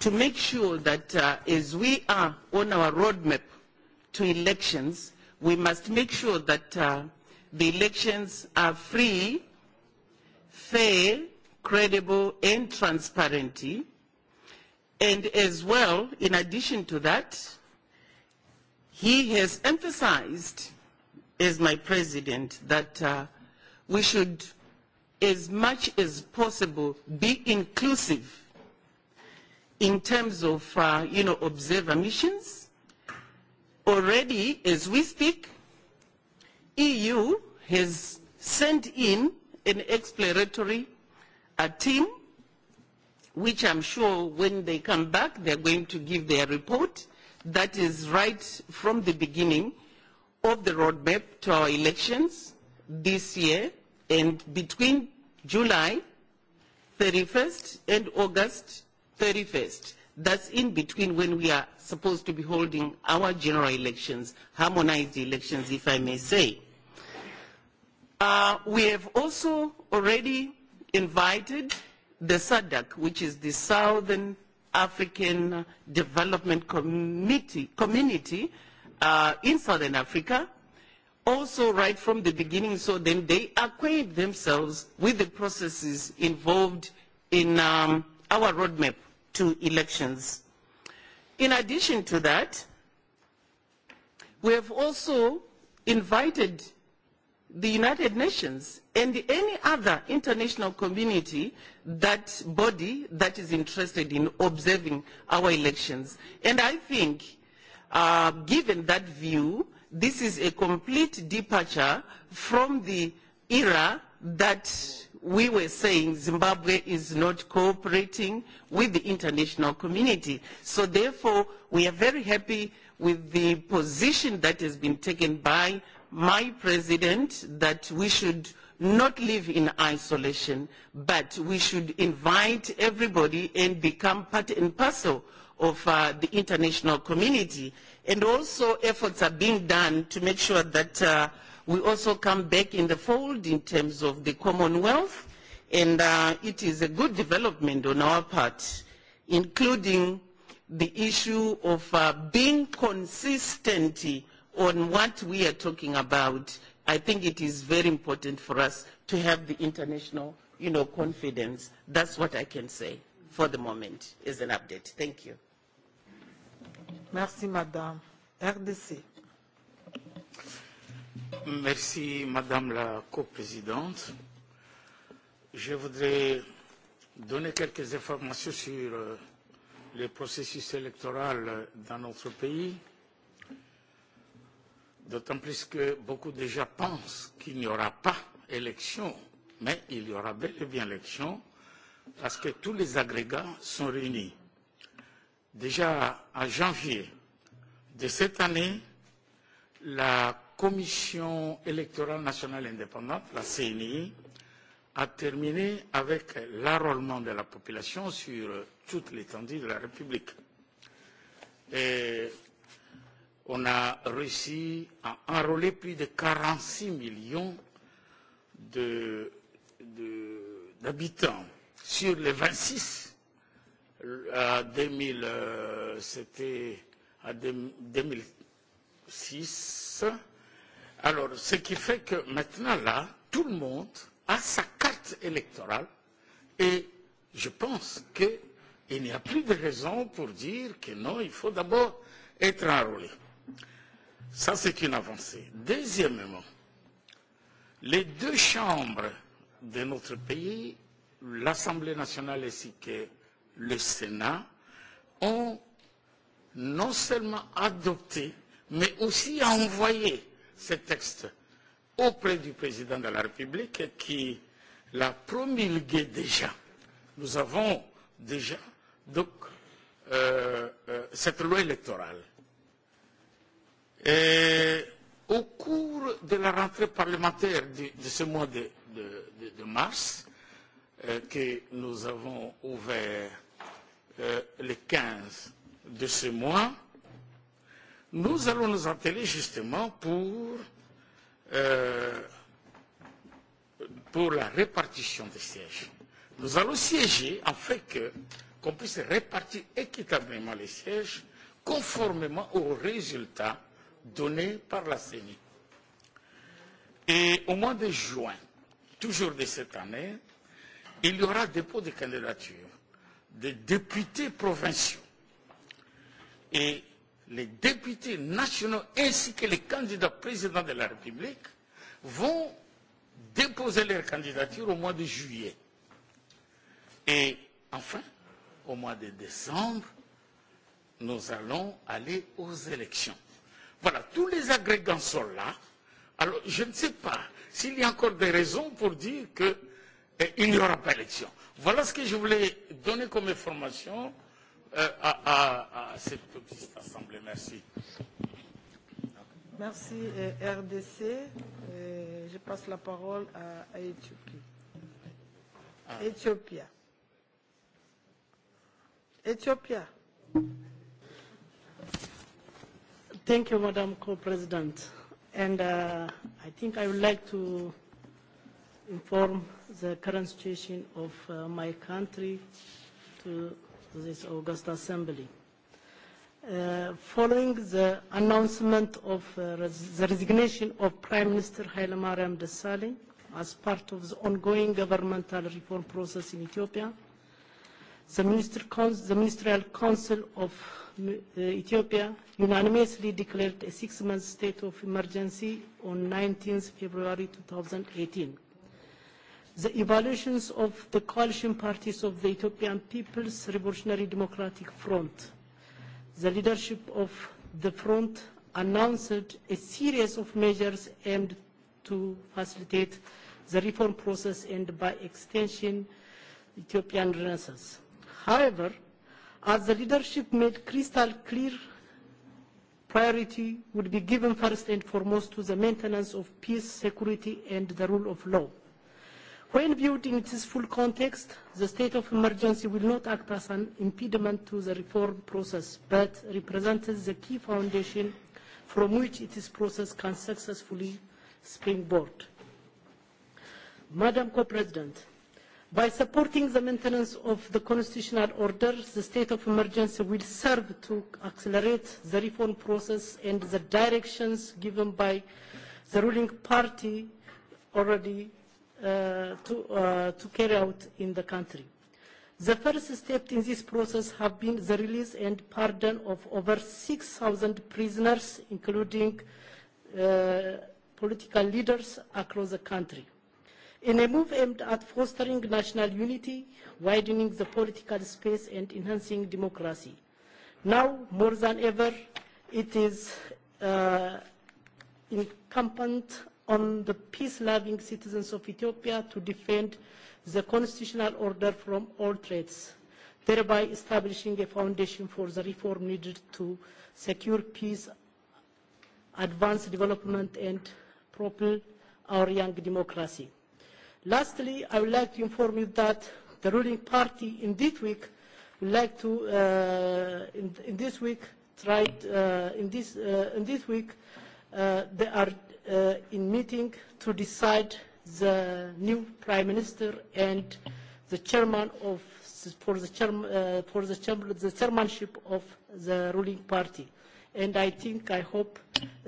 to make sure that uh, as we are on our roadmap to elections, we must make sure that uh, the elections are free, fair, credible, and transparent And as well, in addition to that, he has emphasized, as my president, that uh, we should, as much as possible, be inclusive in terms of, uh, you know, observer missions. Already, as we speak, EU has sent in an exploratory a uh, team which I'm sure when they come back, they're going to give their report that is right from the beginning of the roadmap to our elections this year and between July 31st and August 31st. That's in between when we are supposed to be holding our general elections, harmonized elections, if I may say. Uh, we have also already invited the SADC, which is the Southern African Development Community, Community uh, in Southern Africa, also right from the beginning, so then they acquaint themselves with the processes involved in um, our roadmap to elections. In addition to that, we have also invited the United Nations and any other international community that body that is interested in observing our elections. And I think, uh, given that view, this is a complete departure from the era that we were saying Zimbabwe is not cooperating with the international community. So therefore, we are very happy with the position that has been taken by my president that we should not live in isolation, but we should invite everybody and become part and parcel of uh, the international community. And also efforts are being done to make sure that uh, we also come back in the fold in terms of the Commonwealth. And uh, it is a good development on our part, including the issue of uh, being consistent on what we are talking about, I think it is very important for us to have the international you know, confidence. That's what I can say for the moment is an update. Thank you.
Merci, Madame. RDC.
Merci, Madame la co Co-Présidente. Je voudrais donner quelques informations sur euh, le processus électoral dans notre pays d'autant plus que beaucoup déjà pensent qu'il n'y aura pas élection, mais il y aura bel et bien élection parce que tous les agrégats sont réunis. Déjà en janvier de cette année, la Commission électorale nationale indépendante, la CNI, a terminé avec l'enrôlement de la population sur toute l'étendue de la République. Et on a réussi à enrôler plus de 46 millions d'habitants sur les 26 à 2000, euh, c'était à 2006. Alors, ce qui fait que maintenant là, tout le monde a sa carte électorale et je pense qu'il n'y a plus de raison pour dire que non, il faut d'abord être enrôlé. Ça, c'est une avancée. Deuxièmement, les deux chambres de notre pays, l'Assemblée nationale ainsi que le Sénat, ont non seulement adopté, mais aussi envoyé ce texte auprès du président de la République qui l'a promulgué déjà. Nous avons déjà donc euh, euh, cette loi électorale Euh, au cours de la rentrée parlementaire de, de ce mois de, de, de, de mars, euh, que nous avons ouvert euh, le 15 de ce mois, nous allons nous atteler justement pour, euh, pour la répartition des sièges. Nous allons siéger afin qu'on qu puisse répartir équitablement les sièges conformément aux résultats donnée par la CENI. Et au mois de juin, toujours de cette année, il y aura dépôt de candidature des députés provinciaux et les députés nationaux ainsi que les candidats présidents de la République vont déposer leur candidature au mois de juillet. Et enfin, au mois de décembre, nous allons aller aux élections. Voilà, tous les agrégants sont là. Alors, je ne sais pas s'il y a encore des raisons pour dire qu'il eh, n'y aura pas élection. Voilà ce que je voulais donner comme information euh, à, à, à cette petite assemblée. Merci.
Merci eh, RDC. Eh, je passe la parole à, à Éthiopie. Ah.
Éthiopia. Éthiopia. Thank you, Madam Co-President. And uh, I think I would like to inform the current situation of uh, my country to this August Assembly. Uh, following the announcement of uh, res the resignation of Prime Minister Hailemariam Desalegn as part of the ongoing governmental reform process in Ethiopia, the, Minister Cons the Ministerial Council of Uh, Ethiopia unanimously declared a six-month state of emergency on 19 th February 2018. The evaluations of the coalition parties of the Ethiopian People's Revolutionary Democratic Front. The leadership of the front announced a series of measures aimed to facilitate the reform process and by extension Ethiopian Renaissance. However, As the leadership made crystal clear, priority would be given first and foremost to the maintenance of peace, security and the rule of law. When viewed in its full context, the state of emergency will not act as an impediment to the reform process, but represents the key foundation from which its process can successfully springboard. Madam Co-President, By supporting the maintenance of the constitutional order, the state of emergency will serve to accelerate the reform process and the directions given by the ruling party already uh, to, uh, to carry out in the country. The first step in this process have been the release and pardon of over 6,000 prisoners, including uh, political leaders across the country in a move aimed at fostering national unity, widening the political space and enhancing democracy. Now, more than ever, it is uh, incumbent on the peace-loving citizens of Ethiopia to defend the constitutional order from all threats, thereby establishing a foundation for the reform needed to secure peace, advance development, and propel our young democracy. Lastly, I would like to inform you that the ruling party in this week would like to, uh, in, in this week, tried, uh, in, this, uh, in this week, uh, they are uh, in meeting to decide the new prime minister and the chairman of for the chair, uh, for the, chair, the chairmanship of the ruling party and i think i hope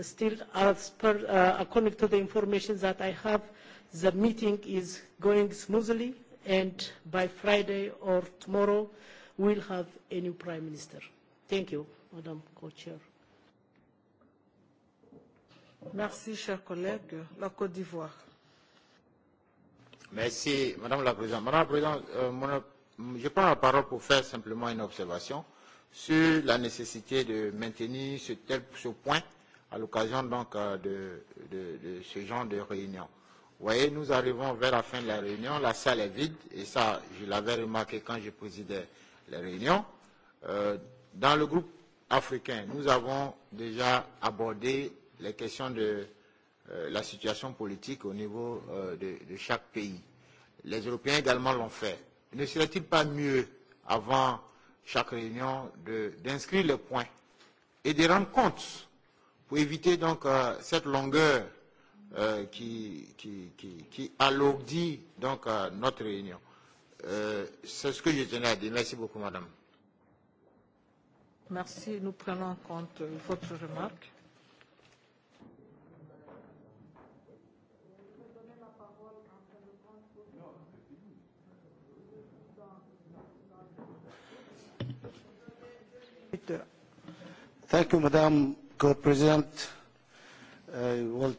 still as per uh, according to the information that i have The meeting is going smoothly, and by Friday or tomorrow, we'll have a new Prime Minister. Thank you, Madam Co-Chair. Merci, cher collègue.
La Côte d'Ivoire.
Merci, Madame la Présidente. Madame la Présidente, euh, mon, je prends la parole pour faire simplement une observation sur la nécessité de maintenir ce, tel, ce point à l'occasion donc euh, de, de, de ce genre de réunion. Euh, voyez, nous arrivons vers la fin de la réunion, la salle est vide, et ça, je l'avais remarqué quand je présidais les réunions. Euh, dans le groupe africain, nous avons déjà abordé les questions de euh, la situation politique au niveau euh, de, de chaque pays. Les Européens également l'ont fait. Ne serait-il pas mieux, avant chaque réunion, d'inscrire les points
et de rendre compte pour éviter donc euh, cette longueur euh, euh, qui, qui, qui, qui alourdit donc euh, notre réunion. Euh, C'est ce que je tenais à dire. Merci beaucoup, madame.
Merci. Nous prenons en compte votre remarque.
Thank you, Madam Co-President. I want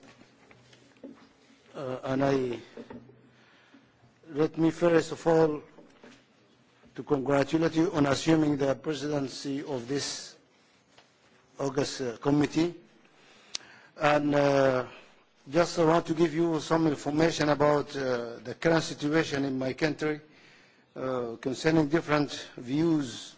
uh, and I let me first of all to congratulate you on assuming the presidency of this August uh, committee. And uh, just I want to give you some information about uh, the current situation in my country uh, concerning different views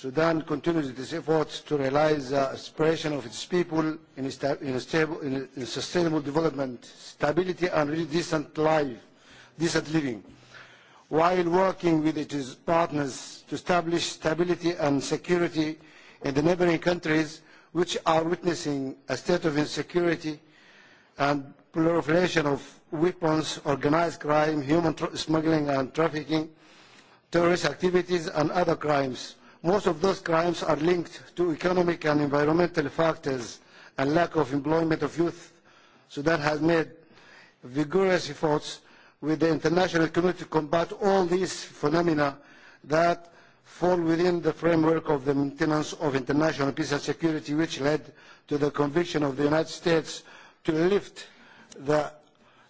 Sudan continues its efforts to realize the aspiration of its people in, a sta in, a stable, in, a, in sustainable development, stability and really decent life, decent living, while working with its partners to establish stability and security in the neighboring countries which are witnessing a state of insecurity and proliferation of weapons, organized crime, human smuggling and trafficking, terrorist activities and other crimes Most of those crimes are linked to economic and environmental factors and lack of employment of youth. Sudan has made vigorous efforts with the international community to combat all these phenomena that fall within the framework of the maintenance of international peace and security, which led to the conviction of the United States to lift the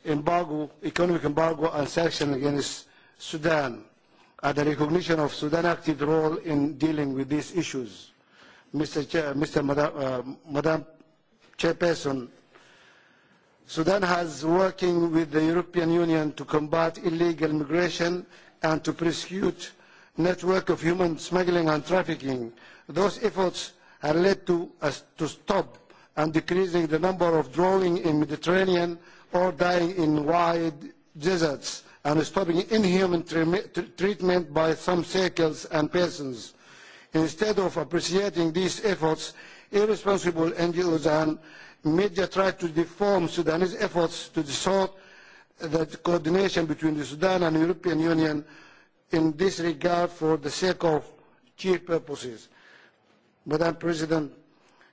embargo, economic embargo and sanctions against Sudan at the recognition of Sudan's active role in dealing with these issues. Mr. Chair, Mr. Uh, Madam, uh, Chairperson, Sudan has working with the European Union to combat illegal migration and to prosecute network of human smuggling and trafficking. Those efforts have led to us uh, to stop and decreasing the number of drowning in Mediterranean or dying in wide deserts and stopping inhuman treatment by some circles and persons. Instead of appreciating these efforts, irresponsible NGOs and media try to deform Sudanese efforts to distort the coordination between the Sudan and European Union in this regard for the sake of cheap purposes. Madam President,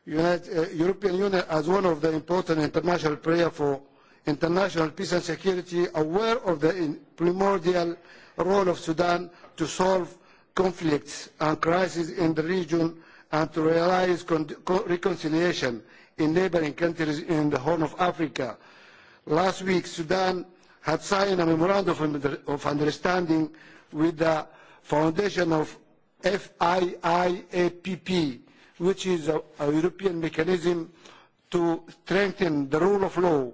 United, uh, European Union as one of the important international players for international peace and security aware of the primordial role of Sudan to solve conflicts and crises in the region and to realize reconciliation in neighboring countries in the Horn of Africa. Last week, Sudan had signed a memorandum of understanding with the foundation of FIIAPP, which is a, a European mechanism to strengthen the rule of law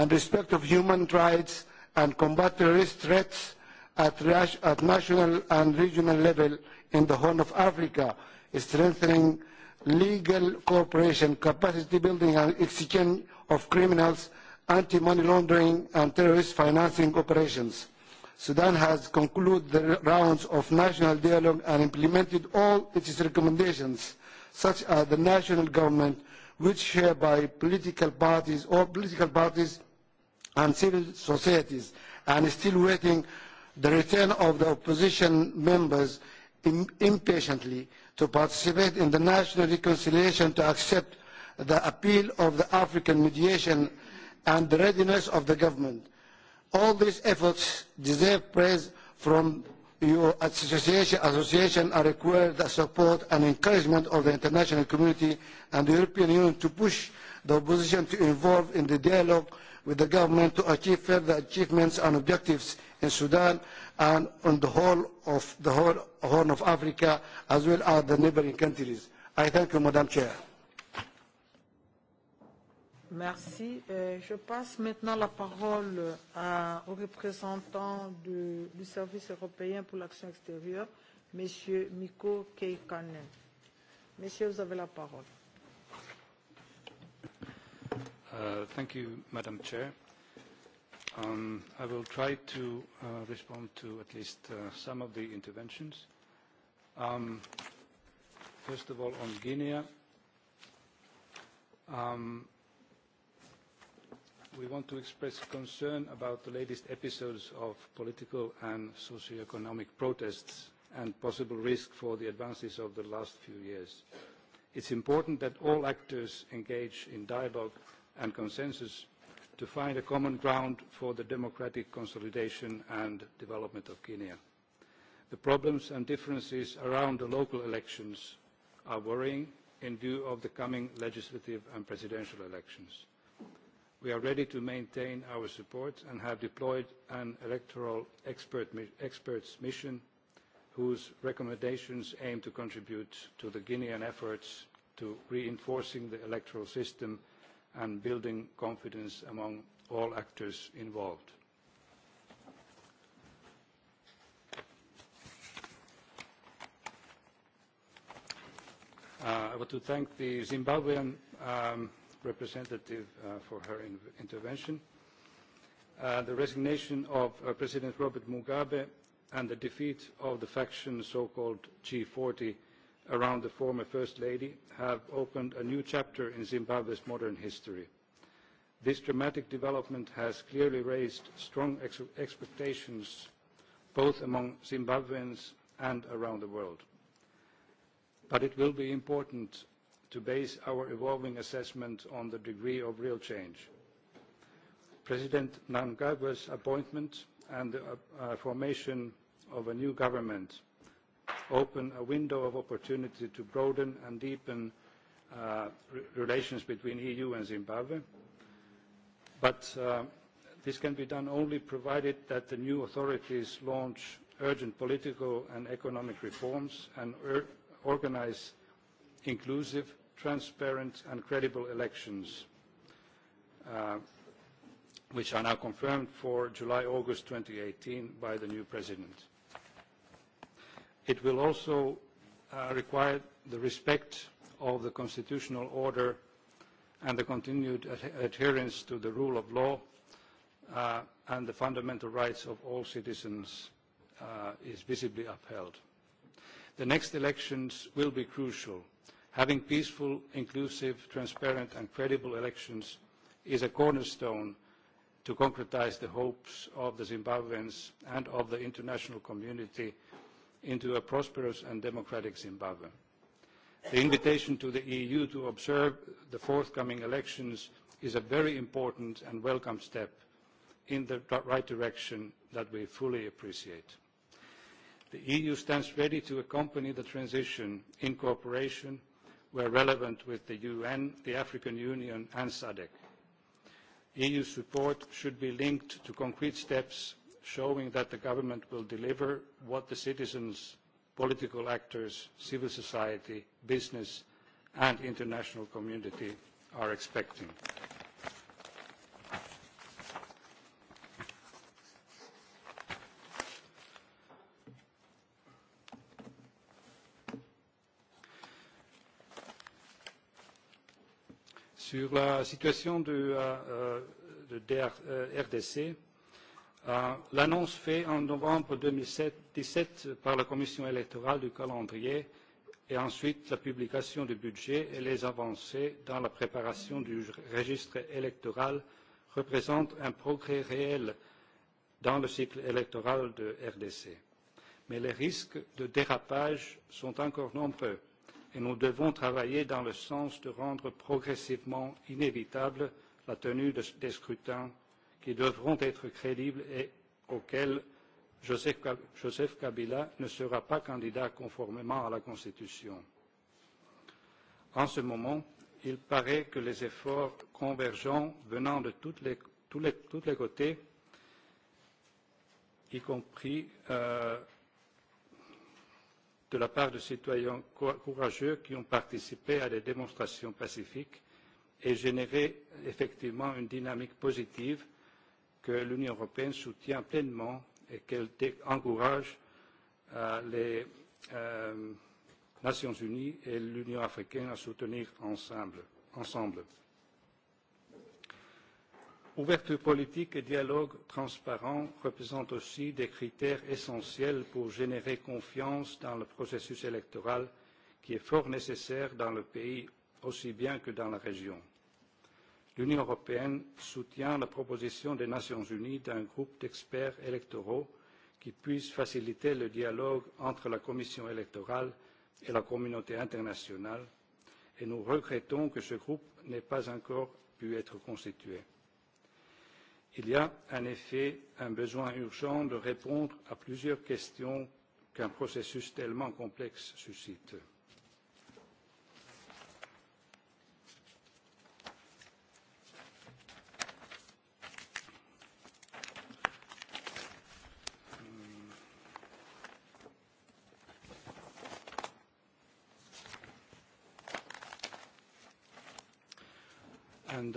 and respect of human rights and combat terrorist threats at, at national and regional level in the Horn of Africa, strengthening legal cooperation, capacity building and execution of criminals, anti-money laundering and terrorist financing operations. Sudan has concluded the rounds of national dialogue and implemented all its recommendations, such as the national government, which hereby political parties or political parties and civil societies and still waiting the return of the opposition members impatiently to participate in the national reconciliation to accept the appeal of the African mediation and the readiness of the government. All these efforts deserve praise from your association, association and require the support and encouragement of the international community and the European Union to push the opposition to involve in the dialogue with the government to achieve further achievements and objectives in Sudan and on the whole of the whole Horn of Africa as well as the neighboring countries. I thank you, Madam Chair.
Merci. Euh, je passe maintenant la parole euh, à, au représentant de, du Service européen pour l'action extérieure, Monsieur Miko Keikanen. Monsieur, vous avez la
parole.
Uh, thank you, Madam Chair. Um, I will try to uh, respond to at least uh, some of the interventions. Um, first of all, on Guinea, um, we want to express concern about the latest episodes of political and socio-economic protests and possible risk for the advances of the last few years. It's important that all actors engage in dialogue and consensus to find a common ground for the democratic consolidation and development of Guinea. The problems and differences around the local elections are worrying in view of the coming legislative and presidential elections. We are ready to maintain our support and have deployed an electoral expert mi experts mission whose recommendations aim to contribute to the Guinean efforts to reinforcing the electoral system and building confidence among all actors involved. Uh, I want to thank the Zimbabwean um, representative uh, for her in intervention. Uh, the resignation of uh, President Robert Mugabe and the defeat of the faction so-called G40 around the former First Lady have opened a new chapter in Zimbabwe's modern history. This dramatic development has clearly raised strong ex expectations both among Zimbabweans and around the world. But it will be important to base our evolving assessment on the degree of real change. President Mnangagwa's appointment and the uh, formation of a new government open a window of opportunity to broaden and deepen uh, relations between EU and Zimbabwe. But uh, this can be done only provided that the new authorities launch urgent political and economic reforms and er organize inclusive, transparent and credible elections, uh, which are now confirmed for July-August 2018 by the new president. It will also uh, require the respect of the constitutional order and the continued ad adherence to the rule of law uh, and the fundamental rights of all citizens uh, is visibly upheld. The next elections will be crucial. Having peaceful, inclusive, transparent and credible elections is a cornerstone to concretize the hopes of the Zimbabweans and of the international community into a prosperous and democratic Zimbabwe. The invitation to the EU to observe the forthcoming elections is a very important and welcome step in the right direction that we fully appreciate. The EU stands ready to accompany the transition in cooperation where relevant with the UN, the African Union and SADC. EU support should be linked to concrete steps showing that the government will deliver what the citizens, political actors, civil society, business and international community are expecting. Sur la situation de, euh, euh de DR, euh, RDC, Euh, l'annonce faite en novembre 2017 par la Commission électorale du calendrier et ensuite la publication du budget et les avancées dans la préparation du registre électoral représentent un progrès réel dans le cycle électoral de RDC. Mais les risques de dérapage sont encore nombreux et nous devons travailler dans le sens de rendre progressivement inévitable la tenue de, des scrutins qui devront être crédibles et auxquelles joseph kabila ne sera pas candidat conformément à la constitution. en ce moment il paraît que les efforts convergents venant de les, tous, les, tous les côtés y compris euh, de la part de citoyens courageux qui ont participé à des démonstrations pacifiques et généré effectivement une dynamique positive que l'Union européenne soutient pleinement et qu'elle encourage euh, les euh, Nations unies et l'Union africaine à soutenir ensemble. ensemble. Ouverture politique et dialogue transparent représentent aussi des critères essentiels pour générer confiance dans le processus électoral qui est fort nécessaire dans le pays aussi bien que dans la région l'Union européenne soutient la proposition des Nations unies d'un groupe d'experts électoraux qui puisse faciliter le dialogue entre la Commission électorale et la communauté internationale et nous regrettons que ce groupe n'ait pas encore pu être constitué. Il y a en effet un besoin urgent de répondre à plusieurs questions qu'un processus tellement complexe suscite.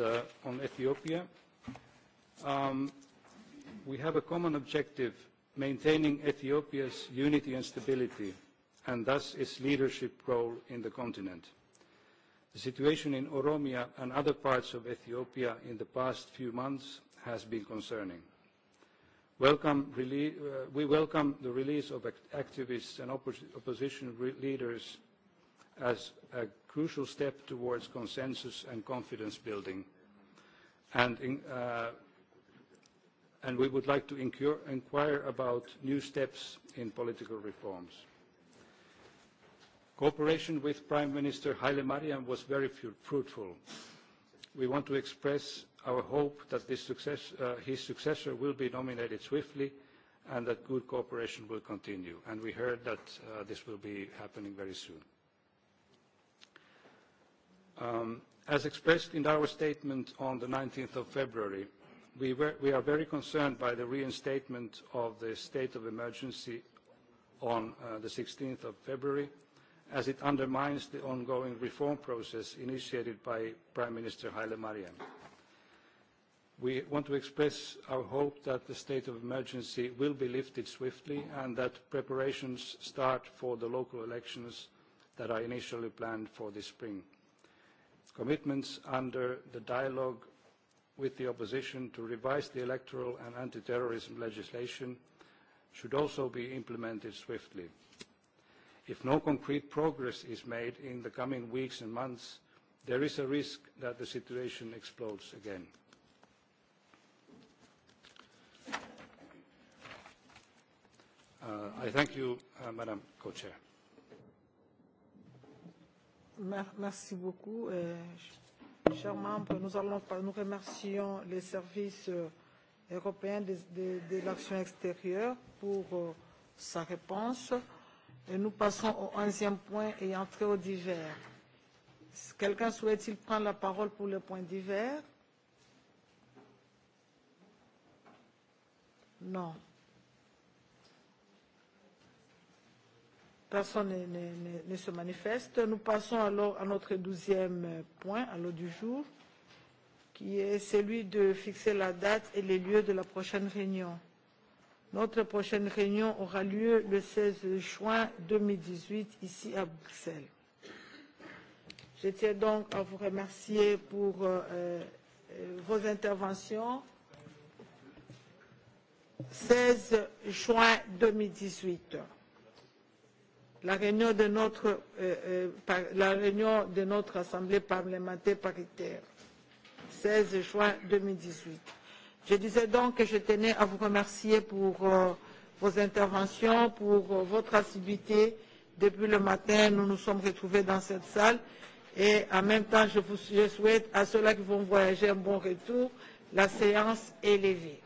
uh, on Ethiopia. Um, we have a common objective, maintaining Ethiopia's unity and stability, and thus its leadership role in the continent. The situation in Oromia and other parts of Ethiopia in the past few months has been concerning. Welcome, uh, we welcome the release of act activists and oppos opposition leaders as a crucial step towards consensus and confidence building. And, in, uh, and we would like to incur, inquire about new steps in political reforms. Cooperation with Prime Minister Haile Mariam was very fruitful. We want to express our hope that this success, uh, his successor will be nominated swiftly and that good cooperation will continue. And we heard that uh, this will be happening very soon. Um, as expressed in our statement on the 19th of February, we, were, we are very concerned by the reinstatement of the state of emergency on uh, the 16th of February, as it undermines the ongoing reform process initiated by Prime Minister Haile Mariam. We want to express our hope that the state of emergency will be lifted swiftly and that preparations start for the local elections that are initially planned for this spring commitments under the dialogue with the opposition to revise the electoral and anti-terrorism legislation should also be implemented swiftly. If no concrete progress is made in the coming weeks and months, there is a risk that the situation explodes again. Uh, I thank you, uh, Madam Co-Chair.
Merci beaucoup. Et, euh, chers membres, nous, allons, nous remercions les services euh, européens de, de, de l'action extérieure pour euh, sa réponse. Et nous passons au onzième point et entrée au divers. Quelqu'un souhaite-t-il prendre la parole pour le point divers Non. personne ne, ne, ne, se manifeste. Nous passons alors à notre douzième euh, point, à l'ordre du jour, qui est celui de fixer la date et les lieux de la prochaine réunion. Notre prochaine réunion aura lieu le 16 juin 2018 ici à Bruxelles. Je tiens donc à vous remercier pour euh, euh vos interventions. 16 juin 2018 la réunion de notre, euh, euh, par, la réunion de notre Assemblée parlementaire paritaire, 16 juin 2018. Je disais donc que je tenais à vous remercier pour euh, vos interventions, pour euh, votre assiduité. Depuis le matin, nous nous sommes retrouvés dans cette salle. Et en même temps, je, vous, je souhaite à ceux-là qui vont voyager un bon retour. La séance est levée.